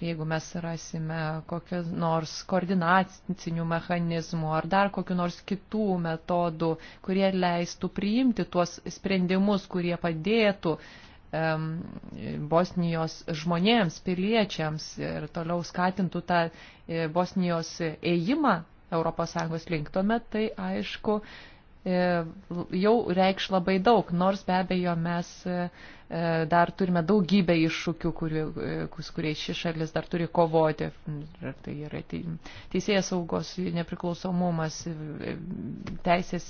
jeigu mes rasime kokios nors koordinacinių mechanizmų ar dar kokiu nors kitų metodų, kurie leistų priimti tuos sprendimus, kurie padėtų um, Bosnijos žmonėms, piliečiams ir toliau skatintų tą e, Bosnijos ėjimą ES link, tuomet tai aišku E, jau reikš labai daug, nors be abejo mes e, e, dar turime daugybę iššūkių, kuriais kurie ši šalis dar turi kovoti. Ir tai yra teisėjas saugos nepriklausomumas, teisės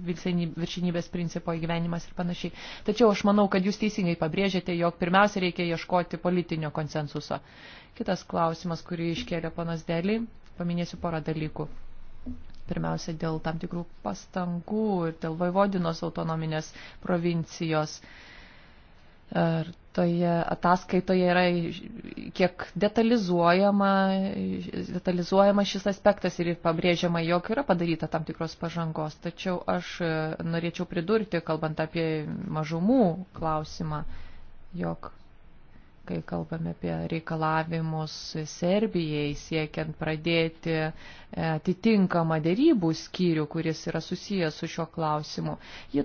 viršinybės principo įgyvenimas ir panašiai. Tačiau aš manau, kad jūs teisingai pabrėžėte, jog pirmiausia reikia ieškoti politinio konsensuso. Kitas klausimas, kurį iškėlė panas Deli, paminėsiu porą dalykų pirmiausia dėl tam tikrų pastangų ir dėl Vaivodinos autonominės provincijos. Ir toje ataskaitoje yra kiek detalizuojama, detalizuojama šis aspektas ir pabrėžiama, jog yra padaryta tam tikros pažangos. Tačiau aš norėčiau pridurti, kalbant apie mažumų klausimą, jog kai kalbame apie reikalavimus Serbijai siekiant pradėti e, atitinkamą dėrybų skyrių, kuris yra susijęs su šiuo klausimu. Ji,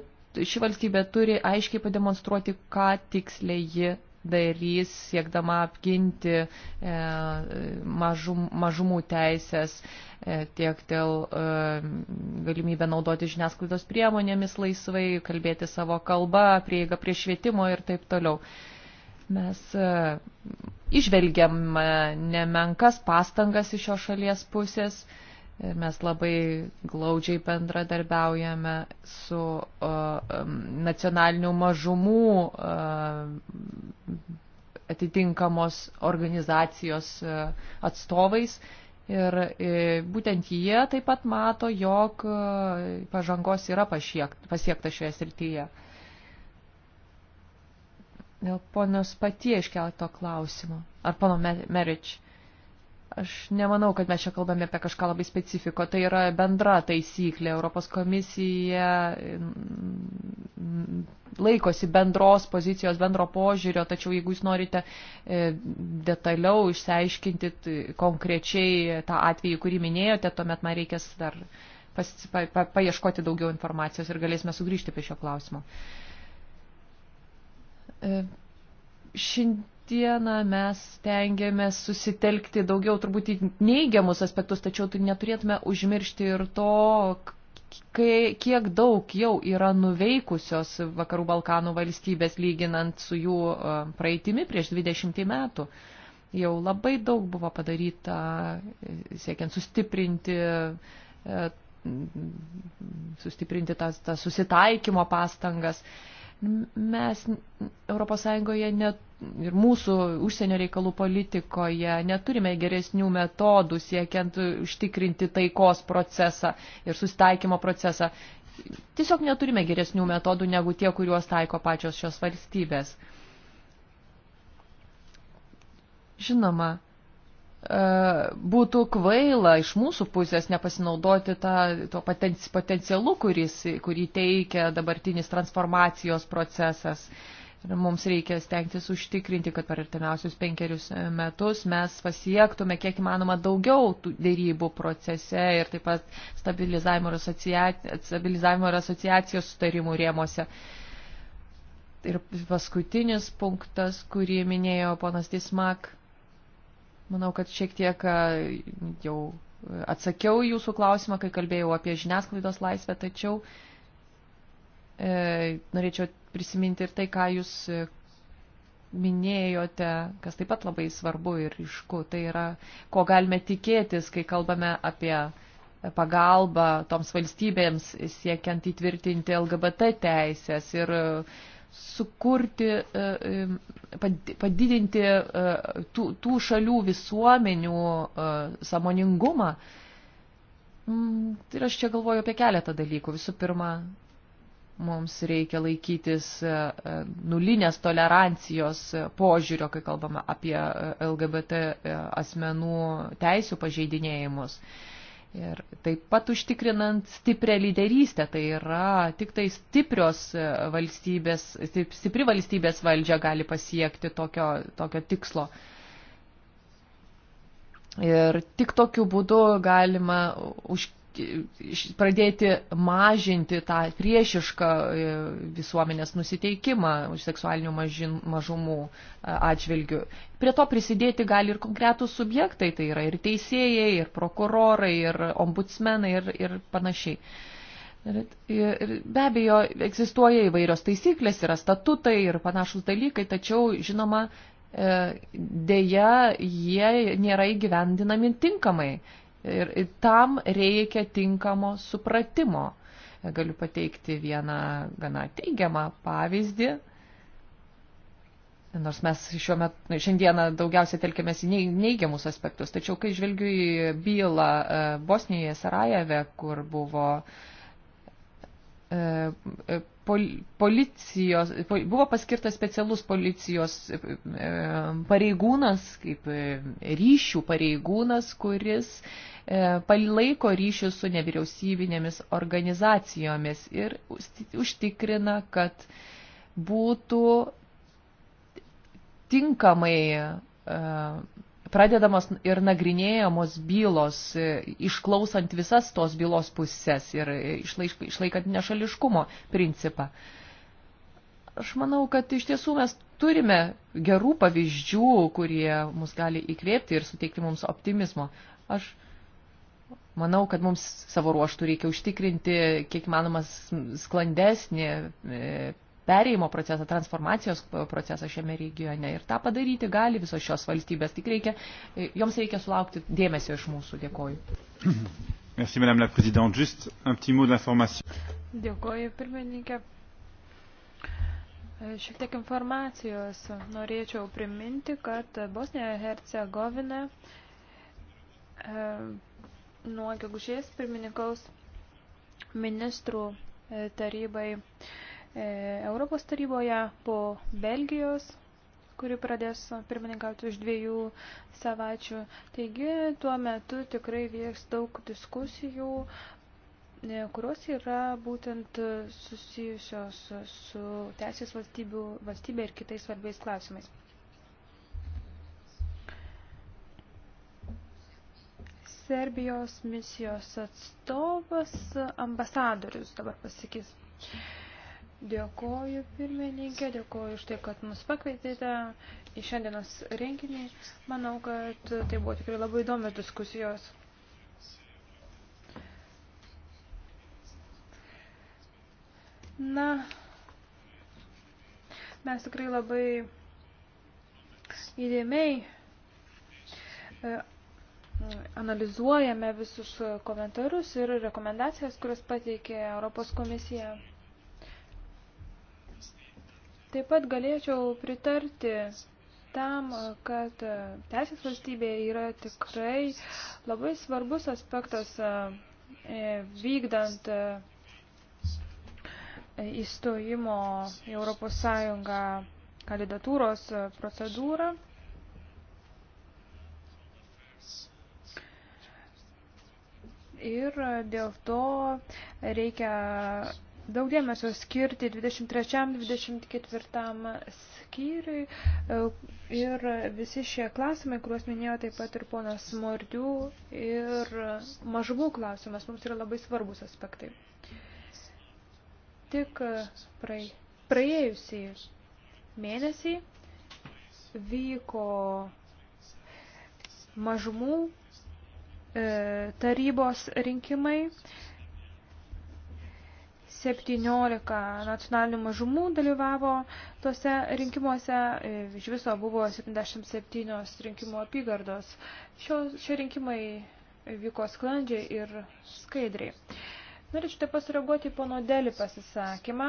ši valstybė turi aiškiai pademonstruoti, ką tiksliai ji darys, siekdama apginti e, mažum, mažumų teisės e, tiek dėl e, galimybę naudoti žiniasklaidos priemonėmis laisvai, kalbėti savo kalbą, prieigą prie švietimo ir taip toliau. E, Mes e, išvelgiam e, nemenkas pastangas iš šios šalies pusės ir e, mes labai glaudžiai bendradarbiaujame su nacionalinių mažumų atitinkamos organizacijos atstovais Ir būtent jie taip pat mato, jog pažangos yra pasiekta šioje srityje. Dėl ponios patie iškelto klausimo. Ar pono Merič? Aš nemanau, kad mes čia kalbame apie kažką labai specifiko. Tai yra bendra taisyklė. Europos komisija laikosi bendros pozicijos, bendro požiūrio, tačiau jeigu jūs norite e, detaliau išsiaiškinti konkrečiai tą atvejį, kurį minėjote, tuomet man reikės dar pas, pa, pa, paieškoti daugiau informacijos ir galėsime sugrįžti prie šio klausimo. Uh, E, šiandieną mes tengiamės susitelkti daugiau turbūt į neigiamus aspektus, tačiau neturėtume užmiršti ir to, kai, kiek daug jau yra nuveikusios Vakarų Balkanų valstybės lyginant su jų e, praeitimi prieš 20 metų. Jau labai daug buvo padaryta e, siekiant sustiprinti sustiprinti tas, tas susitaikymo pastangas. E, Mes ES net ir mūsų užsienio reikalų politikoje neturime geresnių metodų siekiant užtikrinti taikos procesą ir sustaikymo procesą. Tiesiog neturime geresnių metodų negu tie, kuriuos taiko pačios šios valstybės. Žinoma, E, būtų kvaila iš mūsų pusės nepasinaudoti tą, tuo potencialu, kuris, kurį teikia dabartinis transformacijos procesas. Ir mums reikia stengtis užtikrinti, kad per artimiausius penkerius metus mes pasiektume kiek įmanoma daugiau dėrybų procese ir taip pat stabilizavimo ir, asociaci... stabilizavimo ir asociacijos sutarimų rėmose. Ir paskutinis punktas, kurį minėjo ponas Dismak Manau, kad šiek tiek jau atsakiau jūsų klausimą, kai kalbėjau apie žiniasklaidos laisvę, tačiau e, norėčiau prisiminti ir tai, ką jūs e, minėjote, kas taip pat labai svarbu ir išku, tai yra, ko galime tikėtis, kai kalbame apie pagalbą toms valstybėms siekiant įtvirtinti LGBT teisės ir e, sukurti, e, e, padidinti e, tų, tų šalių visuomenių samoningumą. Mm, tai ir aš čia galvoju apie keletą dalykų. Visų pirma, mums reikia laikytis nulinės tolerancijos požiūrio, kai kalbame apie LGBT asmenų teisų pažeidinėjimus. Ir taip pat užtikrinant stiprią lyderystę, tai yra tik tai stiprios valstybės, stipri valstybės valdžia gali pasiekti tokio, tokio tikslo. Ir tik tokiu būdu galima už, pradėti mažinti tą priešišką e, visuomenės nusiteikimą seksualinių mažin, mažumų e, atžvilgių. Prie to prisidėti gali ir konkretūs subjektai, tai yra ir teisėjai, ir prokurorai, ir ombudsmenai, ir, ir panašiai. Ir be abejo, egzistuoja įvairios taisyklės, yra statutai ir panašus dalykai, tačiau, žinoma, e, dėja, jie nėra įgyvendinami tinkamai. Ir tam reikia tinkamo supratimo. E, galiu pateikti vieną gana teigiamą pavyzdį. Nors mes šiuo metu, nu, šiandieną daugiausiai telkėmės į neigiamus aspektus, tačiau kai žvelgiu į bylą e, Bosnijoje, Sarajeve, kur buvo uh, E, policijos, buvo paskirtas specialus policijos e, e, pareigūnas, kaip ryšių pareigūnas, kuris palaiko ryšius su nevyriausybinėmis organizacijomis ir užtikrina, kad būtų tinkamai pradedamos ir nagrinėjamos bylos, e, išklausant visas tos bylos pusės ir e, išlaikant nešališkumo principą. Aš manau, kad iš tiesų mes turime gerų pavyzdžių, kurie mus gali įkvėpti ir suteikti mums optimizmo. Aš manau, kad mums savo ruoštų reikia užtikrinti kiek manomas sklandesnį e, perėjimo procesą, transformacijos procesą šiame regione. Ir tą padaryti gali visos šios valstybės. Tik reikia, joms reikia sulaukti dėmesio iš mūsų. Dėkoju. Merci, Madame la Présidente. Juste un petit mot d'information. Dėkoju, pirmininkė. Šiek tiek informacijos norėčiau priminti, kad Bosnijoje Hercegovina e, nuo gegužės pirmininkaus ministrų e, tarybai e, E, Europos taryboje po Belgijos, kuri pradės pirmininkauti už dviejų savaičių. Taigi tuo metu tikrai vyks daug diskusijų, e, kurios yra būtent susijusios su teisės valstybė ir kitais svarbiais klausimais. Serbijos misijos atstovas ambasadorius dabar pasakys. Dėkoju pirmininkė, dėkoju už tai, kad mus pakvietėte į šiandienos renginį. Manau, kad tai buvo tikrai labai įdomios diskusijos. Na, mes tikrai labai įdėmiai e, analizuojame visus komentarus ir rekomendacijas, kurias pateikė Europos komisija. Taip pat galėčiau pritarti tam, kad teisės valstybė yra tikrai labai svarbus aspektas e, vykdant e, įstojimo į Europos Sąjungą kandidatūros procedūrą. Ir dėl to reikia daug dėmesio skirti 23-24 skyriui ir visi šie klausimai, kuriuos minėjo taip pat ir ponas Mordių ir mažumų klausimas, mums yra labai svarbus aspektai. Tik praei, praėjusį mėnesį vyko mažumų e, tarybos rinkimai. E, 17 nacionalinių mažumų dalyvavo tose rinkimuose, iš viso buvo 77 rinkimų apygardos. Šio, šie rinkimai vyko sklandžiai ir skaidriai. Norėčiau taip pasireaguoti pono Deli pasisakymą.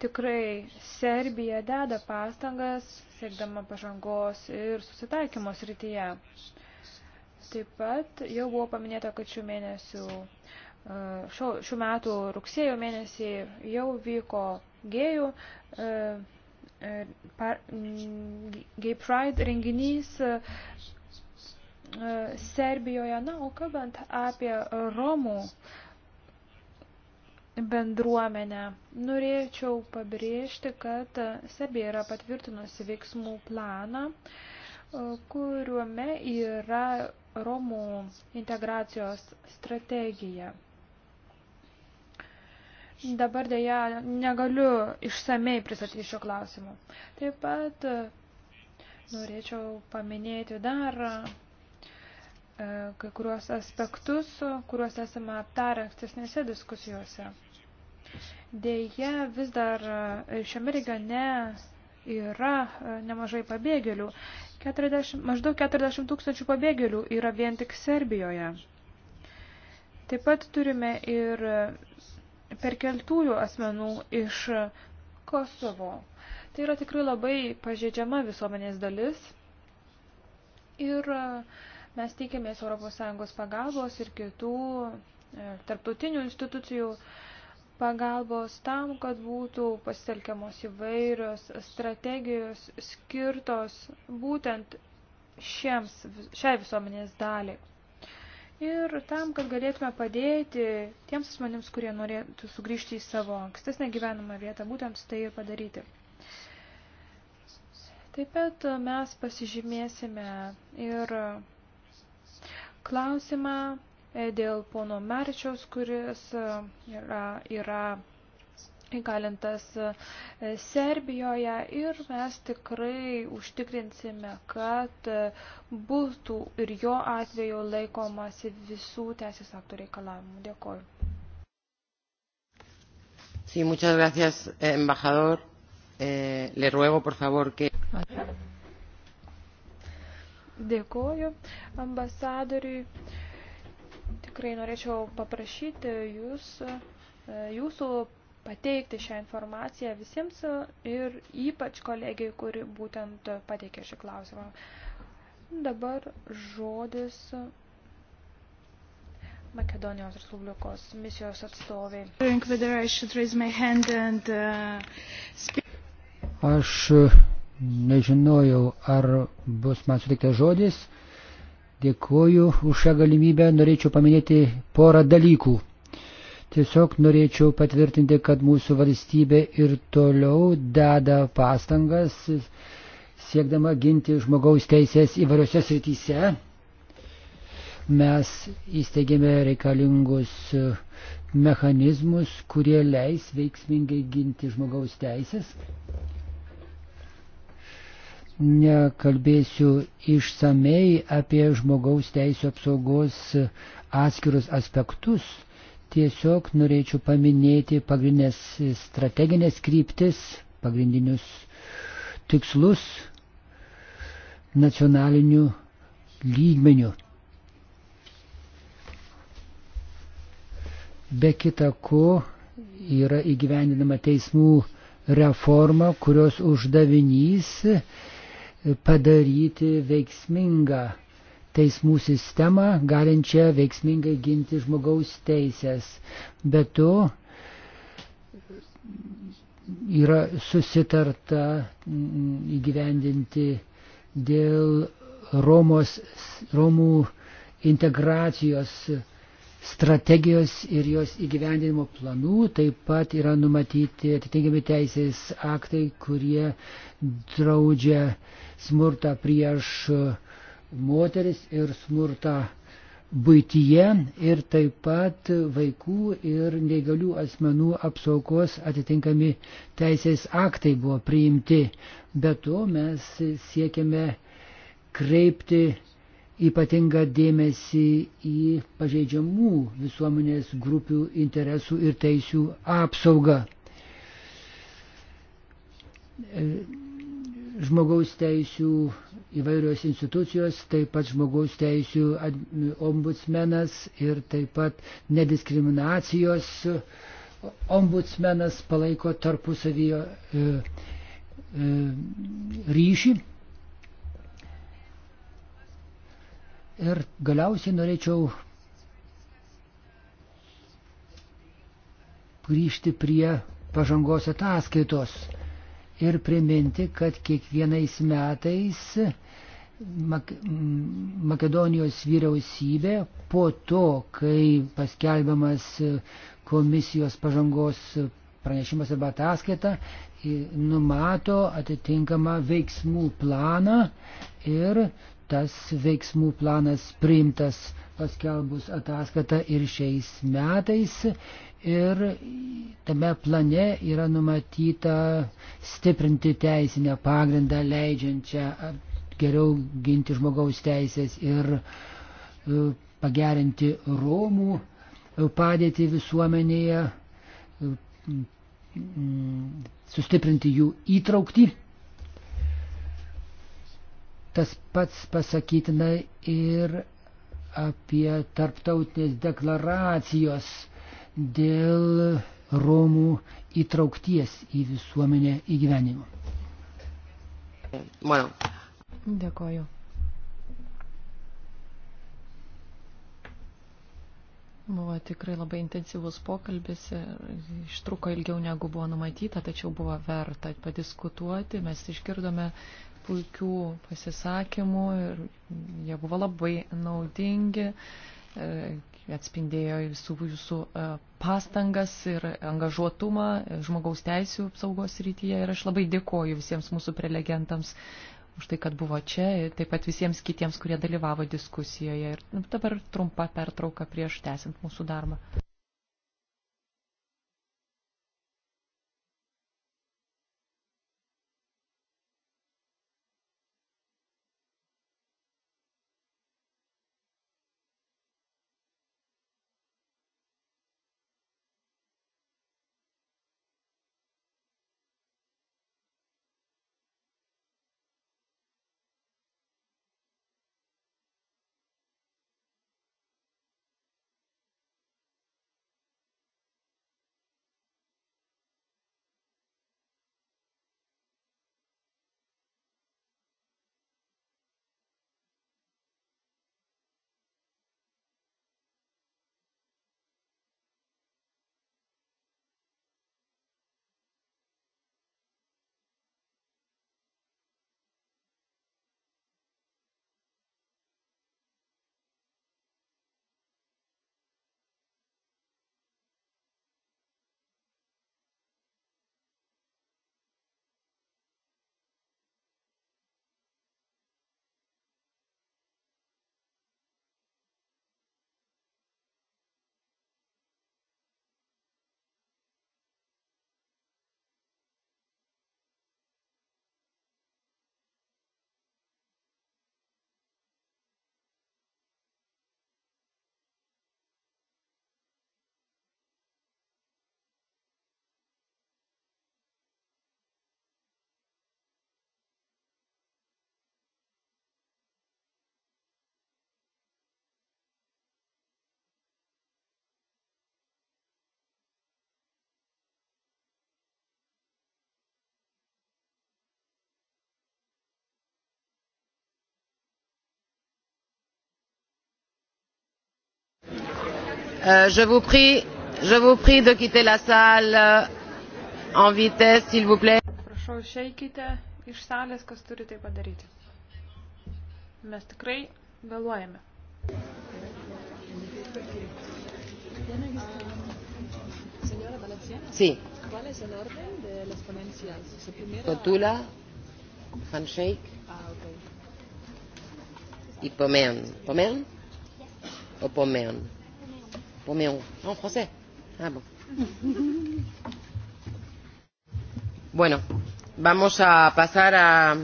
Tikrai Serbija deda pastangas, siekdama pažangos ir susitaikymo srityje. Taip pat jau buvo paminėta, kad šių mėnesių uh, E, šio, šių metų rugsėjo mėnesį jau vyko gėjų e, e, par, Gay Pride renginys Serbijoje. Na, o kalbant apie Romų bendruomenę, norėčiau pabrėžti, kad Serbija yra patvirtinusi veiksmų planą, kuriuome yra Romų integracijos strategija. Dabar dėja negaliu išsamei pristatyti šio klausimo. Taip pat e, norėčiau paminėti dar e, kai kuriuos aspektus, kuriuos esame aptarę ankstesnėse diskusijose. Dėja, vis dar e, šiame regione yra nemažai pabėgėlių. 40, maždaug 40 tūkstančių pabėgėlių yra vien tik Serbijoje. Taip pat turime ir perkeltųjų asmenų iš Kosovo. Tai yra tikrai labai pažeidžiama visuomenės dalis ir e, mes tikėmės ES pagalbos ir kitų e, tarptautinių institucijų pagalbos tam, kad būtų pasitelkiamos įvairios strategijos skirtos būtent šiems, šiai visuomenės daliai ir tam, kad galėtume padėti tiems asmenims, kurie norėtų sugrįžti į savo ankstesnę gyvenamą vietą, būtent tai ir padaryti. Taip pat mes pasižymėsime ir klausimą e, dėl pono Merčiaus, kuris e, yra, yra įkalintas e, Serbijoje ir mes tikrai užtikrinsime, kad e, būtų ir jo atveju laikomasi visų teisės aktų reikalavimų. Dėkoju. Sí, muchas gracias, eh, embajador. Eh, le ruego, por favor, que. Dėkoju ambasadoriui. Tikrai norėčiau paprašyti jūs, e, jūsų pateikti šią informaciją visiems ir ypač kolegijai, kuri būtent pateikė šį klausimą. Dabar žodis Makedonijos Respublikos misijos atstoviai. Uh, Aš nežinojau, ar bus man suteiktas žodis. Dėkuoju už šią galimybę. Norėčiau paminėti porą dalykų. Tiesiog norėčiau patvirtinti, kad mūsų valstybė ir toliau deda pastangas siekdama ginti žmogaus teisės įvairiose srityse. Mes įsteigėme reikalingus e, mechanizmus, kurie leis veiksmingai ginti žmogaus teisės. Nekalbėsiu išsamei apie žmogaus teisų apsaugos atskirus aspektus, Tiesiog norėčiau paminėti pagrindinės strateginės kryptis, pagrindinius tikslus nacionalinių lygmenių. Be kita ko yra įgyvendinama teismų reforma, kurios uždavinys padaryti veiksmingą teismų sistemą, galinčią veiksmingai ginti žmogaus teisės. Be to yra susitarta mm, įgyvendinti dėl Romos, Romų integracijos strategijos ir jos įgyvendinimo planų, taip pat yra numatyti atitinkami teisės aktai, kurie draudžia smurtą prieš uh, moteris ir smurtą būtyje ir taip pat vaikų ir neįgalių asmenų apsaugos atitinkami teisės aktai buvo priimti. Be to mes siekiame kreipti ypatingą dėmesį į pažeidžiamų visuomenės grupių interesų ir teisių apsaugą žmogaus teisų įvairios institucijos, taip pat žmogaus teisų ombudsmenas ir taip pat nediskriminacijos ombudsmenas palaiko tarpusavyje e, e, ryšį. Ir galiausiai norėčiau grįžti prie pažangos ataskaitos ir priminti, kad kiekvienais metais Makedonijos vyriausybė po to, kai paskelbiamas komisijos pažangos pranešimas arba ataskaita, numato atitinkamą veiksmų planą ir tas veiksmų planas priimtas paskelbus ataskaitą ir šiais metais. Ir tame plane yra numatyta stiprinti teisinę pagrindą, leidžiančią geriau ginti žmogaus teisės ir e, pagerinti Romų e, padėtį visuomenėje, e, mm, sustiprinti jų įtraukti. Tas pats pasakytina ir apie tarptautinės deklaracijos dėl Romų įtraukties į visuomenę įgyvenimą. Bueno. Dėkoju. Buvo tikrai labai intensyvus pokalbis ir ištruko ilgiau negu buvo numatyta, tačiau buvo verta padiskutuoti. Mes išgirdome puikių pasisakymų ir jie buvo labai naudingi, e, atspindėjo visų jūsų e, pastangas ir angažuotumą žmogaus teisų apsaugos rytyje ir aš labai dėkoju visiems mūsų prelegentams už tai, kad buvo čia ir taip pat visiems kitiems, kurie dalyvavo diskusijoje. Ir dabar trumpa pertrauka prieš tęsiant mūsų darbą. Euh, je, vous prie, je vous prie de quitter la salle euh, en vitesse, s'il vous plaît. Prašau, išeikite iš salės, kas turi tai padaryti. Mes tikrai vėluojame. Señora Valenciana, sí. ¿cuál es el orden de las ponencias? Cotula, handshake ah, okay. y Pomean. ¿Pomean? Yes. ¿O Pomean? Bon, mais on, en français. Ah bon. Bueno, vamos a pasar a,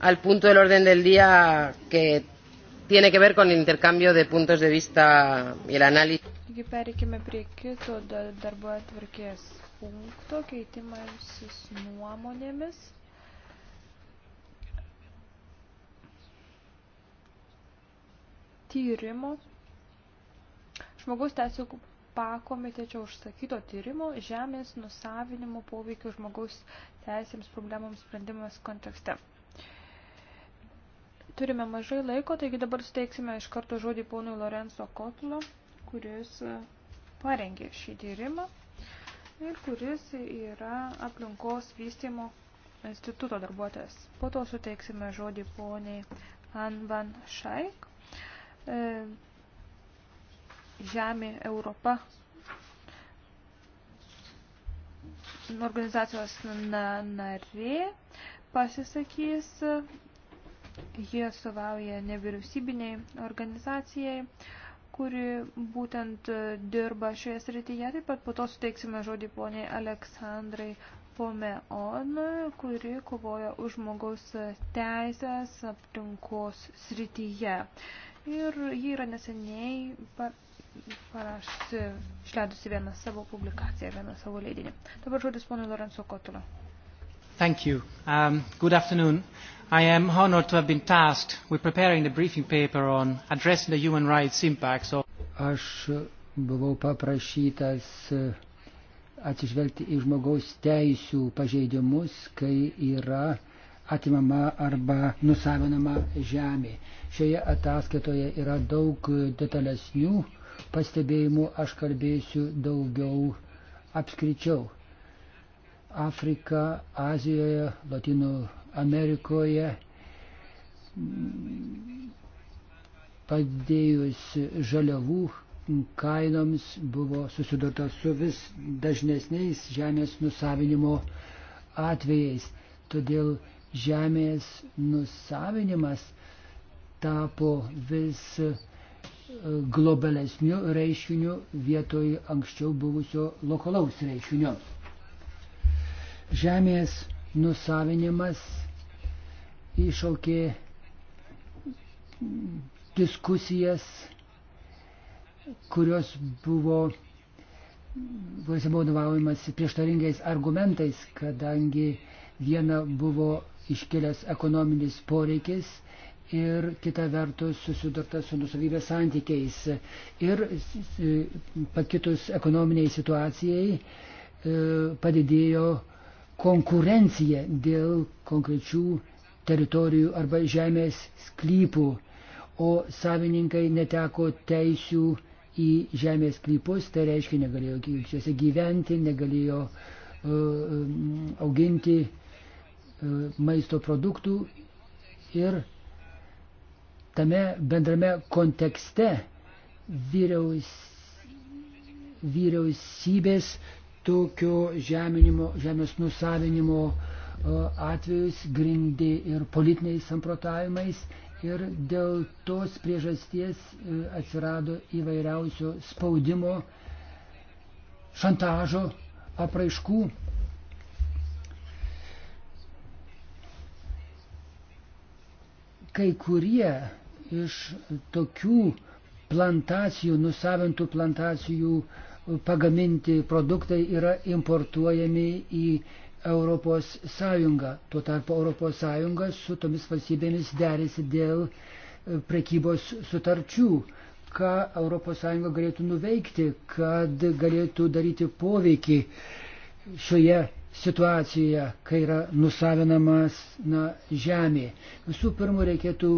al punto del orden del día que tiene que ver con el intercambio de puntos de vista y el análisis. Taigi pereikime prie kito darbo atvarkės punkto, keitimasis nuomonėmis. Tyrimo žmogus teisų pakomitečio užsakyto tyrimo žemės nusavinimo poveikio žmogaus teisėms problemams sprendimas kontekste. Turime mažai laiko, taigi dabar steiksime iš karto žodį ponui Lorenzo Kotlo, kuris e, parengė šį tyrimą ir kuris yra aplinkos vystimo instituto darbuotojas. Po to suteiksime žodį poniai Anvan Šaik, Žemė Europa organizacijos na, narė pasisakys. Jie atstovauja nevyriausybiniai organizacijai, kuri būtent dirba šioje srityje. Taip pat po to suteiksime žodį poniai Aleksandrai Pomeon, kuri kovoja už žmogaus teisės aplinkos srityje. Ir ji yra neseniai parašusi, išleidusi vieną savo publikaciją, vieną savo leidinį. Dabar žodis ponui Lorenzo Kotulio. Thank you. Um, good afternoon. I am honored to have been tasked with preparing the briefing paper on addressing the human rights impacts of... Aš buvau paprašytas uh, atsižvelgti į žmogaus teisių pažeidimus, kai yra atimama arba nusavinama žemė. Šioje ataskaitoje yra daug detalesnių pastebėjimų aš kalbėsiu daugiau apskričiau. Afrika, Azijoje, Latino Amerikoje padėjus žaliavų kainoms buvo susidurta su vis dažnesniais žemės nusavinimo atvejais. Todėl žemės nusavinimas tapo vis uh, globalesniu reiškiniu vietoj anksčiau buvusio lokalaus reiškinio. Žemės nusavinimas iššaukė diskusijas, kurios buvo kuriuose buvo vadovaujamas prieštaringais argumentais, kadangi viena buvo iškilęs ekonominis poreikis, ir kita vertus susidurta su nusavybės santykiais. Ir pakitus ekonominiai situacijai e, padidėjo konkurencija dėl konkrečių teritorijų arba žemės sklypų, o savininkai neteko teisių į žemės sklypus, tai reiškia negalėjo juose gyventi, negalėjo uh, auginti uh, maisto produktų ir Tame bendrame kontekste vyriaus, vyriausybės tokio žeminimo, žemės nusavinimo e, atvejus grindė ir politiniais samprotavimais ir dėl tos priežasties e, atsirado įvairiausio spaudimo, šantažo apraiškų. Kai kurie iš tokių plantacijų, nusavintų plantacijų pagaminti produktai yra importuojami į Europos Sąjungą. Tuo tarpu Europos Sąjunga su tomis valstybėmis derisi dėl e, prekybos sutarčių, ką ES galėtų nuveikti, kad galėtų daryti poveikį šioje situacijoje, kai yra nusavinamas na, žemė. Visų pirma, reikėtų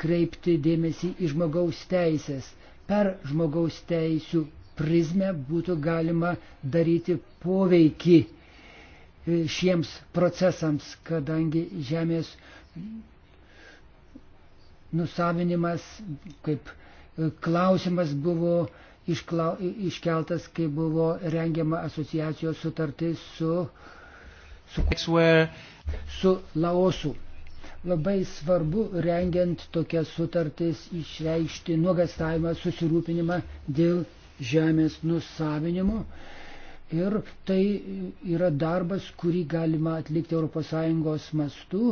kreipti dėmesį į žmogaus teisės. Per žmogaus teisų prizmę būtų galima daryti poveikį e, šiems procesams, kadangi žemės nusavinimas kaip e, klausimas buvo išklau, iškeltas, kai buvo rengiama asociacijos sutartis su, su, su Laosu. Labai svarbu rengiant tokias sutartis išreikšti nuogastavimą, susirūpinimą dėl žemės nusavinimo. Ir tai yra darbas, kurį galima atlikti ES mastu,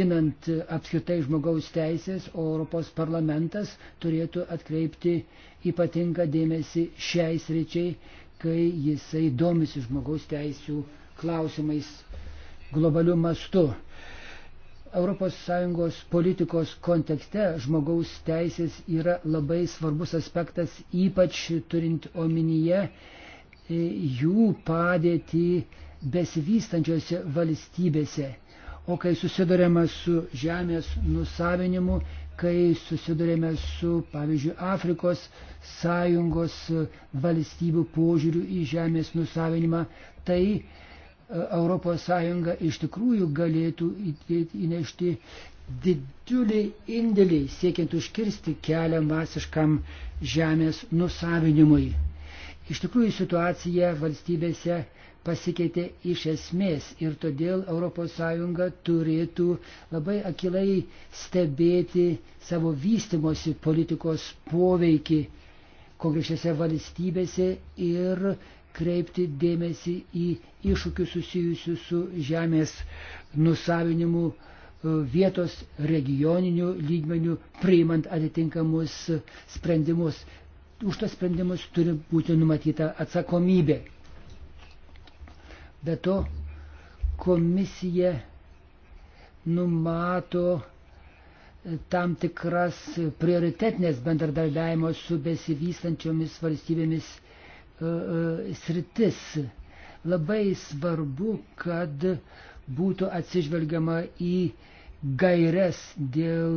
ginant apskritai žmogaus teisės, o Europos parlamentas turėtų atkreipti ypatingą dėmesį šiai sričiai, kai jisai domisi žmogaus teisų klausimais globaliu mastu. ES politikos kontekste žmogaus teisės yra labai svarbus aspektas, ypač turint omenyje e, jų padėtį besivystančiose valstybėse. O kai susidurėme su žemės nusavinimu, kai susidurėme su, pavyzdžiui, Afrikos sąjungos valstybių požiūriu į žemės nusavinimą, tai ES iš tikrųjų galėtų įnešti didžiulį indėlį siekiant užkirsti kelią masiškam žemės nusavinimui. Iš tikrųjų situacija valstybėse pasikeitė iš esmės ir todėl ES turėtų labai akilai stebėti savo vystimosi politikos poveikį konkrečiose valstybėse ir kreipti dėmesį į iššūkius susijusius su žemės nusavinimu e, vietos regioninių lygmenių, priimant atitinkamus sprendimus. Už tos sprendimus turi būti numatyta atsakomybė. Be to, komisija numato e, tam tikras prioritetinės bendradarbiavimo su besivystančiomis valstybėmis E, e, sritis. Labai svarbu, kad būtų atsižvelgiama į gairias dėl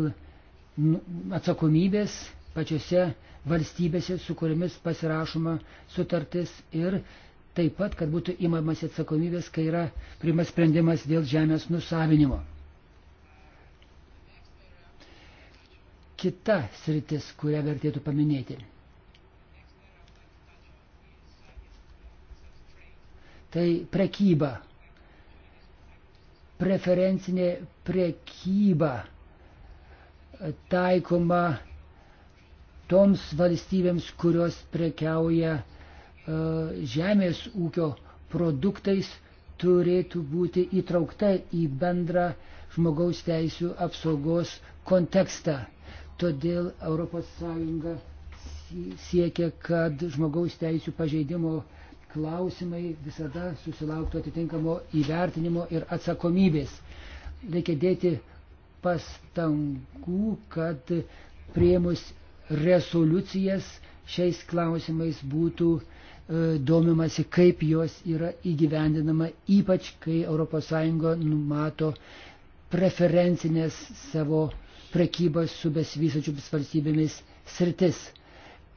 atsakomybės pačiose valstybėse, su kuriamis pasirašoma sutartis ir taip pat, kad būtų imamas atsakomybės, kai yra primas sprendimas dėl žemės nusavinimo. Kita sritis, kurią vertėtų paminėti. tai prekyba. Preferencinė prekyba e, taikoma toms valstybėms, kurios prekiauja e, žemės ūkio produktais, turėtų būti įtraukta į bendrą žmogaus teisų apsaugos kontekstą. Todėl ES siekia, kad žmogaus teisų pažeidimo uh, klausimai visada susilauktų atitinkamo įvertinimo ir atsakomybės. Reikia dėti pastangų, kad prieimus resoliucijas šiais klausimais būtų e, domimasi, kaip jos yra įgyvendinama, ypač kai ES numato preferencinės savo prekybos su besivysačiomis valstybėmis sritis.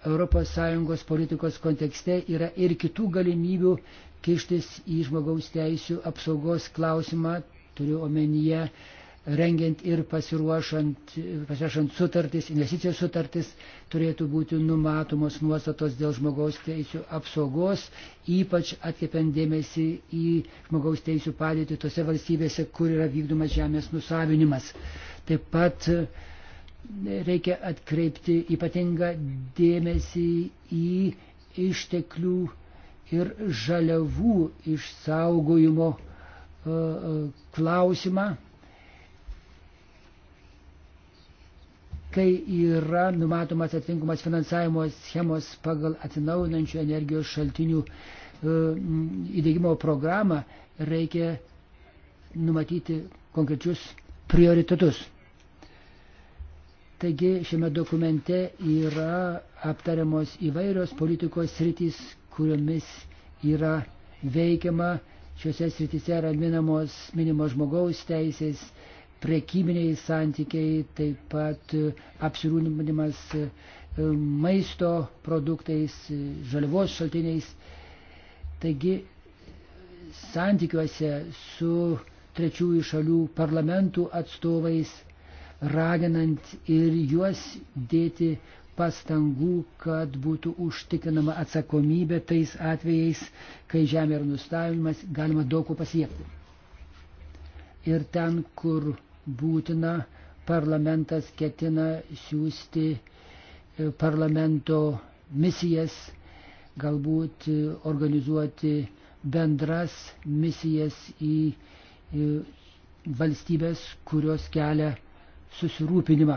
ES politikos kontekste yra ir kitų galimybių kištis į žmogaus teisų apsaugos klausimą, turiu omenyje, rengiant ir pasiruošant, pasirašant sutartis, investicijos sutartis, turėtų būti numatomos nuostatos dėl žmogaus teisų apsaugos, ypač atkreipiant dėmesį į žmogaus teisų padėtį tose valstybėse, kur yra vykdomas žemės nusavinimas. Taip pat reikia atkreipti ypatingą dėmesį į išteklių ir žaliavų išsaugojimo e, e, klausimą, kai yra numatomas atitinkamas finansavimo schemos pagal atsinaujinančių energijos šaltinių e, įdėgymo programą, reikia numatyti konkrečius prioritetus. Taigi šiame dokumente yra aptariamos įvairios politikos sritys, kuriomis yra veikiama. Šiuose srityse yra minamos, minimos žmogaus teisės, prekybiniai santykiai, taip pat apsirūpinimas e, maisto produktais, žalvos šaltiniais. Taigi santykiuose su trečiųjų šalių parlamentų atstovais raginant ir juos dėti pastangų, kad būtų užtikrinama atsakomybė tais atvejais, kai žemė yra nustavimas, galima daug ko pasiekti. Ir ten, kur būtina, parlamentas ketina siūsti e, parlamento misijas, galbūt e, organizuoti bendras misijas į e, valstybės, kurios kelia susirūpinimą.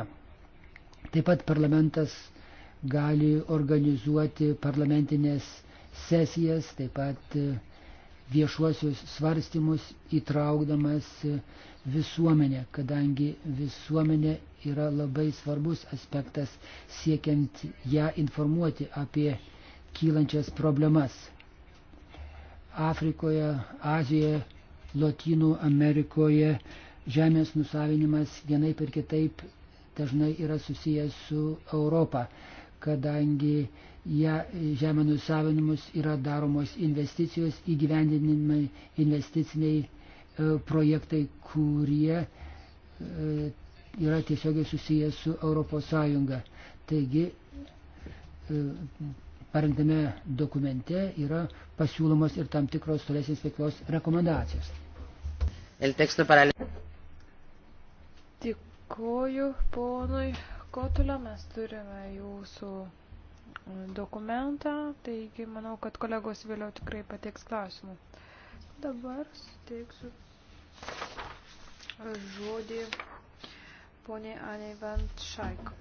Taip pat parlamentas gali organizuoti parlamentinės sesijas, taip pat e, viešuosius svarstymus įtraukdamas e, visuomenę, kadangi visuomenė yra labai svarbus aspektas siekiant ją informuoti apie kylančias problemas. Afrikoje, Azijoje, Lotynų Amerikoje žemės nusavinimas vienaip ir kitaip dažnai yra susijęs su Europa, kadangi ja, žemė nusavinimus yra daromos investicijos, įgyvendinimai investiciniai e, projektai, kurie e, yra tiesiogiai susijęs su ES. Taigi, e, parengtame dokumente yra pasiūlomos ir tam tikros tolesnės veiklos rekomendacijos. El texto para Dėkoju ponui Kotulio, mes turime jūsų e, dokumentą, taigi manau, kad kolegos vėliau tikrai pateiks klausimų. Dabar suteiksiu žodį poniai Anei Vant Šaiko.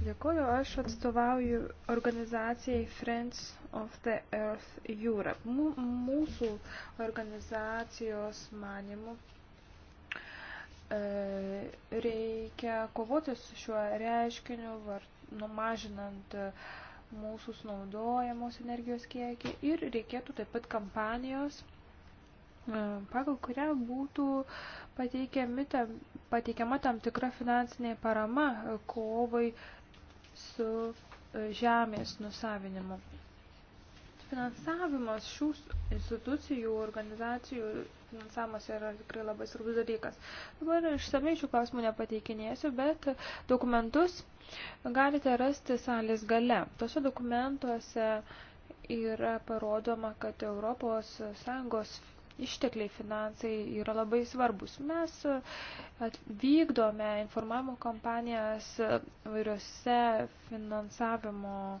Dėkuoju, aš atstovauju organizacijai Friends of the Earth Europe. Mūsų organizacijos manimų e, reikia kovoti su šiuo reiškiniu, numažinant e, mūsų sunaudojamos energijos kiekį ir reikėtų taip pat kampanijos e, pagal kurią būtų pateikiami tam, pateikiama tam tikra finansinė parama kovai uh, su e, žemės nusavinimu. Finansavimas šių institucijų, organizacijų finansavimas yra tikrai labai svarbus dalykas. Dabar išsamei šių klausimų nepateikinėsiu, bet dokumentus galite rasti salės gale. Tose dokumentuose yra parodoma, kad Europos Sąjungos ištekliai, finansai yra labai svarbus. Mes e, vykdome informavimo kampanijas e, vairiose finansavimo e,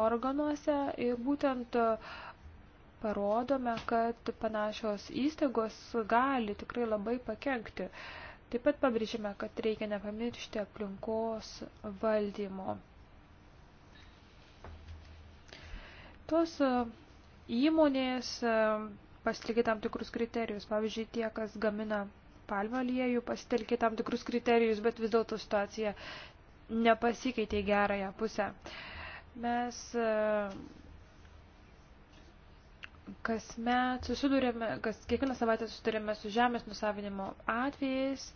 organuose ir būtent parodome, kad panašios įstaigos gali tikrai labai pakengti. Taip pat pabrėžime, kad reikia nepamiršti aplinkos valdymo. Tos įmonės pasitelkė tam tikrus kriterijus. Pavyzdžiui, tie, kas gamina palmių aliejų, pasitelkė tam tikrus kriterijus, bet vis dėlto situacija nepasikeitė į gerąją pusę. Mes e, kasmet susidurėme, kas kiekvieną savaitę susidurėme su žemės nusavinimo atvejais.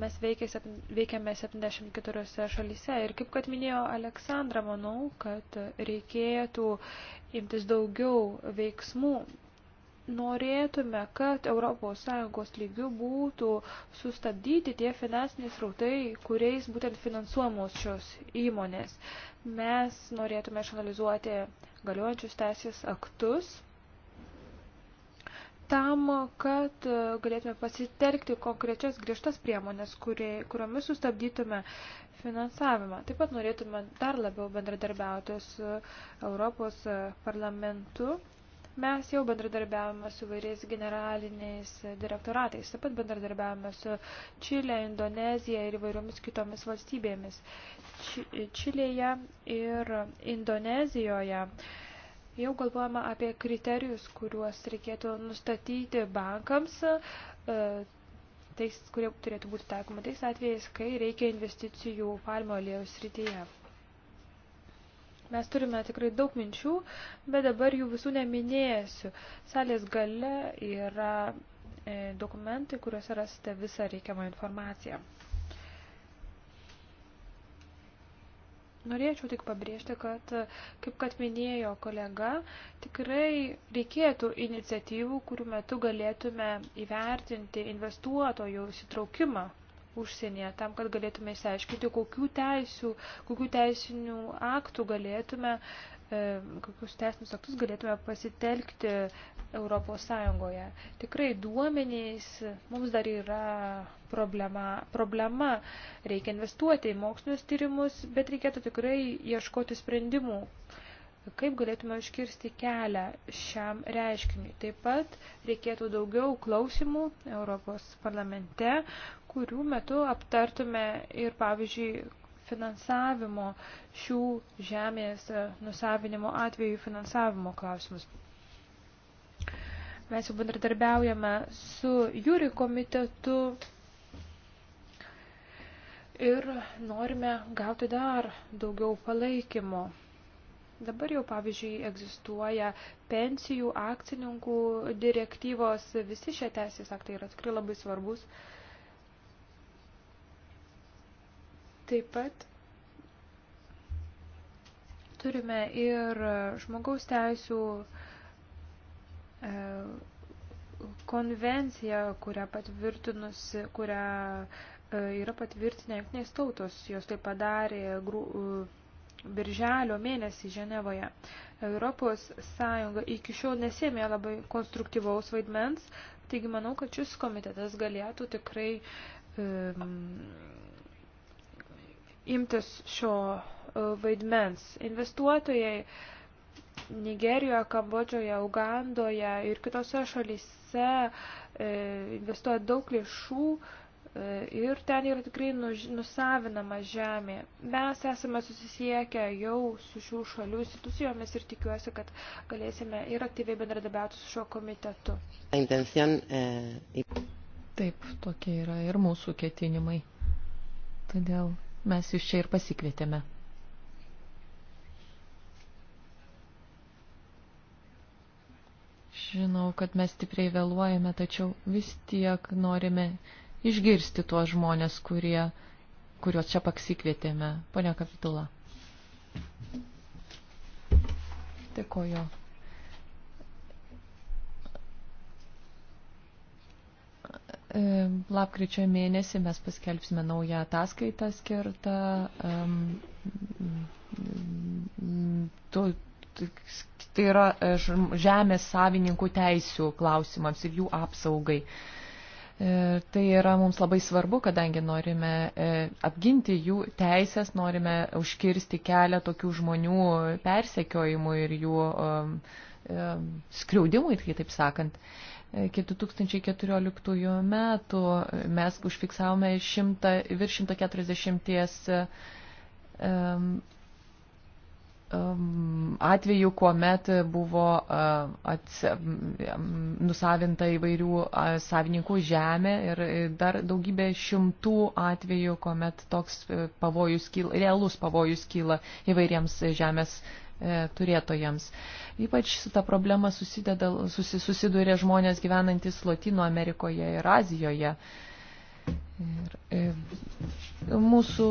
Mes veikiame 74 šalyse ir kaip kad minėjo Aleksandra, manau, kad reikėtų imtis daugiau veiksmų. Norėtume, kad ES lygių būtų sustabdyti tie finansiniai srautai, kuriais būtent finansuomos šios įmonės. Mes norėtume išanalizuoti galiojančius teisės aktus tam, kad e, galėtume pasitelkti konkrečias griežtas priemonės, kurie, kuriomis sustabdytume finansavimą. Taip pat norėtume dar labiau bendradarbiauti su Europos parlamentu. Mes jau bendradarbiavome su vairiais generaliniais direktoratais, taip pat bendradarbiavome su Čilė, Indonezija ir įvairiomis kitomis valstybėmis. Čilėje ir Indonezijoje uh, Jau galvojama apie kriterijus, kuriuos reikėtų nustatyti bankams, e, tais, kurie turėtų būti taikoma tais atvejais, kai reikia investicijų palmo aliejus rytyje. Mes turime tikrai daug minčių, bet dabar jų visų neminėsiu. Salės gale yra e, dokumentai, kuriuose rasite visą reikiamą informaciją. Norėčiau tik pabrėžti, kad, kaip kad minėjo kolega, tikrai reikėtų iniciatyvų, kurių metu galėtume įvertinti investuotojų įsitraukimą užsienyje, tam, kad galėtume išsiaiškinti, kokių teisių, kokių teisinių aktų galėtume E, kokius teisinius aktus galėtume pasitelkti Europos Sąjungoje. Tikrai duomenys mums dar yra problema. problema. Reikia investuoti į mokslinius tyrimus, bet reikėtų tikrai ieškoti sprendimų, kaip galėtume iškirsti kelią šiam reiškiniui. Taip pat reikėtų daugiau klausimų Europos parlamente, kurių metu aptartume ir, pavyzdžiui, finansavimo šių žemės e, nusavinimo atveju finansavimo klausimus. Mes jau bendradarbiaujame su jūri komitetu ir norime gauti dar daugiau palaikymo. Dabar jau, pavyzdžiui, egzistuoja pensijų akcininkų direktyvos, visi šie teisės aktai yra tikrai labai svarbus. Uh, Taip pat turime ir žmogaus teisų e, konvenciją, kurią patvirtinusi, kurią e, yra patvirtinę jungtinės tautos. Jos tai padarė gru, e, birželio mėnesį Ženevoje. Europos Sąjunga iki šiol nesėmė labai konstruktyvaus vaidmens, taigi manau, kad šis komitetas galėtų tikrai um, imtis šio e, vaidmens. Investuotojai Nigerijoje, Kambodžoje, Ugandoje ir kitose šalyse e, investuoja daug lėšų e, ir ten yra tikrai nusavinama žemė. Mes esame susisiekę jau su šių šalių institucijomis ir tikiuosi, kad galėsime ir aktyviai bendradabiauti su šiuo komitetu. Eh, Taip, tokie yra ir mūsų ketinimai. Todėl Mes jūs čia ir pasikvietėme. Žinau, kad mes stipriai vėluojame, tačiau vis tiek norime išgirsti tuos žmonės, kurie, kuriuos čia pasikvietėme. Pone Kapitula. Dėkoju. E, lapkričio mėnesį mes paskelbsime naują ataskaitą skirtą um, tu, tai yra e, žemės savininkų teisių klausimams ir jų apsaugai. E, tai yra mums labai svarbu, kadangi norime apginti jų teisės, norime užkirsti kelią tokių žmonių persekiojimui ir jų skriaudimui, kitaip sakant iki 2014 metų mes užfiksavome 100, virš 140 atvejų, kuomet buvo ats, nusavinta įvairių savininkų žemė ir dar daugybė šimtų atvejų, kuomet toks pavojus kyla, realus pavojus kyla įvairiems žemės E, turėtojams. Ypač šitą problemą susideda, susi, susiduria žmonės gyvenantis Latino Amerikoje ir Azijoje. Ir, e, mūsų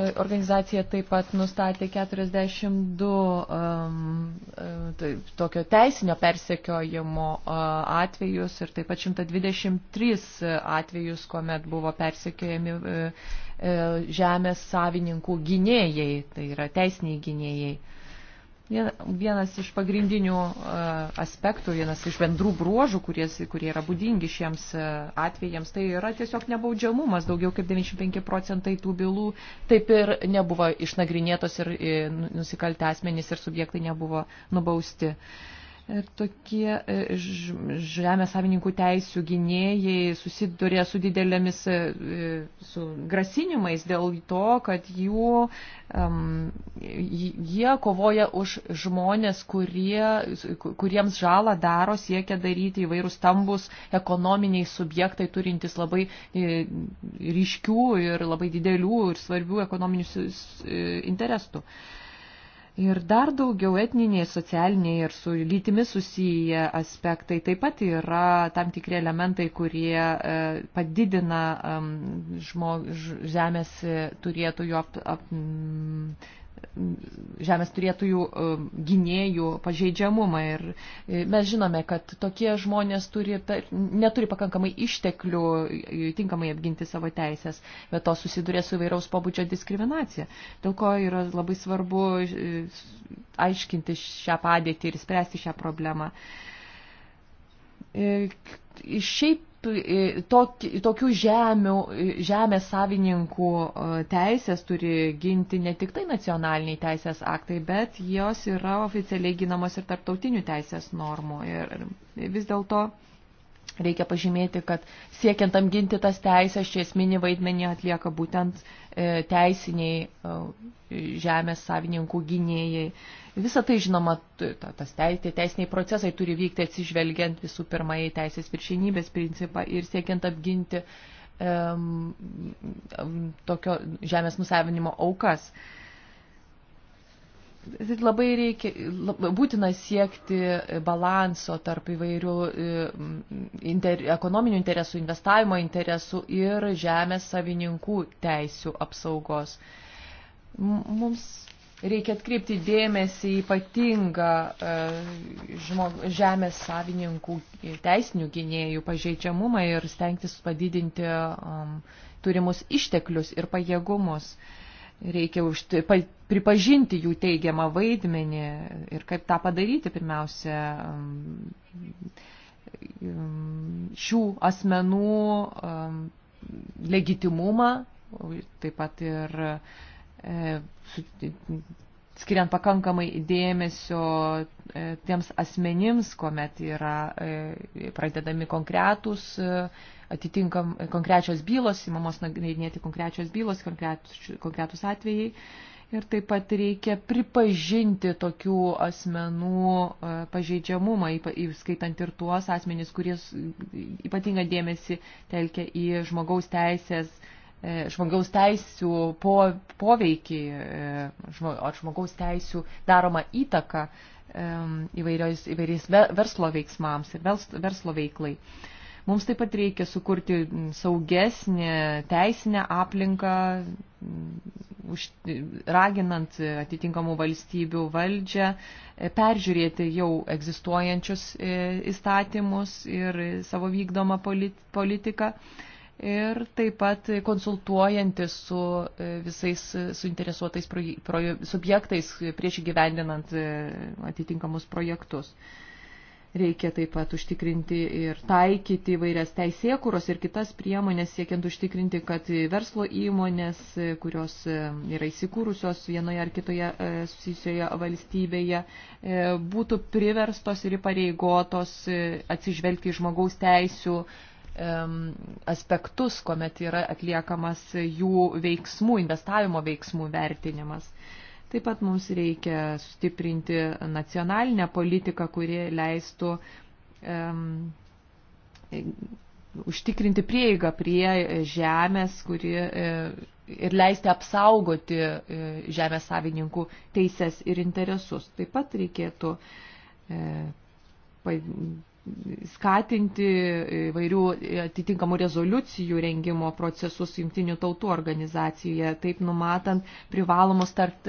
e, organizacija taip pat nustatė 42 um, tai, tokio teisinio persekiojimo uh, atvejus ir taip pat 123 atvejus, kuomet buvo persekiojami uh, žemės savininkų gynėjai, tai yra teisiniai gynėjai. Uh, Vienas iš pagrindinių e, aspektų, vienas iš bendrų bruožų, kurie, kurie yra būdingi šiems e, atvejams, tai yra tiesiog nebaudžiamumas. Daugiau kaip 95 procentai tų bylų taip ir nebuvo išnagrinėtos ir e, nusikaltę asmenys ir subjektai nebuvo nubausti. Uh, tokie e, žemės savininkų teisų gynėjai susiduria su didelėmis e, e, su grasinimais dėl to, kad jų, um, jie kovoja už žmonės, kurie, kuriems žalą daro, siekia daryti įvairūs stambus ekonominiai subjektai, turintys labai ryškių ir labai didelių ir svarbių ekonominių interesų. Ir dar daugiau etniniai, socialiniai ir su lytimi susiję aspektai taip pat yra tam tikri elementai, kurie e, padidina žmo, žemės e, turėtųjų ap, ap, žemės turėtųjų um, gynėjų pažeidžiamumą. Ir e, mes žinome, kad tokie žmonės turi, neturi pakankamai išteklių e, tinkamai apginti savo teisės, bet to susiduria su įvairaus pobūdžio diskriminacija. Dėl ko yra labai svarbu e, aiškinti šią padėtį ir spręsti šią problemą. Šiaip E, tok, tokių žemių, e, žemės savininkų e, teisės turi ginti ne tik tai nacionaliniai teisės aktai, bet jos yra oficialiai ginamos ir tarptautinių teisės normų. Ir vis dėlto reikia pažymėti, kad siekiant apginti tas teisės, čia esminį vaidmenį atlieka būtent teisiniai žemės savininkų gynėjai. Visą tai, žinoma, tas teisiniai procesai turi vykti atsižvelgiant visų pirma į teisės viršinybės principą ir siekiant apginti um, tokio žemės nusavinimo aukas. Labai reikia, labai būtina siekti balanso tarp įvairių e, inter, ekonominių interesų, investavimo interesų ir žemės savininkų teisių apsaugos. Mums Reikia atkreipti dėmesį ypatingą e, žemės savininkų ir teisinių gynėjų pažeidžiamumą ir stengtis padidinti turimus išteklius ir pajėgumus. Reikia užti, pa, pripažinti jų teigiamą vaidmenį ir kaip tą padaryti pirmiausia šių asmenų legitimumą, taip pat ir uh, E, skiriant pakankamai dėmesio e, tiems asmenims, kuomet yra e, pradedami konkretus, atitinkam konkrečios bylos, įmamos nagrinėti konkrečios bylos, konkretus, konkretus atvejai. Ir taip pat reikia pripažinti tokių asmenų pažeidžiamumą, įskaitant ir tuos asmenys, kurie ypatingą dėmesį telkia į žmogaus teisės E, žmogaus teisų po, poveikį, e, žmogaus teisų daromą įtaką e, įvairiais, įvairiais verslo veiksmams ir verslo veiklai. Mums taip pat reikia sukurti saugesnį teisinę aplinką, už, raginant atitinkamų valstybių valdžią, peržiūrėti jau egzistuojančius įstatymus ir savo vykdomą politiką. politiką ir taip pat konsultuojantis su e, visais suinteresuotais proje, proje, subjektais prieš įgyvendinant e, atitinkamus projektus. Reikia taip pat užtikrinti ir taikyti vairias teisėkuros ir kitas priemonės, siekiant užtikrinti, kad verslo įmonės, e, kurios yra įsikūrusios vienoje ar kitoje susijusioje valstybėje, būtų priverstos ir įpareigotos atsižvelgti į žmogaus teisų aspektus, kuomet yra atliekamas jų veiksmų, investavimo veiksmų vertinimas. Taip pat mums reikia sustiprinti nacionalinę politiką, kuri leistų um, užtikrinti prieigą prie žemės, kuri e, ir leisti apsaugoti e, žemės savininkų teises ir interesus. Taip pat reikėtų e, skatinti įvairių atitinkamų rezoliucijų rengimo procesus jungtinių tautų organizacijoje, taip numatant privalomus, tarp,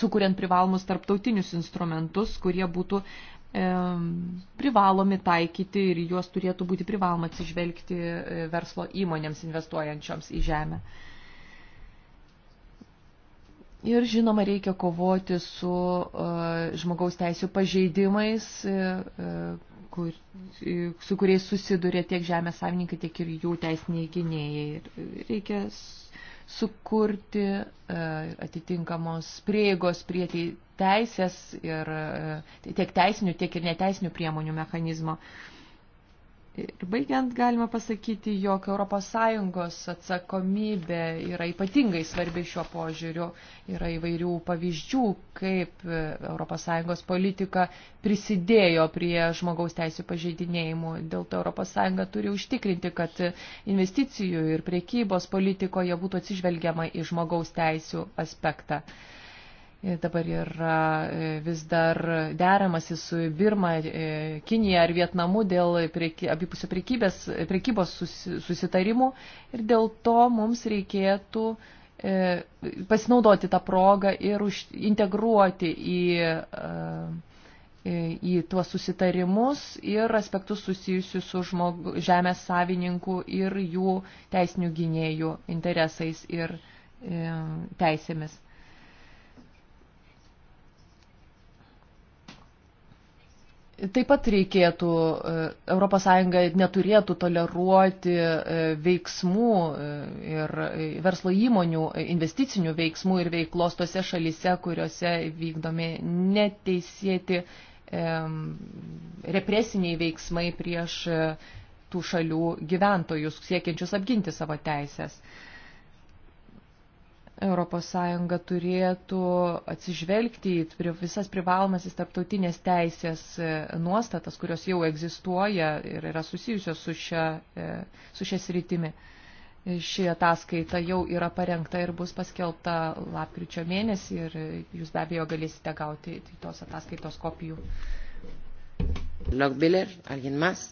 sukuriant privalomus tarptautinius instrumentus, kurie būtų e, privalomi taikyti ir juos turėtų būti privaloma atsižvelgti e, verslo įmonėms investuojančioms į žemę. Ir žinoma, reikia kovoti su uh, žmogaus teisų pažeidimais, uh, kur, e, su kuriais susiduria tiek žemės savininkai, tiek ir jų teisiniai gynėjai. Ir reikia sukurti e, atitinkamos prieigos prie teisės ir e, tiek teisinių, tiek ir neteisinių priemonių mechanizmo. Uh, Ir baigiant galima pasakyti, jog ES atsakomybė yra ypatingai svarbi šiuo požiūriu. Yra įvairių pavyzdžių, kaip ES politika prisidėjo prie žmogaus teisų pažeidinėjimų. Dėl to ES turi užtikrinti, kad investicijų ir priekybos politikoje būtų atsižvelgiama į žmogaus teisų aspektą dabar yra e, vis dar deramasi su Birma, e, Kinija ar Vietnamu dėl prieki, abipusio priekybos susitarimų ir dėl to mums reikėtų e, pasinaudoti tą progą ir už, integruoti į, į tuos susitarimus ir aspektus susijusius su žmog, žemės savininkų ir jų teisinių gynėjų interesais ir teisėmis. Taip pat reikėtų, ES neturėtų toleruoti e, veiksmų e, ir e, verslo įmonių investicinių veiksmų ir veiklos tose šalise, kuriuose vykdomi neteisėti represiniai veiksmai prieš tų šalių gyventojus, siekiančius apginti savo teisės. ES turėtų atsižvelgti į visas privalomasis tarptautinės teisės e, nuostatas, kurios jau egzistuoja ir yra susijusios su šia, e, su šia sritimi. E, ši ataskaita jau yra parengta ir bus paskelbta lapkričio mėnesį ir jūs be abejo galėsite gauti tai tos ataskaitos kopijų. Lochbiller, alguien más?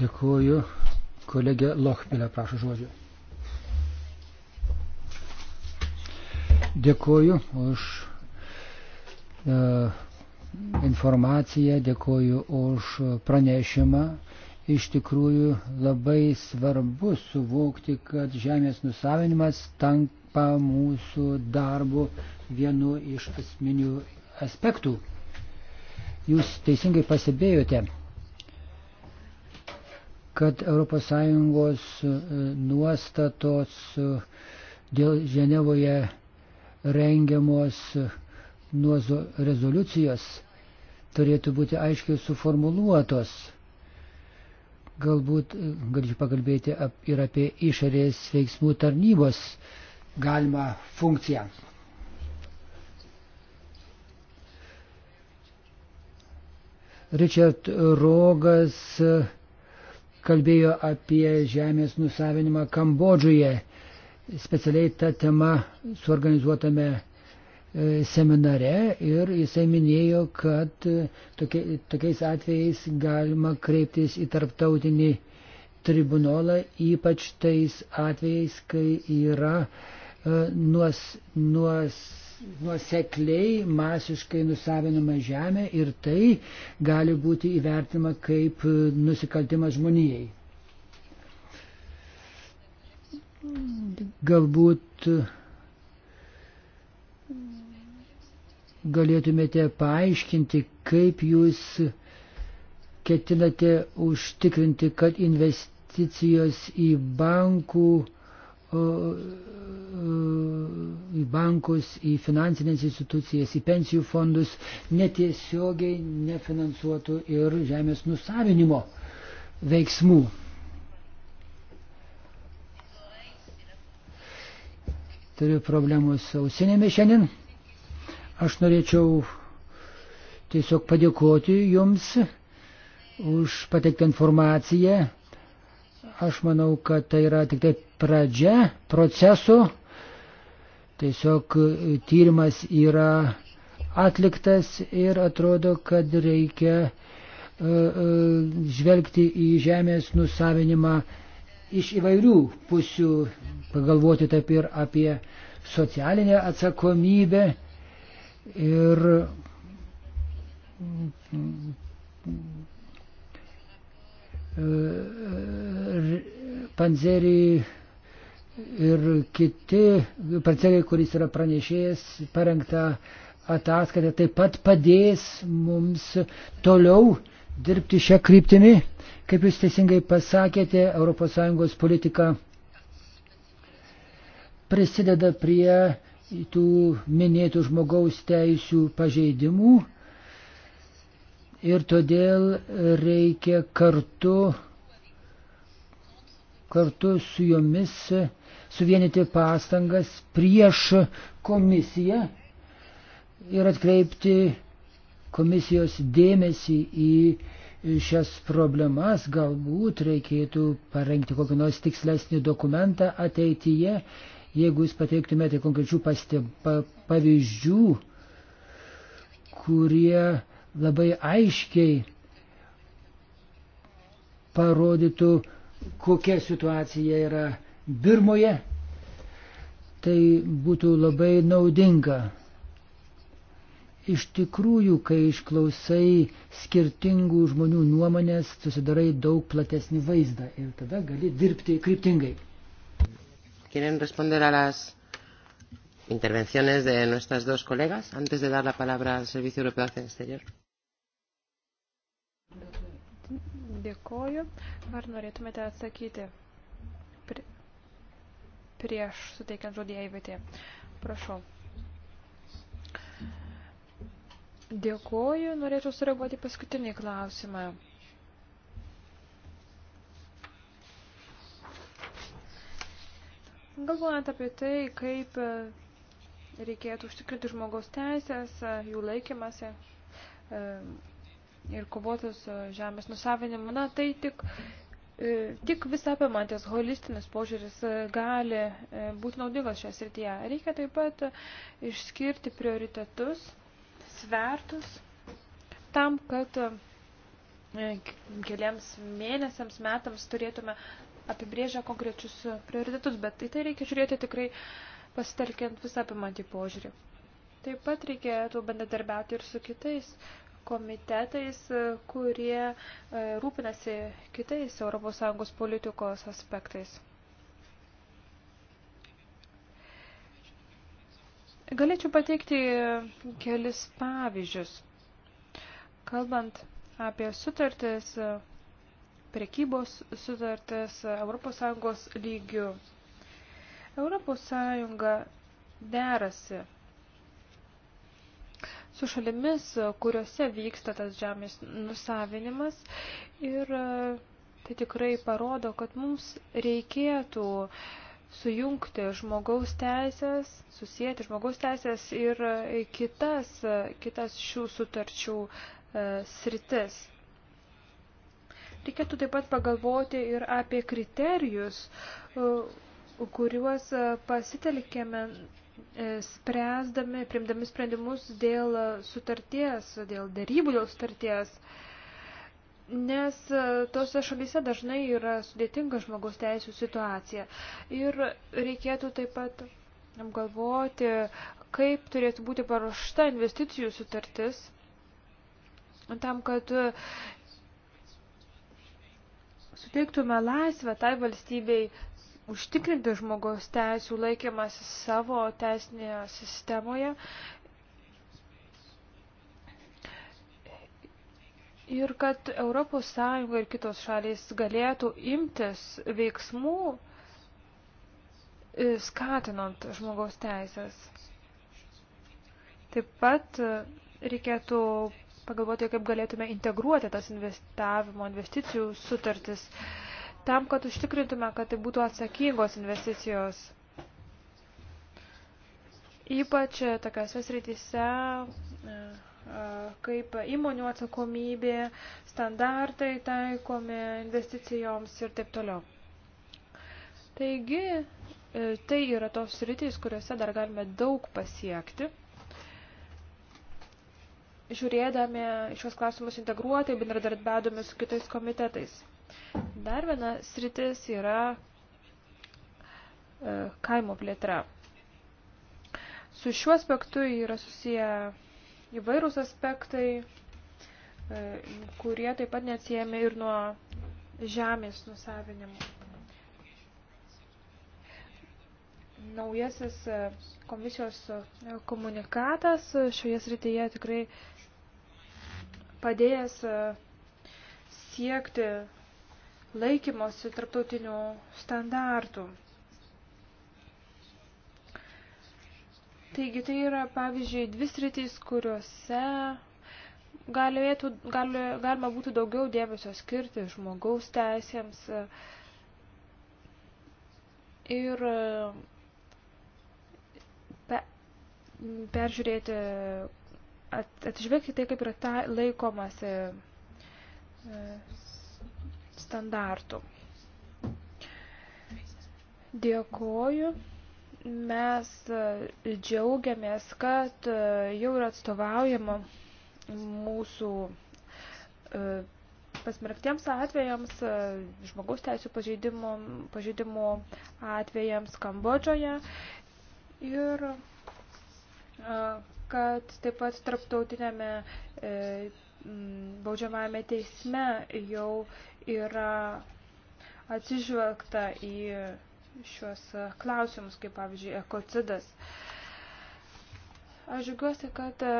Dėkuoju. Kolegė Lochbiller, prašau žodžio. Dėkuoju už e, informaciją, dėkuoju už pranešimą. Iš tikrųjų labai svarbu suvokti, kad žemės nusavinimas tampa mūsų darbu vienu iš esminių aspektų. Jūs teisingai pasibėjote, kad ES e, nuostatos e, dėl Ženevoje rengiamos nuozo rezoliucijos turėtų būti aiškiai suformuluotos. Galbūt e, galėčiau pakalbėti ir apie išorės veiksmų tarnybos galimą funkciją. Richard Rogas e, kalbėjo apie žemės nusavinimą Kambodžoje specialiai tą temą suorganizuotame e, seminare ir jisai minėjo, kad e, tokie, tokiais atvejais galima kreiptis į tarptautinį tribunolą, ypač tais atvejais, kai yra e, nuos, nuos, nuosekliai masiškai nusavinama žemė ir tai gali būti įvertima kaip nusikaltimas žmonijai. Galbūt galėtumėte paaiškinti, kaip jūs ketinate užtikrinti, kad investicijos į bankų, į bankus, į finansinės institucijas, į pensijų fondus netiesiogiai nefinansuotų ir žemės nusavinimo veiksmų. Turiu problemų su ausinėmis šiandien. Aš norėčiau tiesiog padėkoti Jums už pateiktą informaciją. Aš manau, kad tai yra tik tai pradžia proceso. Tiesiog tyrimas yra atliktas ir atrodo, kad reikia uh, uh, žvelgti į žemės nusavinimą iš įvairių pusių pagalvoti taip ir apie socialinę atsakomybę ir Panzerį ir kiti, Panzerį, kuris yra pranešėjęs, parengta ataskaita taip pat padės mums toliau dirbti šią kryptimį. Kaip jūs teisingai pasakėte, ES politika prisideda prie tų minėtų žmogaus teisių pažeidimų ir todėl reikia kartu, kartu su jomis suvienyti pastangas prieš komisiją ir atkreipti komisijos dėmesį į šias problemas, galbūt reikėtų parengti kokį nors tikslesnį dokumentą ateityje, jeigu jūs pateiktumėte konkrečių pasteb, pa, pavyzdžių, kurie labai aiškiai parodytų, kokia situacija yra Birmoje, tai būtų labai naudinga. Iš tikrųjų, kai išklausai skirtingų žmonių nuomonės, susidarai daug platesnį vaizdą ir tada gali dirbti kryptingai. ¿Quieren responder a las intervenciones de nuestras dos colegas antes de dar la palabra al Servicio Europeo de Acción Exterior? Dėkoju. Ar norėtumėte atsakyti prieš suteikiant žodį EIVT? Prašau. Dėkuoju, norėčiau sureaguoti paskutinį klausimą. Galvojant apie tai, kaip reikėtų užtikrinti žmogaus teisės, jų laikymasi e, ir kovotus žemės nusavinimu, na tai tik e, tik visapimantis holistinis požiūris e, gali būti naudingas šią srityje. Reikia taip pat išskirti prioritetus svertus tam, kad e, keliams mėnesiams, metams turėtume apibrėžę konkrečius prioritetus, bet į tai reikia žiūrėti tikrai pasitelkiant visą apimantį požiūrį. Taip pat reikėtų bendradarbiauti ir su kitais komitetais, e, kurie e, rūpinasi kitais ES politikos aspektais. Galėčiau pateikti kelis pavyzdžius. Kalbant apie sutartis, prekybos sutartis ES lygių. ES derasi su šalimis, kuriuose vyksta tas žemės nusavinimas ir e, tai tikrai parodo, kad mums reikėtų uh, sujungti žmogaus teisės, susijęti žmogaus teisės ir e, kitas, e, kitas šių sutarčių e, sritis. Reikėtų taip pat pagalvoti ir apie kriterijus, kuriuos pasitelkėme spręsdami, primdami sprendimus dėl sutarties, dėl darybų dėl sutarties nes e, tose šalyse dažnai yra sudėtinga žmogaus teisų situacija. Ir reikėtų taip pat apgalvoti, kaip turėtų būti paruošta investicijų sutartis, tam, kad e, suteiktume laisvę tai valstybei užtikrinti žmogaus teisų laikymasi savo teisinėje sistemoje ir kad ES ir kitos šalys galėtų imtis veiksmų e, skatinant žmogaus teisės. Taip pat e, reikėtų pagalvoti, kaip galėtume integruoti tas investavimo investicijų sutartis tam, kad užtikrintume, kad tai būtų atsakingos investicijos. Ypač tokiose srityse e, kaip įmonių atsakomybė, standartai taikomi investicijoms ir taip toliau. Taigi, e, tai yra tos rytis, kuriuose dar galime daug pasiekti. Žiūrėdami šios klausimus integruotai, bendradarbiaudami su kitais komitetais. Dar viena sritis yra e, kaimo plėtra. Su šiuo aspektu yra susiję įvairūs aspektai, e, kurie taip pat neatsijami ir nuo žemės nusavinimo. Naujasis e, komisijos e, komunikatas šioje srityje tikrai padėjęs siekti laikymosi tarptautinių standartų. Taigi tai yra, pavyzdžiui, dvi sritys, kuriuose galėtų, gali, galima būtų daugiau dėmesio skirti žmogaus teisėms ir pe, peržiūrėti, at, atžvelgti tai, kaip yra ta, laikomasi e, standartų. Dėkoju. Mes e, džiaugiamės, kad e, jau yra atstovaujama mūsų e, pasmerktiems atvejams, žmogaus teisų pažeidimų, pažeidimų atvejams Kambodžoje ir kad taip pat tarptautinėme baudžiamajame teisme jau yra atsižvelgta į šiuos e, klausimus, kaip pavyzdžiui, ekocidas. Aš žiūriuosi, kad e,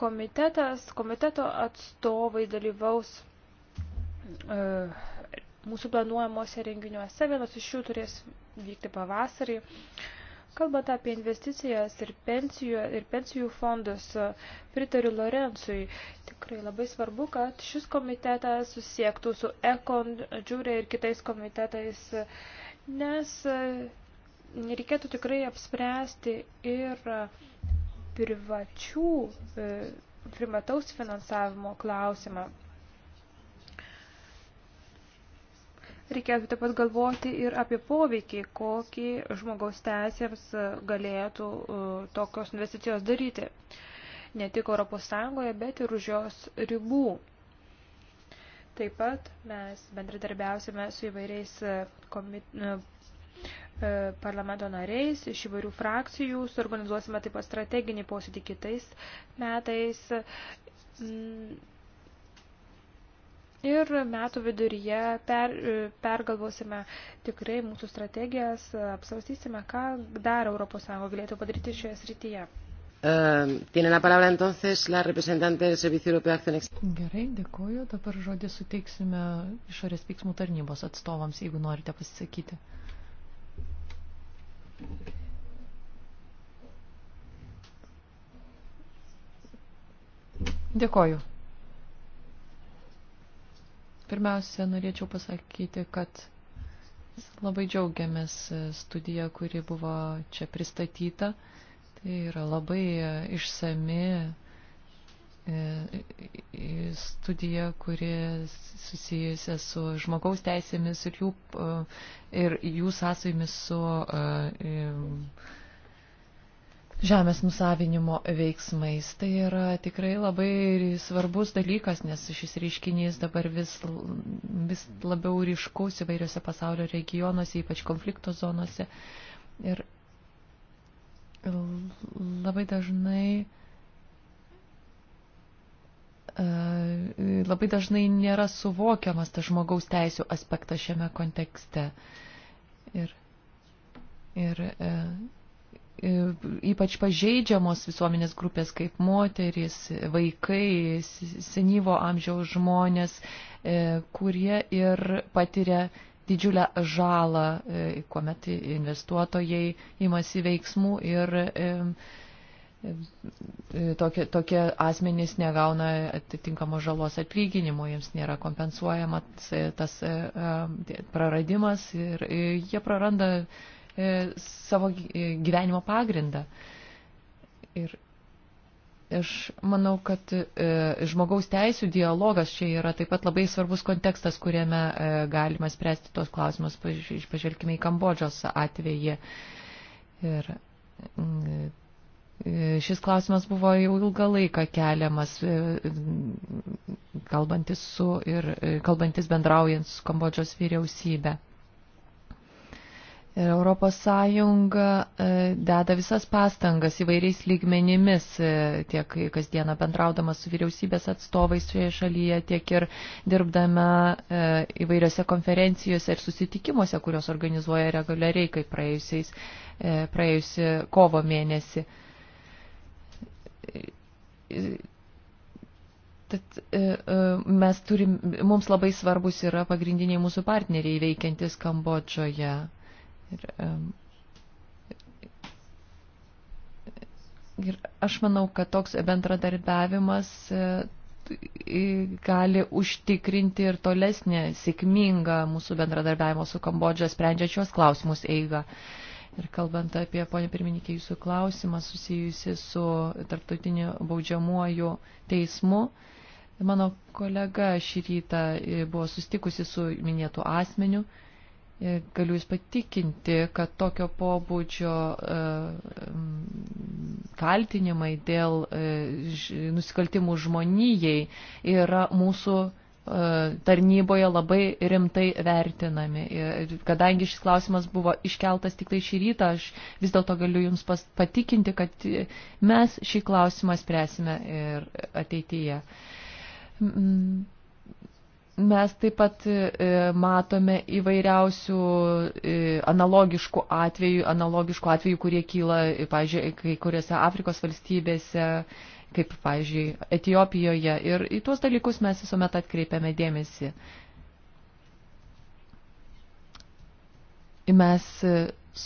komitetas, komiteto atstovai dalyvaus e, mūsų planuojamuose renginiuose. Vienas iš jų turės vykti pavasarį. Kalbant apie investicijas ir pensijų, ir pensijų fondus, e, pritariu Lorencui. Tikrai labai svarbu, kad šis komitetas susiektų su Ekon, Džiūrė ir kitais komitetais nes e, reikėtų tikrai apspręsti ir privačių, e, privataus finansavimo klausimą. Reikėtų taip pat galvoti ir apie poveikį, kokį žmogaus teisėms galėtų e, tokios investicijos daryti. Ne tik ES, bet ir už jos ribų. Taip pat mes bendradarbiausime su įvairiais e, komit... E, e, parlamento nariais iš įvairių frakcijų, suorganizuosime taip pat strateginį posėdį kitais metais. Mm. Ir metų viduryje per, pergalvosime tikrai mūsų strategijas, apsvarstysime, ką dar ES galėtų padaryti šioje srityje. Uh, tiene la palabra entonces la representante del Servicio Europeo de Acción Exterior. Gerai, dėkuoju. Dabar žodį suteiksime išorės veiksmų tarnybos atstovams, jeigu norite pasisakyti. Dėkoju. Pirmiausia, norėčiau pasakyti, kad labai džiaugiamės e, studiją, kuri buvo čia pristatyta. Uh, yra labai e, išsami e, studija, kuri susijusia su žmogaus teisėmis ir jų, e, ir jų sąsajomis su žemės nusavinimo veiksmais. Tai yra tikrai labai svarbus dalykas, nes šis reiškinys dabar vis, vis labiau ryškus įvairiose pasaulio regionuose, ypač konflikto zonose. Ir labai dažnai e, labai dažnai nėra suvokiamas tas žmogaus teisų aspektas šiame kontekste. Ir, ir, ir e, e, ypač pažeidžiamos visuomenės grupės kaip moterys, vaikai, senyvo amžiaus žmonės, kurie ir patiria didžiulę žalą, e, kuomet investuotojai imasi veiksmų ir e, e, tokie, tokie asmenys negauna atitinkamos žalos atlyginimo, jiems nėra kompensuojama tas praradimas ir jie praranda savo gyvenimo pagrindą. Ir Aš manau, kad e, žmogaus teisų dialogas čia yra taip pat labai svarbus kontekstas, kuriame e, galima spręsti tos klausimus, paž pažvelkime į Kambodžos atvejį. Ir e, šis klausimas buvo jau ilgą laiką keliamas, e, kalbantis, su, ir, e, kalbantis bendraujant su Kambodžos vyriausybė. Ir Europos Sąjunga e, deda visas pastangas įvairiais lygmenimis, e, tiek kasdieną bendraudama su vyriausybės atstovais šioje šalyje, tiek ir dirbdama e, įvairiose konferencijose ir susitikimuose, kurios organizuoja reguliariai, kaip praėjusi kovo mėnesį. Tad mes turim, mums labai svarbus yra pagrindiniai mūsų partneriai veikiantis Kambodžoje Ir, ir aš manau, kad toks bendradarbiavimas e, gali užtikrinti ir tolesnį sėkmingą mūsų bendradarbiavimo su Kambodža sprendžiačios klausimus eigą. Ir kalbant apie, ponė pirmininkė, jūsų klausimą susijusi su tarptautiniu baudžiamuoju teismu, mano kolega šį rytą e, buvo sustikusi su minėtų asmeniu Galiu Jūs patikinti, kad tokio pobūdžio e, kaltinimai dėl e, nusikaltimų žmonijai yra mūsų e, tarnyboje labai rimtai vertinami. Kadangi šis klausimas buvo iškeltas tik tai šį rytą, aš vis dėlto galiu Jums patikinti, kad mes šį klausimą spręsime ir ateityje. Mes taip pat e, matome įvairiausių e, analogiškų atvejų, analogiškų atvejų, kurie kyla, e, pavyzdžiui, kai kuriuose Afrikos valstybėse, kaip, pavyzdžiui, Etijopijoje. Ir į tuos dalykus mes visuomet atkreipiame dėmesį. Mes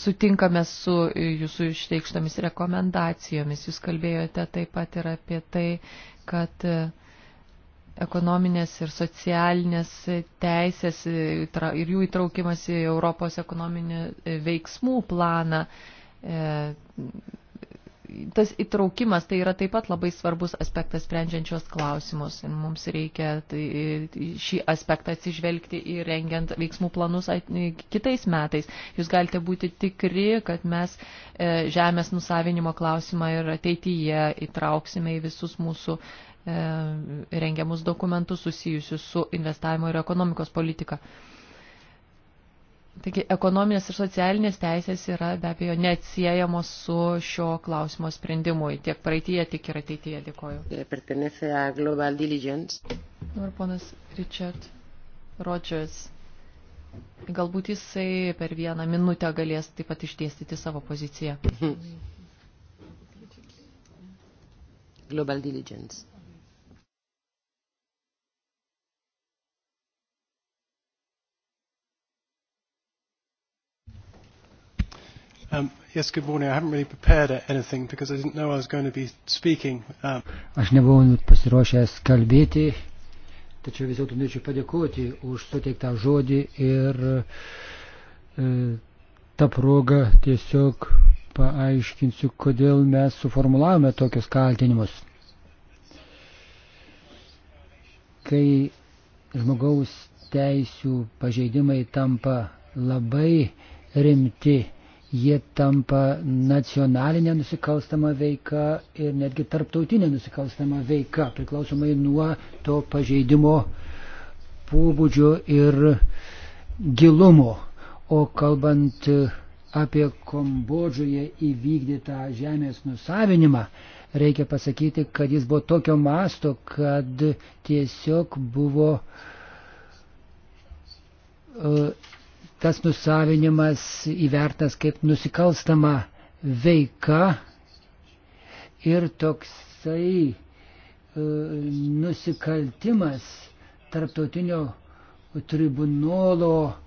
sutinkame su jūsų išreikštomis rekomendacijomis. Jūs kalbėjote taip pat ir apie tai, kad ekonominės ir socialinės teisės ir jų įtraukimas į Europos ekonominį e, veiksmų planą. E, tas įtraukimas tai yra taip pat labai svarbus aspektas sprendžiančios klausimus. Ir mums reikia tai, šį aspektą atsižvelgti į rengiant veiksmų planus kitais metais. Jūs galite būti tikri, kad mes e, žemės nusavinimo klausimą ir ateityje įtrauksime į visus mūsų uh, E, rengiamus dokumentus susijusius su investavimo ir ekonomikos politika. Taigi ekonominės ir socialinės teisės yra be abejo neatsiejamos su šio klausimo sprendimui tiek praeitie, tiek ir ateityje. Dėkoju. Dabar ponas Richard Rogers. Galbūt jisai per vieną minutę galės taip pat išdėstyti savo poziciją. Mhm. Global diligence. Um, yes, good morning. I haven't really prepared anything because I didn't know I was going to be speaking. Um. Aš nebuvau pasiruošęs kalbėti, tačiau vis dėlto norėčiau padėkoti už suteiktą žodį ir e, tą progą tiesiog paaiškinsiu, kodėl mes suformulavome tokius kaltinimus. Kai žmogaus teisių pažeidimai tampa labai rimti jie tampa nacionalinė nusikalstama veika ir netgi tarptautinė nusikalstama veika, priklausomai nuo to pažeidimo pobūdžio ir gilumo. O kalbant apie Kambodžoje įvykdytą žemės nusavinimą, reikia pasakyti, kad jis buvo tokio masto, kad tiesiog buvo uh, tas nusavinimas įvertas kaip nusikalstama veika ir toksai e, nusikaltimas tarptautinio tribunolo e,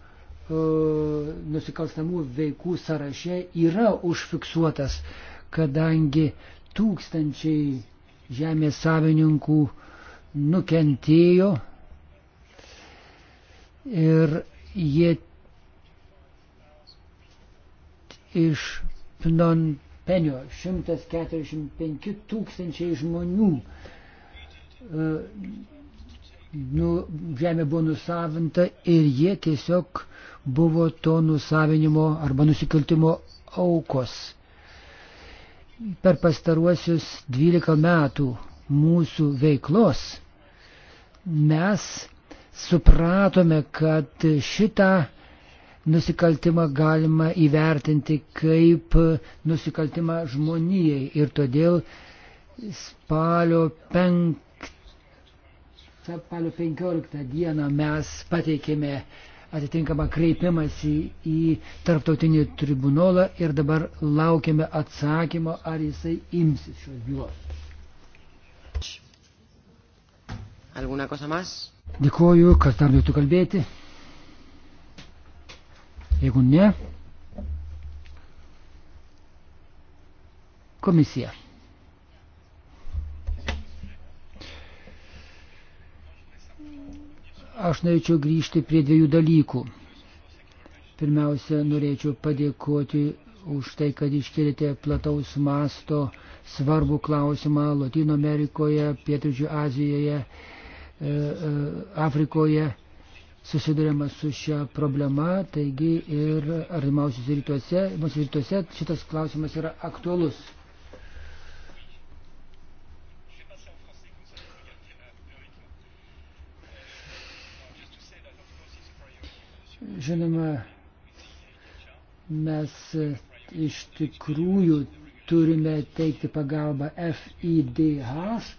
nusikalstamų veikų sąraše yra užfiksuotas, kadangi tūkstančiai žemės savininkų nukentėjo ir jie iš Pnompenio 145 tūkstančiai žmonių e, nu, žemė buvo nusavinta ir jie tiesiog buvo to nusavinimo arba nusikaltimo aukos. Per pastaruosius 12 metų mūsų veiklos mes supratome, kad šitą nusikaltimą galima įvertinti kaip nusikaltimą žmonijai. Ir todėl spalio 5. Spalio 15 dieną mes pateikėme atitinkamą kreipimąsi į tarptautinį tribunolą ir dabar laukiame atsakymo, ar jisai imsis šios bylos. Dėkuoju, kas dar norėtų kalbėti. Jeigu ne, komisija. Aš norėčiau grįžti prie dviejų dalykų. Pirmiausia, norėčiau padėkoti už tai, kad iškėlėte plataus masto svarbų klausimą Latino Amerikoje, Pietričių Azijoje, Afrikoje. E, e, susidurėma su šia problema, taigi ir artimiausios rytuose, mūsų rytuose šitas klausimas yra aktualus. Žinoma, mes iš tikrųjų turime teikti pagalbą FIDH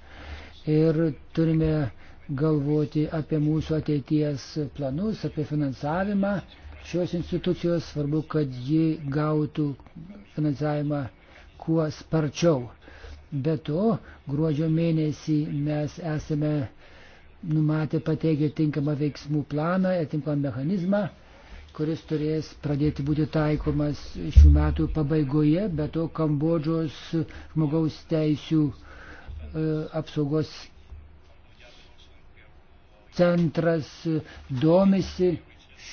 ir turime galvoti apie mūsų ateities planus, apie finansavimą šios institucijos. Svarbu, kad ji gautų finansavimą kuo sparčiau. Be to, gruodžio mėnesį mes esame numatę pateikti tinkamą veiksmų planą, tinkamą mechanizmą, kuris turės pradėti būti taikomas šių metų pabaigoje, bet to Kambodžos žmogaus teisių e, apsaugos centras domisi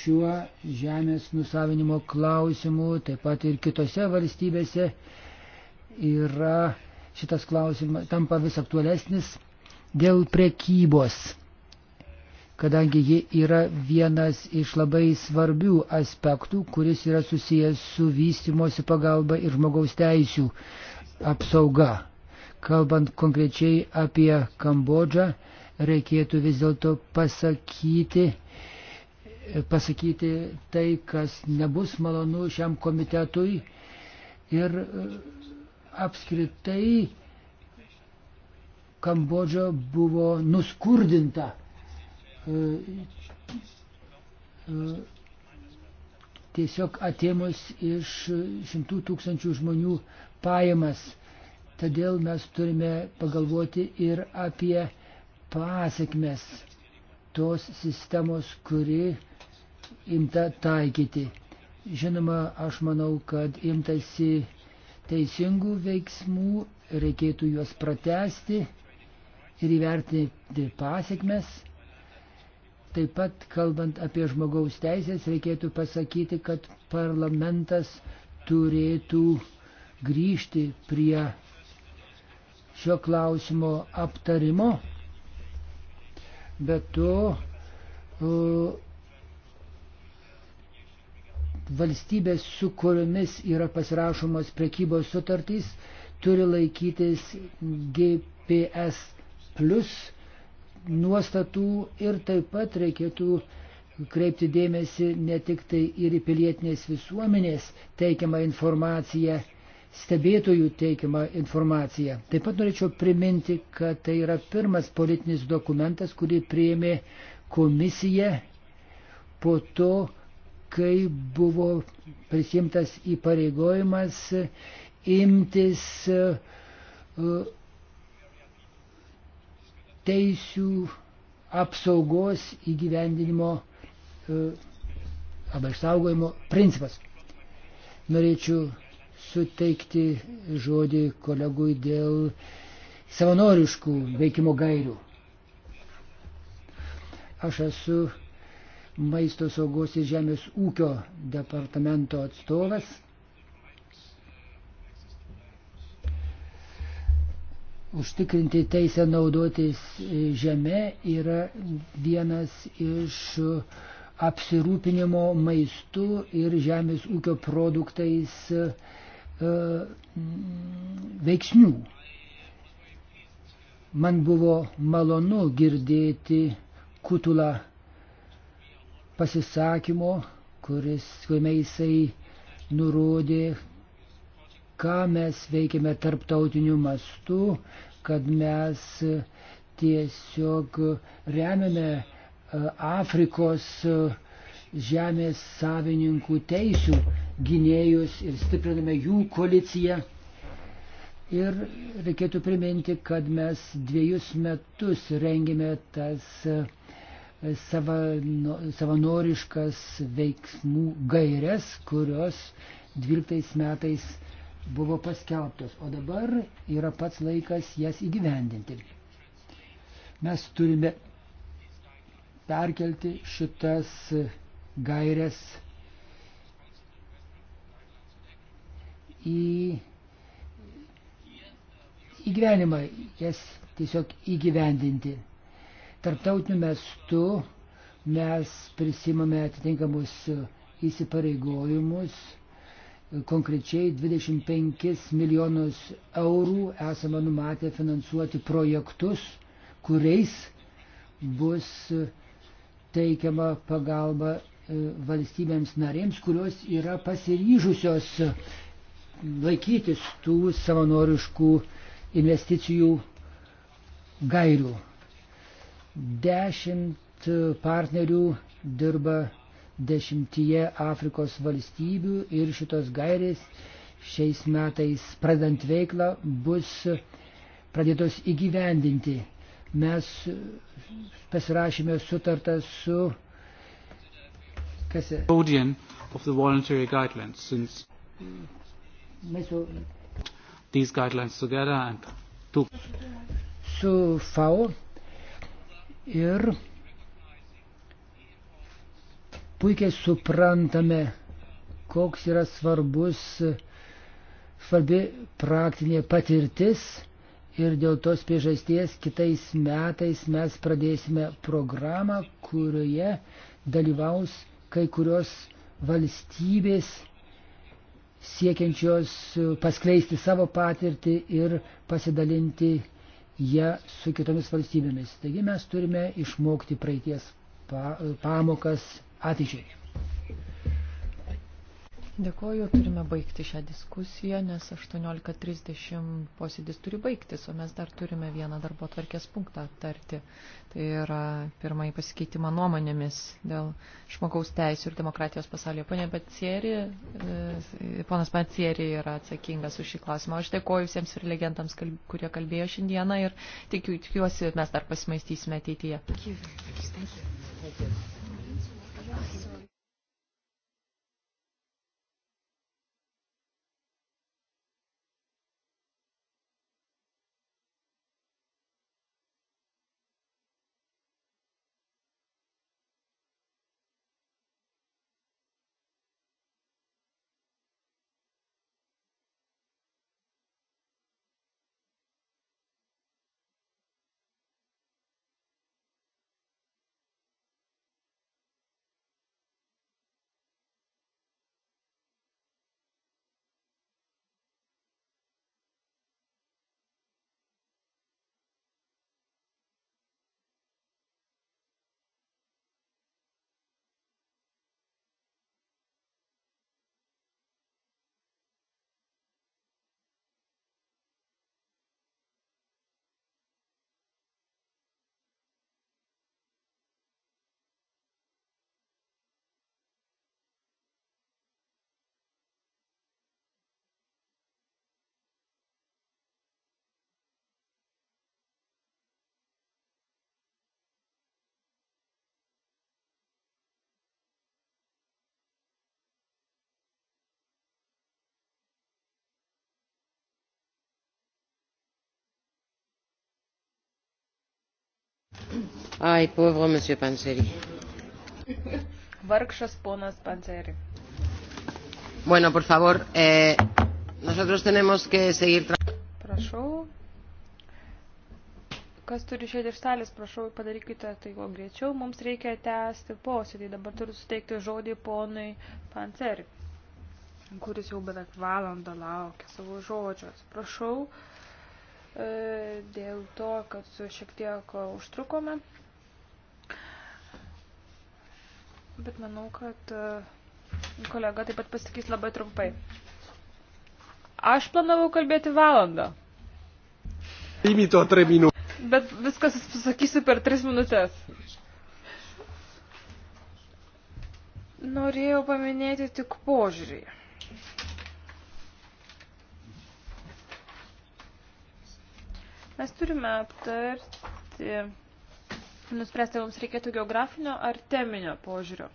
šiuo žemės nusavinimo klausimu, taip pat ir kitose valstybėse yra šitas klausimas tampa vis aktualesnis dėl prekybos, kadangi ji yra vienas iš labai svarbių aspektų, kuris yra susijęs su vystimosi pagalba ir žmogaus teisių apsauga. Kalbant konkrečiai apie Kambodžą, reikėtų vis dėlto pasakyti, pasakyti tai, kas nebus malonu šiam komitetui ir e, apskritai Kambodža buvo nuskurdinta e, e, tiesiog atėmus iš šimtų tūkstančių žmonių pajamas. Todėl mes turime pagalvoti ir apie pasiekmes tos sistemos, kuri imta taikyti. Žinoma, aš manau, kad imtasi teisingų veiksmų, reikėtų juos pratesti ir įvertinti pasiekmes. Taip pat, kalbant apie žmogaus teisės, reikėtų pasakyti, kad parlamentas turėtų grįžti prie šio klausimo aptarimo bet to e, valstybės, su kuriomis yra pasirašomos prekybos sutartys, turi laikytis GPS plus nuostatų ir taip pat reikėtų kreipti dėmesį ne tik tai ir į pilietinės visuomenės teikiamą informaciją, stebėtojų teikiamą informaciją. Taip pat norėčiau priminti, kad tai yra pirmas politinis dokumentas, kurį prieimė komisija po to, kai buvo prisimtas įpareigojimas imtis e, teisių apsaugos įgyvendinimo e, arba išsaugojimo principas. Norėčiau suteikti žodį kolegui dėl savanoriškų veikimo gairių. Aš esu maisto saugos ir žemės ūkio departamento atstovas. Užtikrinti teisę naudotis žemė yra vienas iš apsirūpinimo maistu ir žemės ūkio produktais uh, E, veiksnių. Man buvo malonu girdėti Kutulą pasisakymo, kuris, kuriame jisai nurodė, ką mes veikiame tarptautiniu mastu, kad mes tiesiog remiame e, Afrikos e, žemės savininkų teisų gynėjus ir stipriname jų koaliciją. Ir reikėtų priminti, kad mes dviejus metus rengėme tas e, savanoriškas veiksmų gairias, kurios 12 metais buvo paskelbtos, o dabar yra pats laikas jas įgyvendinti. Mes turime perkelti šitas gairias į įgyvenimą, jas tiesiog įgyvendinti. Tarptautiniu mestu mes prisimame atitinkamus įsipareigojimus, konkrečiai 25 milijonus eurų esame numatę finansuoti projektus, kuriais bus teikiama pagalba e, valstybėms narėms, kurios yra pasiryžusios laikytis tų savanoriškų investicijų gairių. Dešimt partnerių dirba dešimtyje Afrikos valstybių ir šitos gairės šiais metais pradant veiklą bus pradėtos įgyvendinti. Mes pasirašėme sutartą su Kambodžian e- of the voluntary guidelines since su, su FAO ir puikiai suprantame, koks yra svarbus, svarbi praktinė patirtis ir dėl tos priežasties kitais metais mes pradėsime programą, kurioje dalyvaus kai kurios valstybės siekiančios paskleisti savo patirtį ir pasidalinti ją su kitomis valstybėmis. Taigi mes turime išmokti praeities pamokas ateičiai. Dėkuoju, turime baigti šią diskusiją, nes 18.30 posėdis turi baigtis, o mes dar turime vieną darbo tvarkės punktą aptarti. Tai yra pirmąjį pasikeitimą nuomonėmis dėl žmogaus teisų ir demokratijos pasaulyje. Pane Pacieri, e, ponas Pacieri yra atsakingas už šį klausimą. Aš dėkuoju visiems ir legendams, kurie kalbėjo šiandieną ir tikiu, tikiuosi, mes dar pasimaistysime ateityje. Thank you. Thank you. Thank you. Ai, pauvre monsieur Panseri. Vargšas ponas Panseri. Bueno, por favor, eh, nosotros tenemos que seguir. Prašau. Kas turi išėti iš salės, prašau, padarykite tai kuo greičiau. Mums reikia tęsti posėdį. Dabar turiu suteikti žodį ponui Panseri, kuris jau beveik valandą laukia savo žodžio. Prašau, e, dėl to, kad šiek tiek užtrukome. bet manau, kad e, kolega taip pat pasakys labai trumpai. Aš planavau kalbėti valandą. Limito 3 minutės. Bet viskas pasakysiu per 3 minutės. Norėjau paminėti tik požiūrį. Mes turime aptarti nuspręsti, mums reikėtų geografinio ar teminio požiūrio.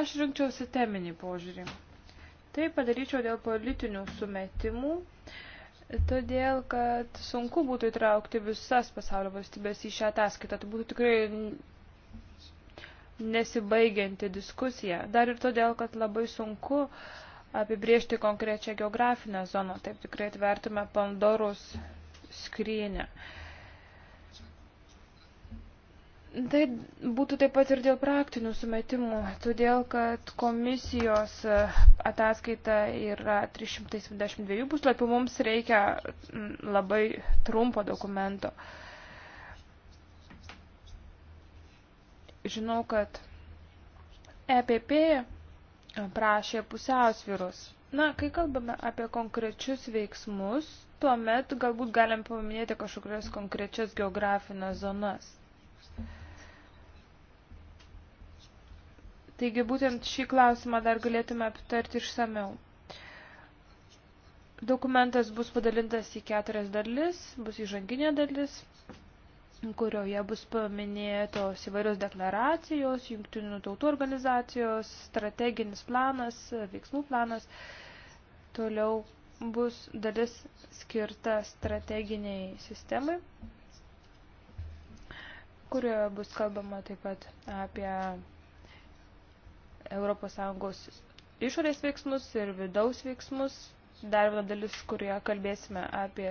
Aš rinkčiausi teminį požiūrį. Tai padaryčiau dėl politinių sumetimų, todėl kad sunku būtų įtraukti visas pasaulio valstybės į šią ataskaitą. Tai būtų tikrai nesibaigianti diskusija. Dar ir todėl, kad labai sunku apibriežti konkrečią geografinę zoną. Taip tikrai atvertume Pandoros skrynę. Uh, Tai būtų taip pat ir dėl praktinių sumetimų, todėl kad komisijos ataskaita yra 372 puslapių, mums reikia labai trumpo dokumento. Žinau, kad EPP prašė pusiausvyros. Na, kai kalbame apie konkrečius veiksmus, tuomet galbūt galim paminėti kažkokias konkrečias geografinės zonas. Taigi būtent šį klausimą dar galėtume aptarti išsameu. Dokumentas bus padalintas į keturias dalis, bus įžanginė dalis, kurioje bus paminėtos įvairios deklaracijos, jungtinių tautų organizacijos, strateginis planas, veiksmų planas. Toliau bus dalis skirta strateginiai sistemai, kurioje bus kalbama taip pat apie ES išorės veiksmus ir vidaus veiksmus. Dar viena dalis, kurioje kalbėsime apie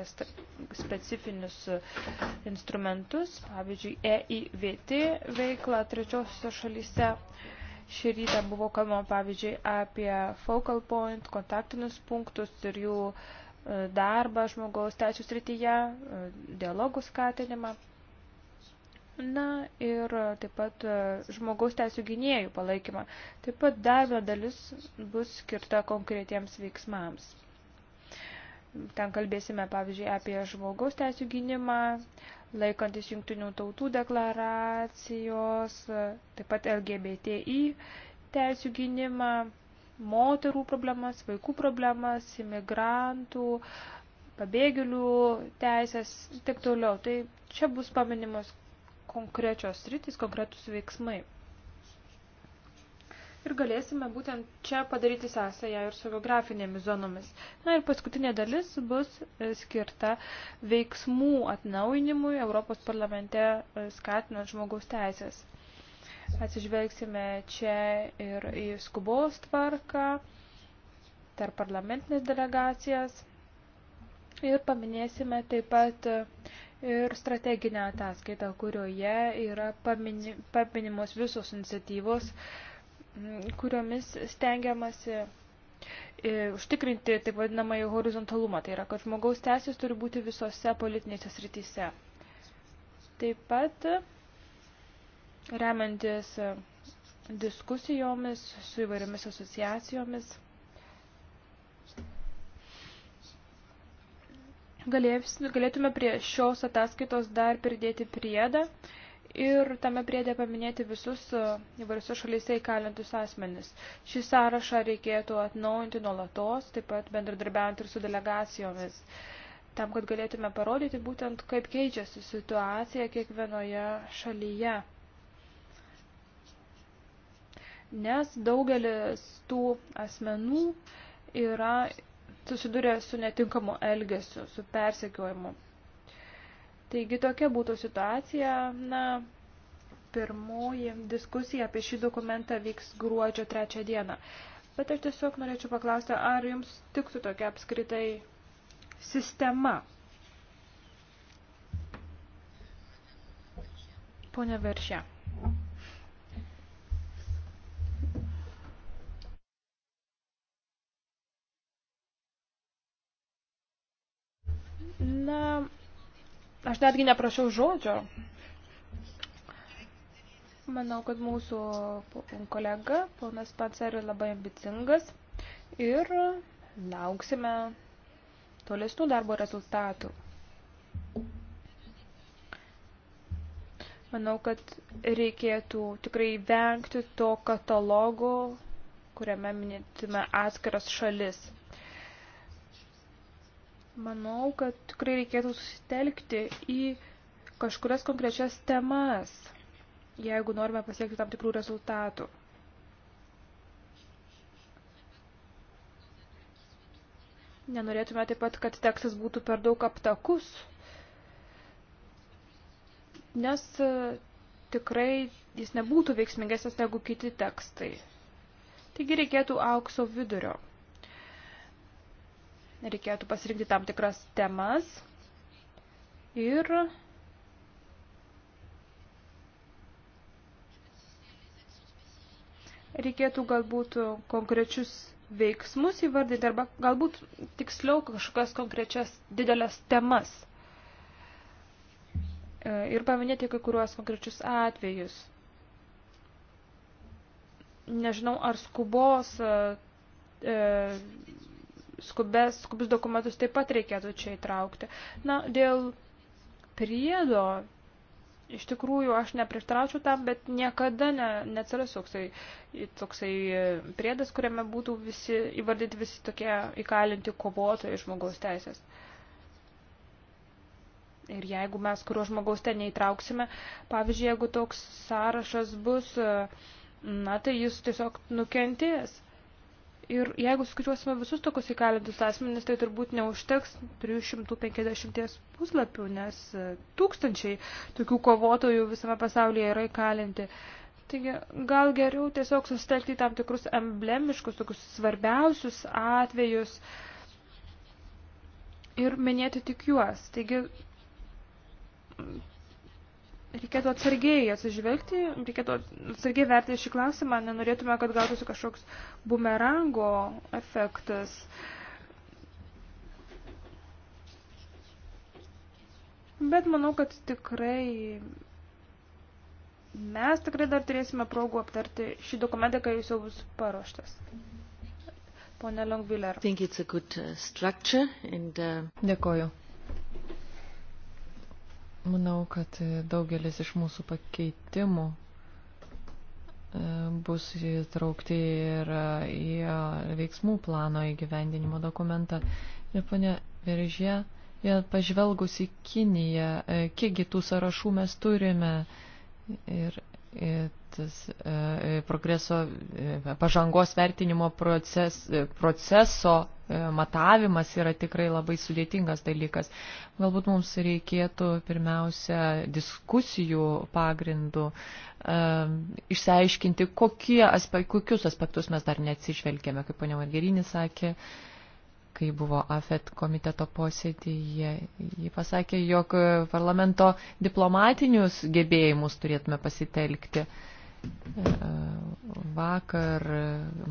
specifinius instrumentus, pavyzdžiui, EIVT veiklą trečiosios šalyse. Šį rytą buvo kalbama, pavyzdžiui, apie focal point, kontaktinius punktus ir jų e, darbą žmogaus teisų srityje, e, dialogų skatinimą. Na ir taip pat e, žmogaus teisų gynėjų palaikymą. Taip pat dar viena dalis bus skirta konkretiems veiksmams. Ten kalbėsime, pavyzdžiui, apie žmogaus teisų gynimą, laikantis jungtinių tautų deklaracijos, taip pat LGBTI teisų gynimą, moterų problemas, vaikų problemas, imigrantų, pabėgėlių teisės ir taip toliau. Tai čia bus paminimos konkrečios rytis, konkretus veiksmai. Ir galėsime būtent čia padaryti sąsąją ir su geografinėmis zonomis. Na ir paskutinė dalis bus e, skirta veiksmų atnaujinimui Europos parlamente e, skatinant žmogaus teisės. Atsižvelgsime čia ir į skubos tvarką, tarp parlamentinės delegacijas ir paminėsime taip pat ir strateginę ataskaitą, kurioje yra pamini, paminimos visos iniciatyvos, kuriomis stengiamasi e, užtikrinti taip vadinamą horizontalumą. Tai yra, kad žmogaus teisės turi būti visose politinėse srityse. Taip pat remiantis e, diskusijomis su įvairiomis asociacijomis galėtume prie šios ataskaitos dar pridėti priedą ir tame priedė paminėti visus e, įvairiose šalyse įkalintus asmenis. Šį sąrašą reikėtų atnaujinti nuolatos, taip pat bendradarbiaujant ir su delegacijomis, tam, kad galėtume parodyti būtent, kaip keičiasi situacija kiekvienoje šalyje. Nes daugelis tų asmenų yra susiduria su netinkamu elgesiu, su persekiojimu. Taigi tokia būtų situacija. Na, pirmoji diskusija apie šį dokumentą vyks gruodžio trečią dieną. Bet aš tiesiog norėčiau paklausti, ar jums tiktų tokia apskritai sistema? Pone Veršė. Na, aš netgi neprašiau žodžio. Manau, kad mūsų kolega, ponas Panceri, labai ambicingas ir lauksime tolesnių darbo rezultatų. Manau, kad reikėtų tikrai vengti to katalogo, kuriame minėtume atskiras šalis. Manau, kad tikrai reikėtų susitelkti į kažkurias konkrečias temas, jeigu norime pasiekti tam tikrų rezultatų. Nenorėtume taip pat, kad tekstas būtų per daug aptakus, nes e, tikrai jis nebūtų veiksmingesnis negu kiti tekstai. Taigi reikėtų aukso vidurio reikėtų pasirinkti tam tikras temas ir reikėtų galbūt konkrečius veiksmus įvardyti arba galbūt tiksliau kažkokias konkrečias didelės temas e, ir paminėti kai kuriuos konkrečius atvejus. Nežinau, ar skubos e, e skubes, skubus dokumentus taip pat reikėtų čia įtraukti. Na, dėl priedo, iš tikrųjų, aš neprieštraučiau tam, bet niekada ne, neatsiras toksai, toksai priedas, kuriame būtų visi, įvardyti visi tokie įkalinti kovotojai žmogaus teisės. Ir jeigu mes kurio žmogaus ten neįtrauksime, pavyzdžiui, jeigu toks sąrašas bus, na, tai jis tiesiog nukentės. Ir jeigu skaičiuosime visus tokius įkalintus asmenis, tai turbūt neužteks 350 puslapių, nes e, tūkstančiai tokių kovotojų visame pasaulyje yra įkalinti. Taigi gal geriau tiesiog sustelkti tam tikrus emblemiškus, tokius svarbiausius atvejus ir minėti tik juos. Taigi reikėtų atsargiai atsižvelgti, reikėtų atsargiai vertinti šį klausimą, nenorėtume, kad gautųsi kažkoks bumerango efektas. Bet manau, kad tikrai mes tikrai dar turėsime progų aptarti šį dokumentą, kai jis jau bus paruoštas. Pone Longviller. Uh, uh, Dėkoju. Manau, kad e, daugelis iš mūsų pakeitimų e, bus įtraukti ir e, į veiksmų plano įgyvendinimo dokumentą. Ir ponė Veržė, pažvelgus į Kiniją, kiekgi tų sąrašų mes turime, Ir, ir tas e, progreso, e, pažangos vertinimo proces, e, proceso e, matavimas yra tikrai labai sudėtingas dalykas. Galbūt mums reikėtų pirmiausia diskusijų pagrindų e, išsiaiškinti, kokie aspek, kokius aspektus mes dar neatsižvelgėme, kaip ponia Margerinė sakė. E, kai buvo AFET komiteto posėdėje, ji pasakė, jog parlamento diplomatinius gebėjimus turėtume pasitelkti. Vakar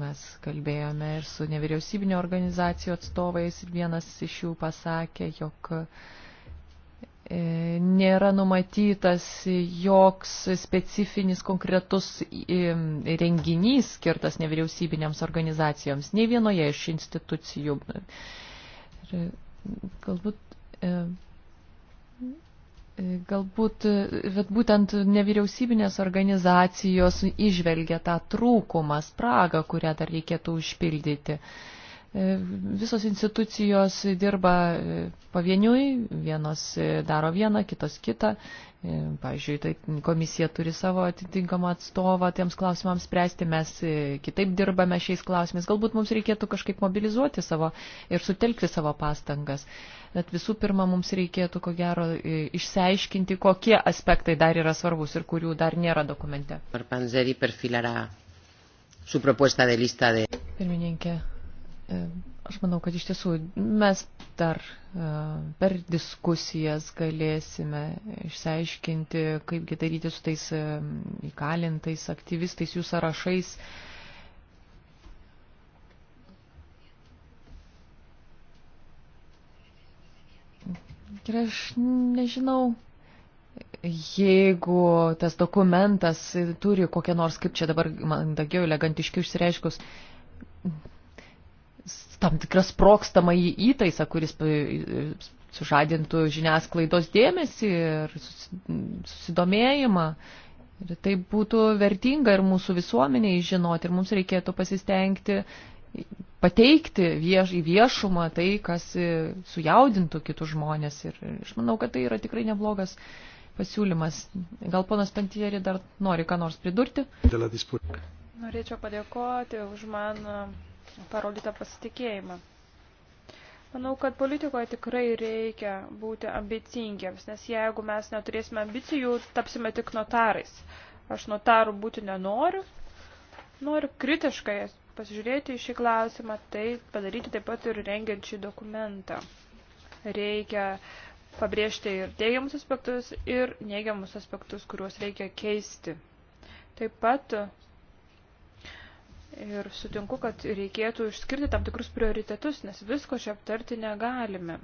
mes kalbėjome ir su nevyriausybinio organizacijų atstovais ir vienas iš jų pasakė, jog uh, E, nėra numatytas joks specifinis konkretus e, renginys skirtas nevyriausybinėms organizacijoms, nei vienoje iš institucijų. Ir galbūt, e, galbūt, bet būtent nevyriausybinės organizacijos išvelgia tą trūkumą, spragą, kurią dar reikėtų užpildyti. E, visos institucijos dirba e, pavieniui, vienos e, daro vieną, kitos kitą. Pavyzdžiui, tai komisija turi savo atitinkamą atstovą tiems klausimams spręsti, mes kitaip dirbame šiais klausimais. Galbūt mums reikėtų kažkaip mobilizuoti savo ir sutelkti savo pastangas. Bet visų pirma, mums reikėtų, ko gero, išsiaiškinti, kokie aspektai dar yra svarbus ir kurių dar nėra dokumente. Pirmininkė, E, aš manau, kad iš tiesų mes dar e, per diskusijas galėsime išsiaiškinti, kaipgi daryti su tais e, įkalintais aktyvistais, jų sąrašais. Ir aš nežinau, jeigu tas dokumentas turi kokią nors, kaip čia dabar mandagiau, elegantiškiau išsireiškus, tam tikrą sprokstamą į įtaisą, kuris e, e, sužadintų žiniasklaidos dėmesį ir susidomėjimą. Ir tai būtų vertinga ir mūsų visuomeniai žinoti, ir mums reikėtų pasistengti pateikti vieš, į viešumą tai, kas e, sujaudintų kitus žmonės. Ir aš manau, kad tai yra tikrai neblogas pasiūlymas. Gal ponas Pantieri dar nori ką nors pridurti? Norėčiau padėkoti už man parodytą pasitikėjimą. Manau, kad politikoje tikrai reikia būti ambicingiams, nes jeigu mes neturėsime ambicijų, tapsime tik notarais. Aš notarų būti nenoriu, noriu kritiškai pasižiūrėti į šį klausimą, tai padaryti taip pat ir rengiant šį dokumentą. Reikia pabrėžti ir teigiamus aspektus, ir neigiamus aspektus, kuriuos reikia keisti. Taip pat Ir sutinku, kad reikėtų išskirti tam tikrus prioritetus, nes visko čia aptarti negalime.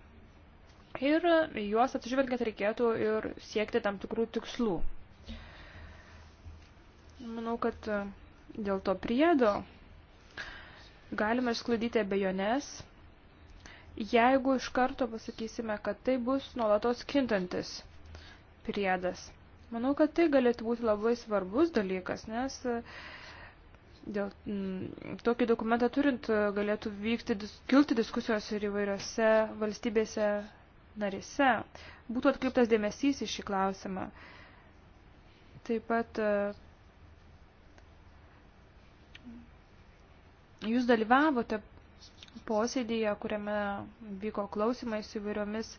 Ir juos atsižvelgiant reikėtų ir siekti tam tikrų tikslų. Manau, kad dėl to priedo galime išsklaidyti abejonės, jeigu iš karto pasakysime, kad tai bus nuolatos kintantis priedas. Manau, kad tai galėtų būti labai svarbus dalykas, nes uh, Dėl m, mm, tokį dokumentą turint e, galėtų vykti, dis, kilti diskusijos ir įvairiose valstybėse narise. Būtų atkreiptas dėmesys į šį klausimą. Taip pat e, jūs dalyvavote posėdėje, kuriame vyko klausimai su įvairiomis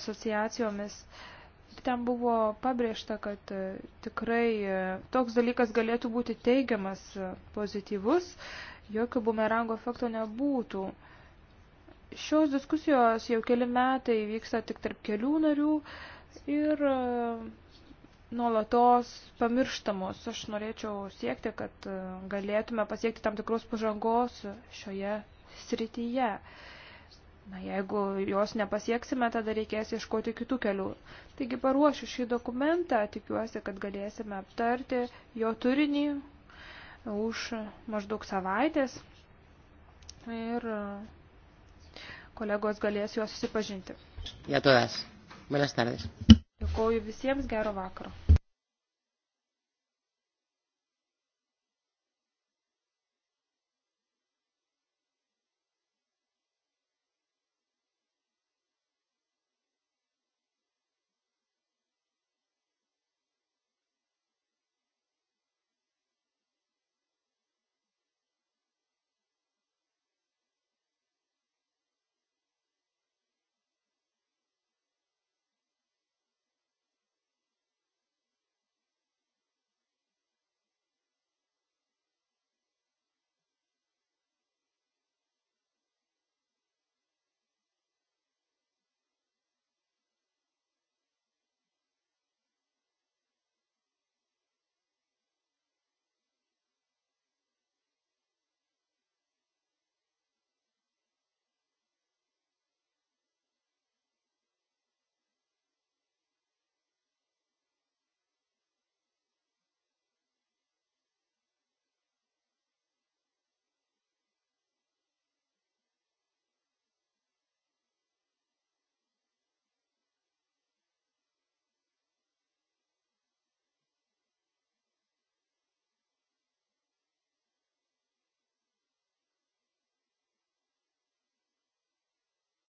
asociacijomis. Uh, ten buvo pabrėžta, kad e, tikrai e, toks dalykas galėtų būti teigiamas, e, pozityvus, jokio bumerango efekto nebūtų. Šios diskusijos jau keli metai vyksta tik tarp kelių narių ir nuolatos pamirštamos. Aš norėčiau siekti, kad galėtume pasiekti tam tikros pažangos šioje srityje. Uh, Na, jeigu jos nepasieksime, tada reikės ieškoti kitų kelių. Taigi paruošiu šį dokumentą, tikiuosi, kad galėsime aptarti jo turinį už maždaug savaitės ir uh, kolegos galės juos susipažinti. Ja todas. Buenas tardes. Dėkuoju visiems, gero vakaro.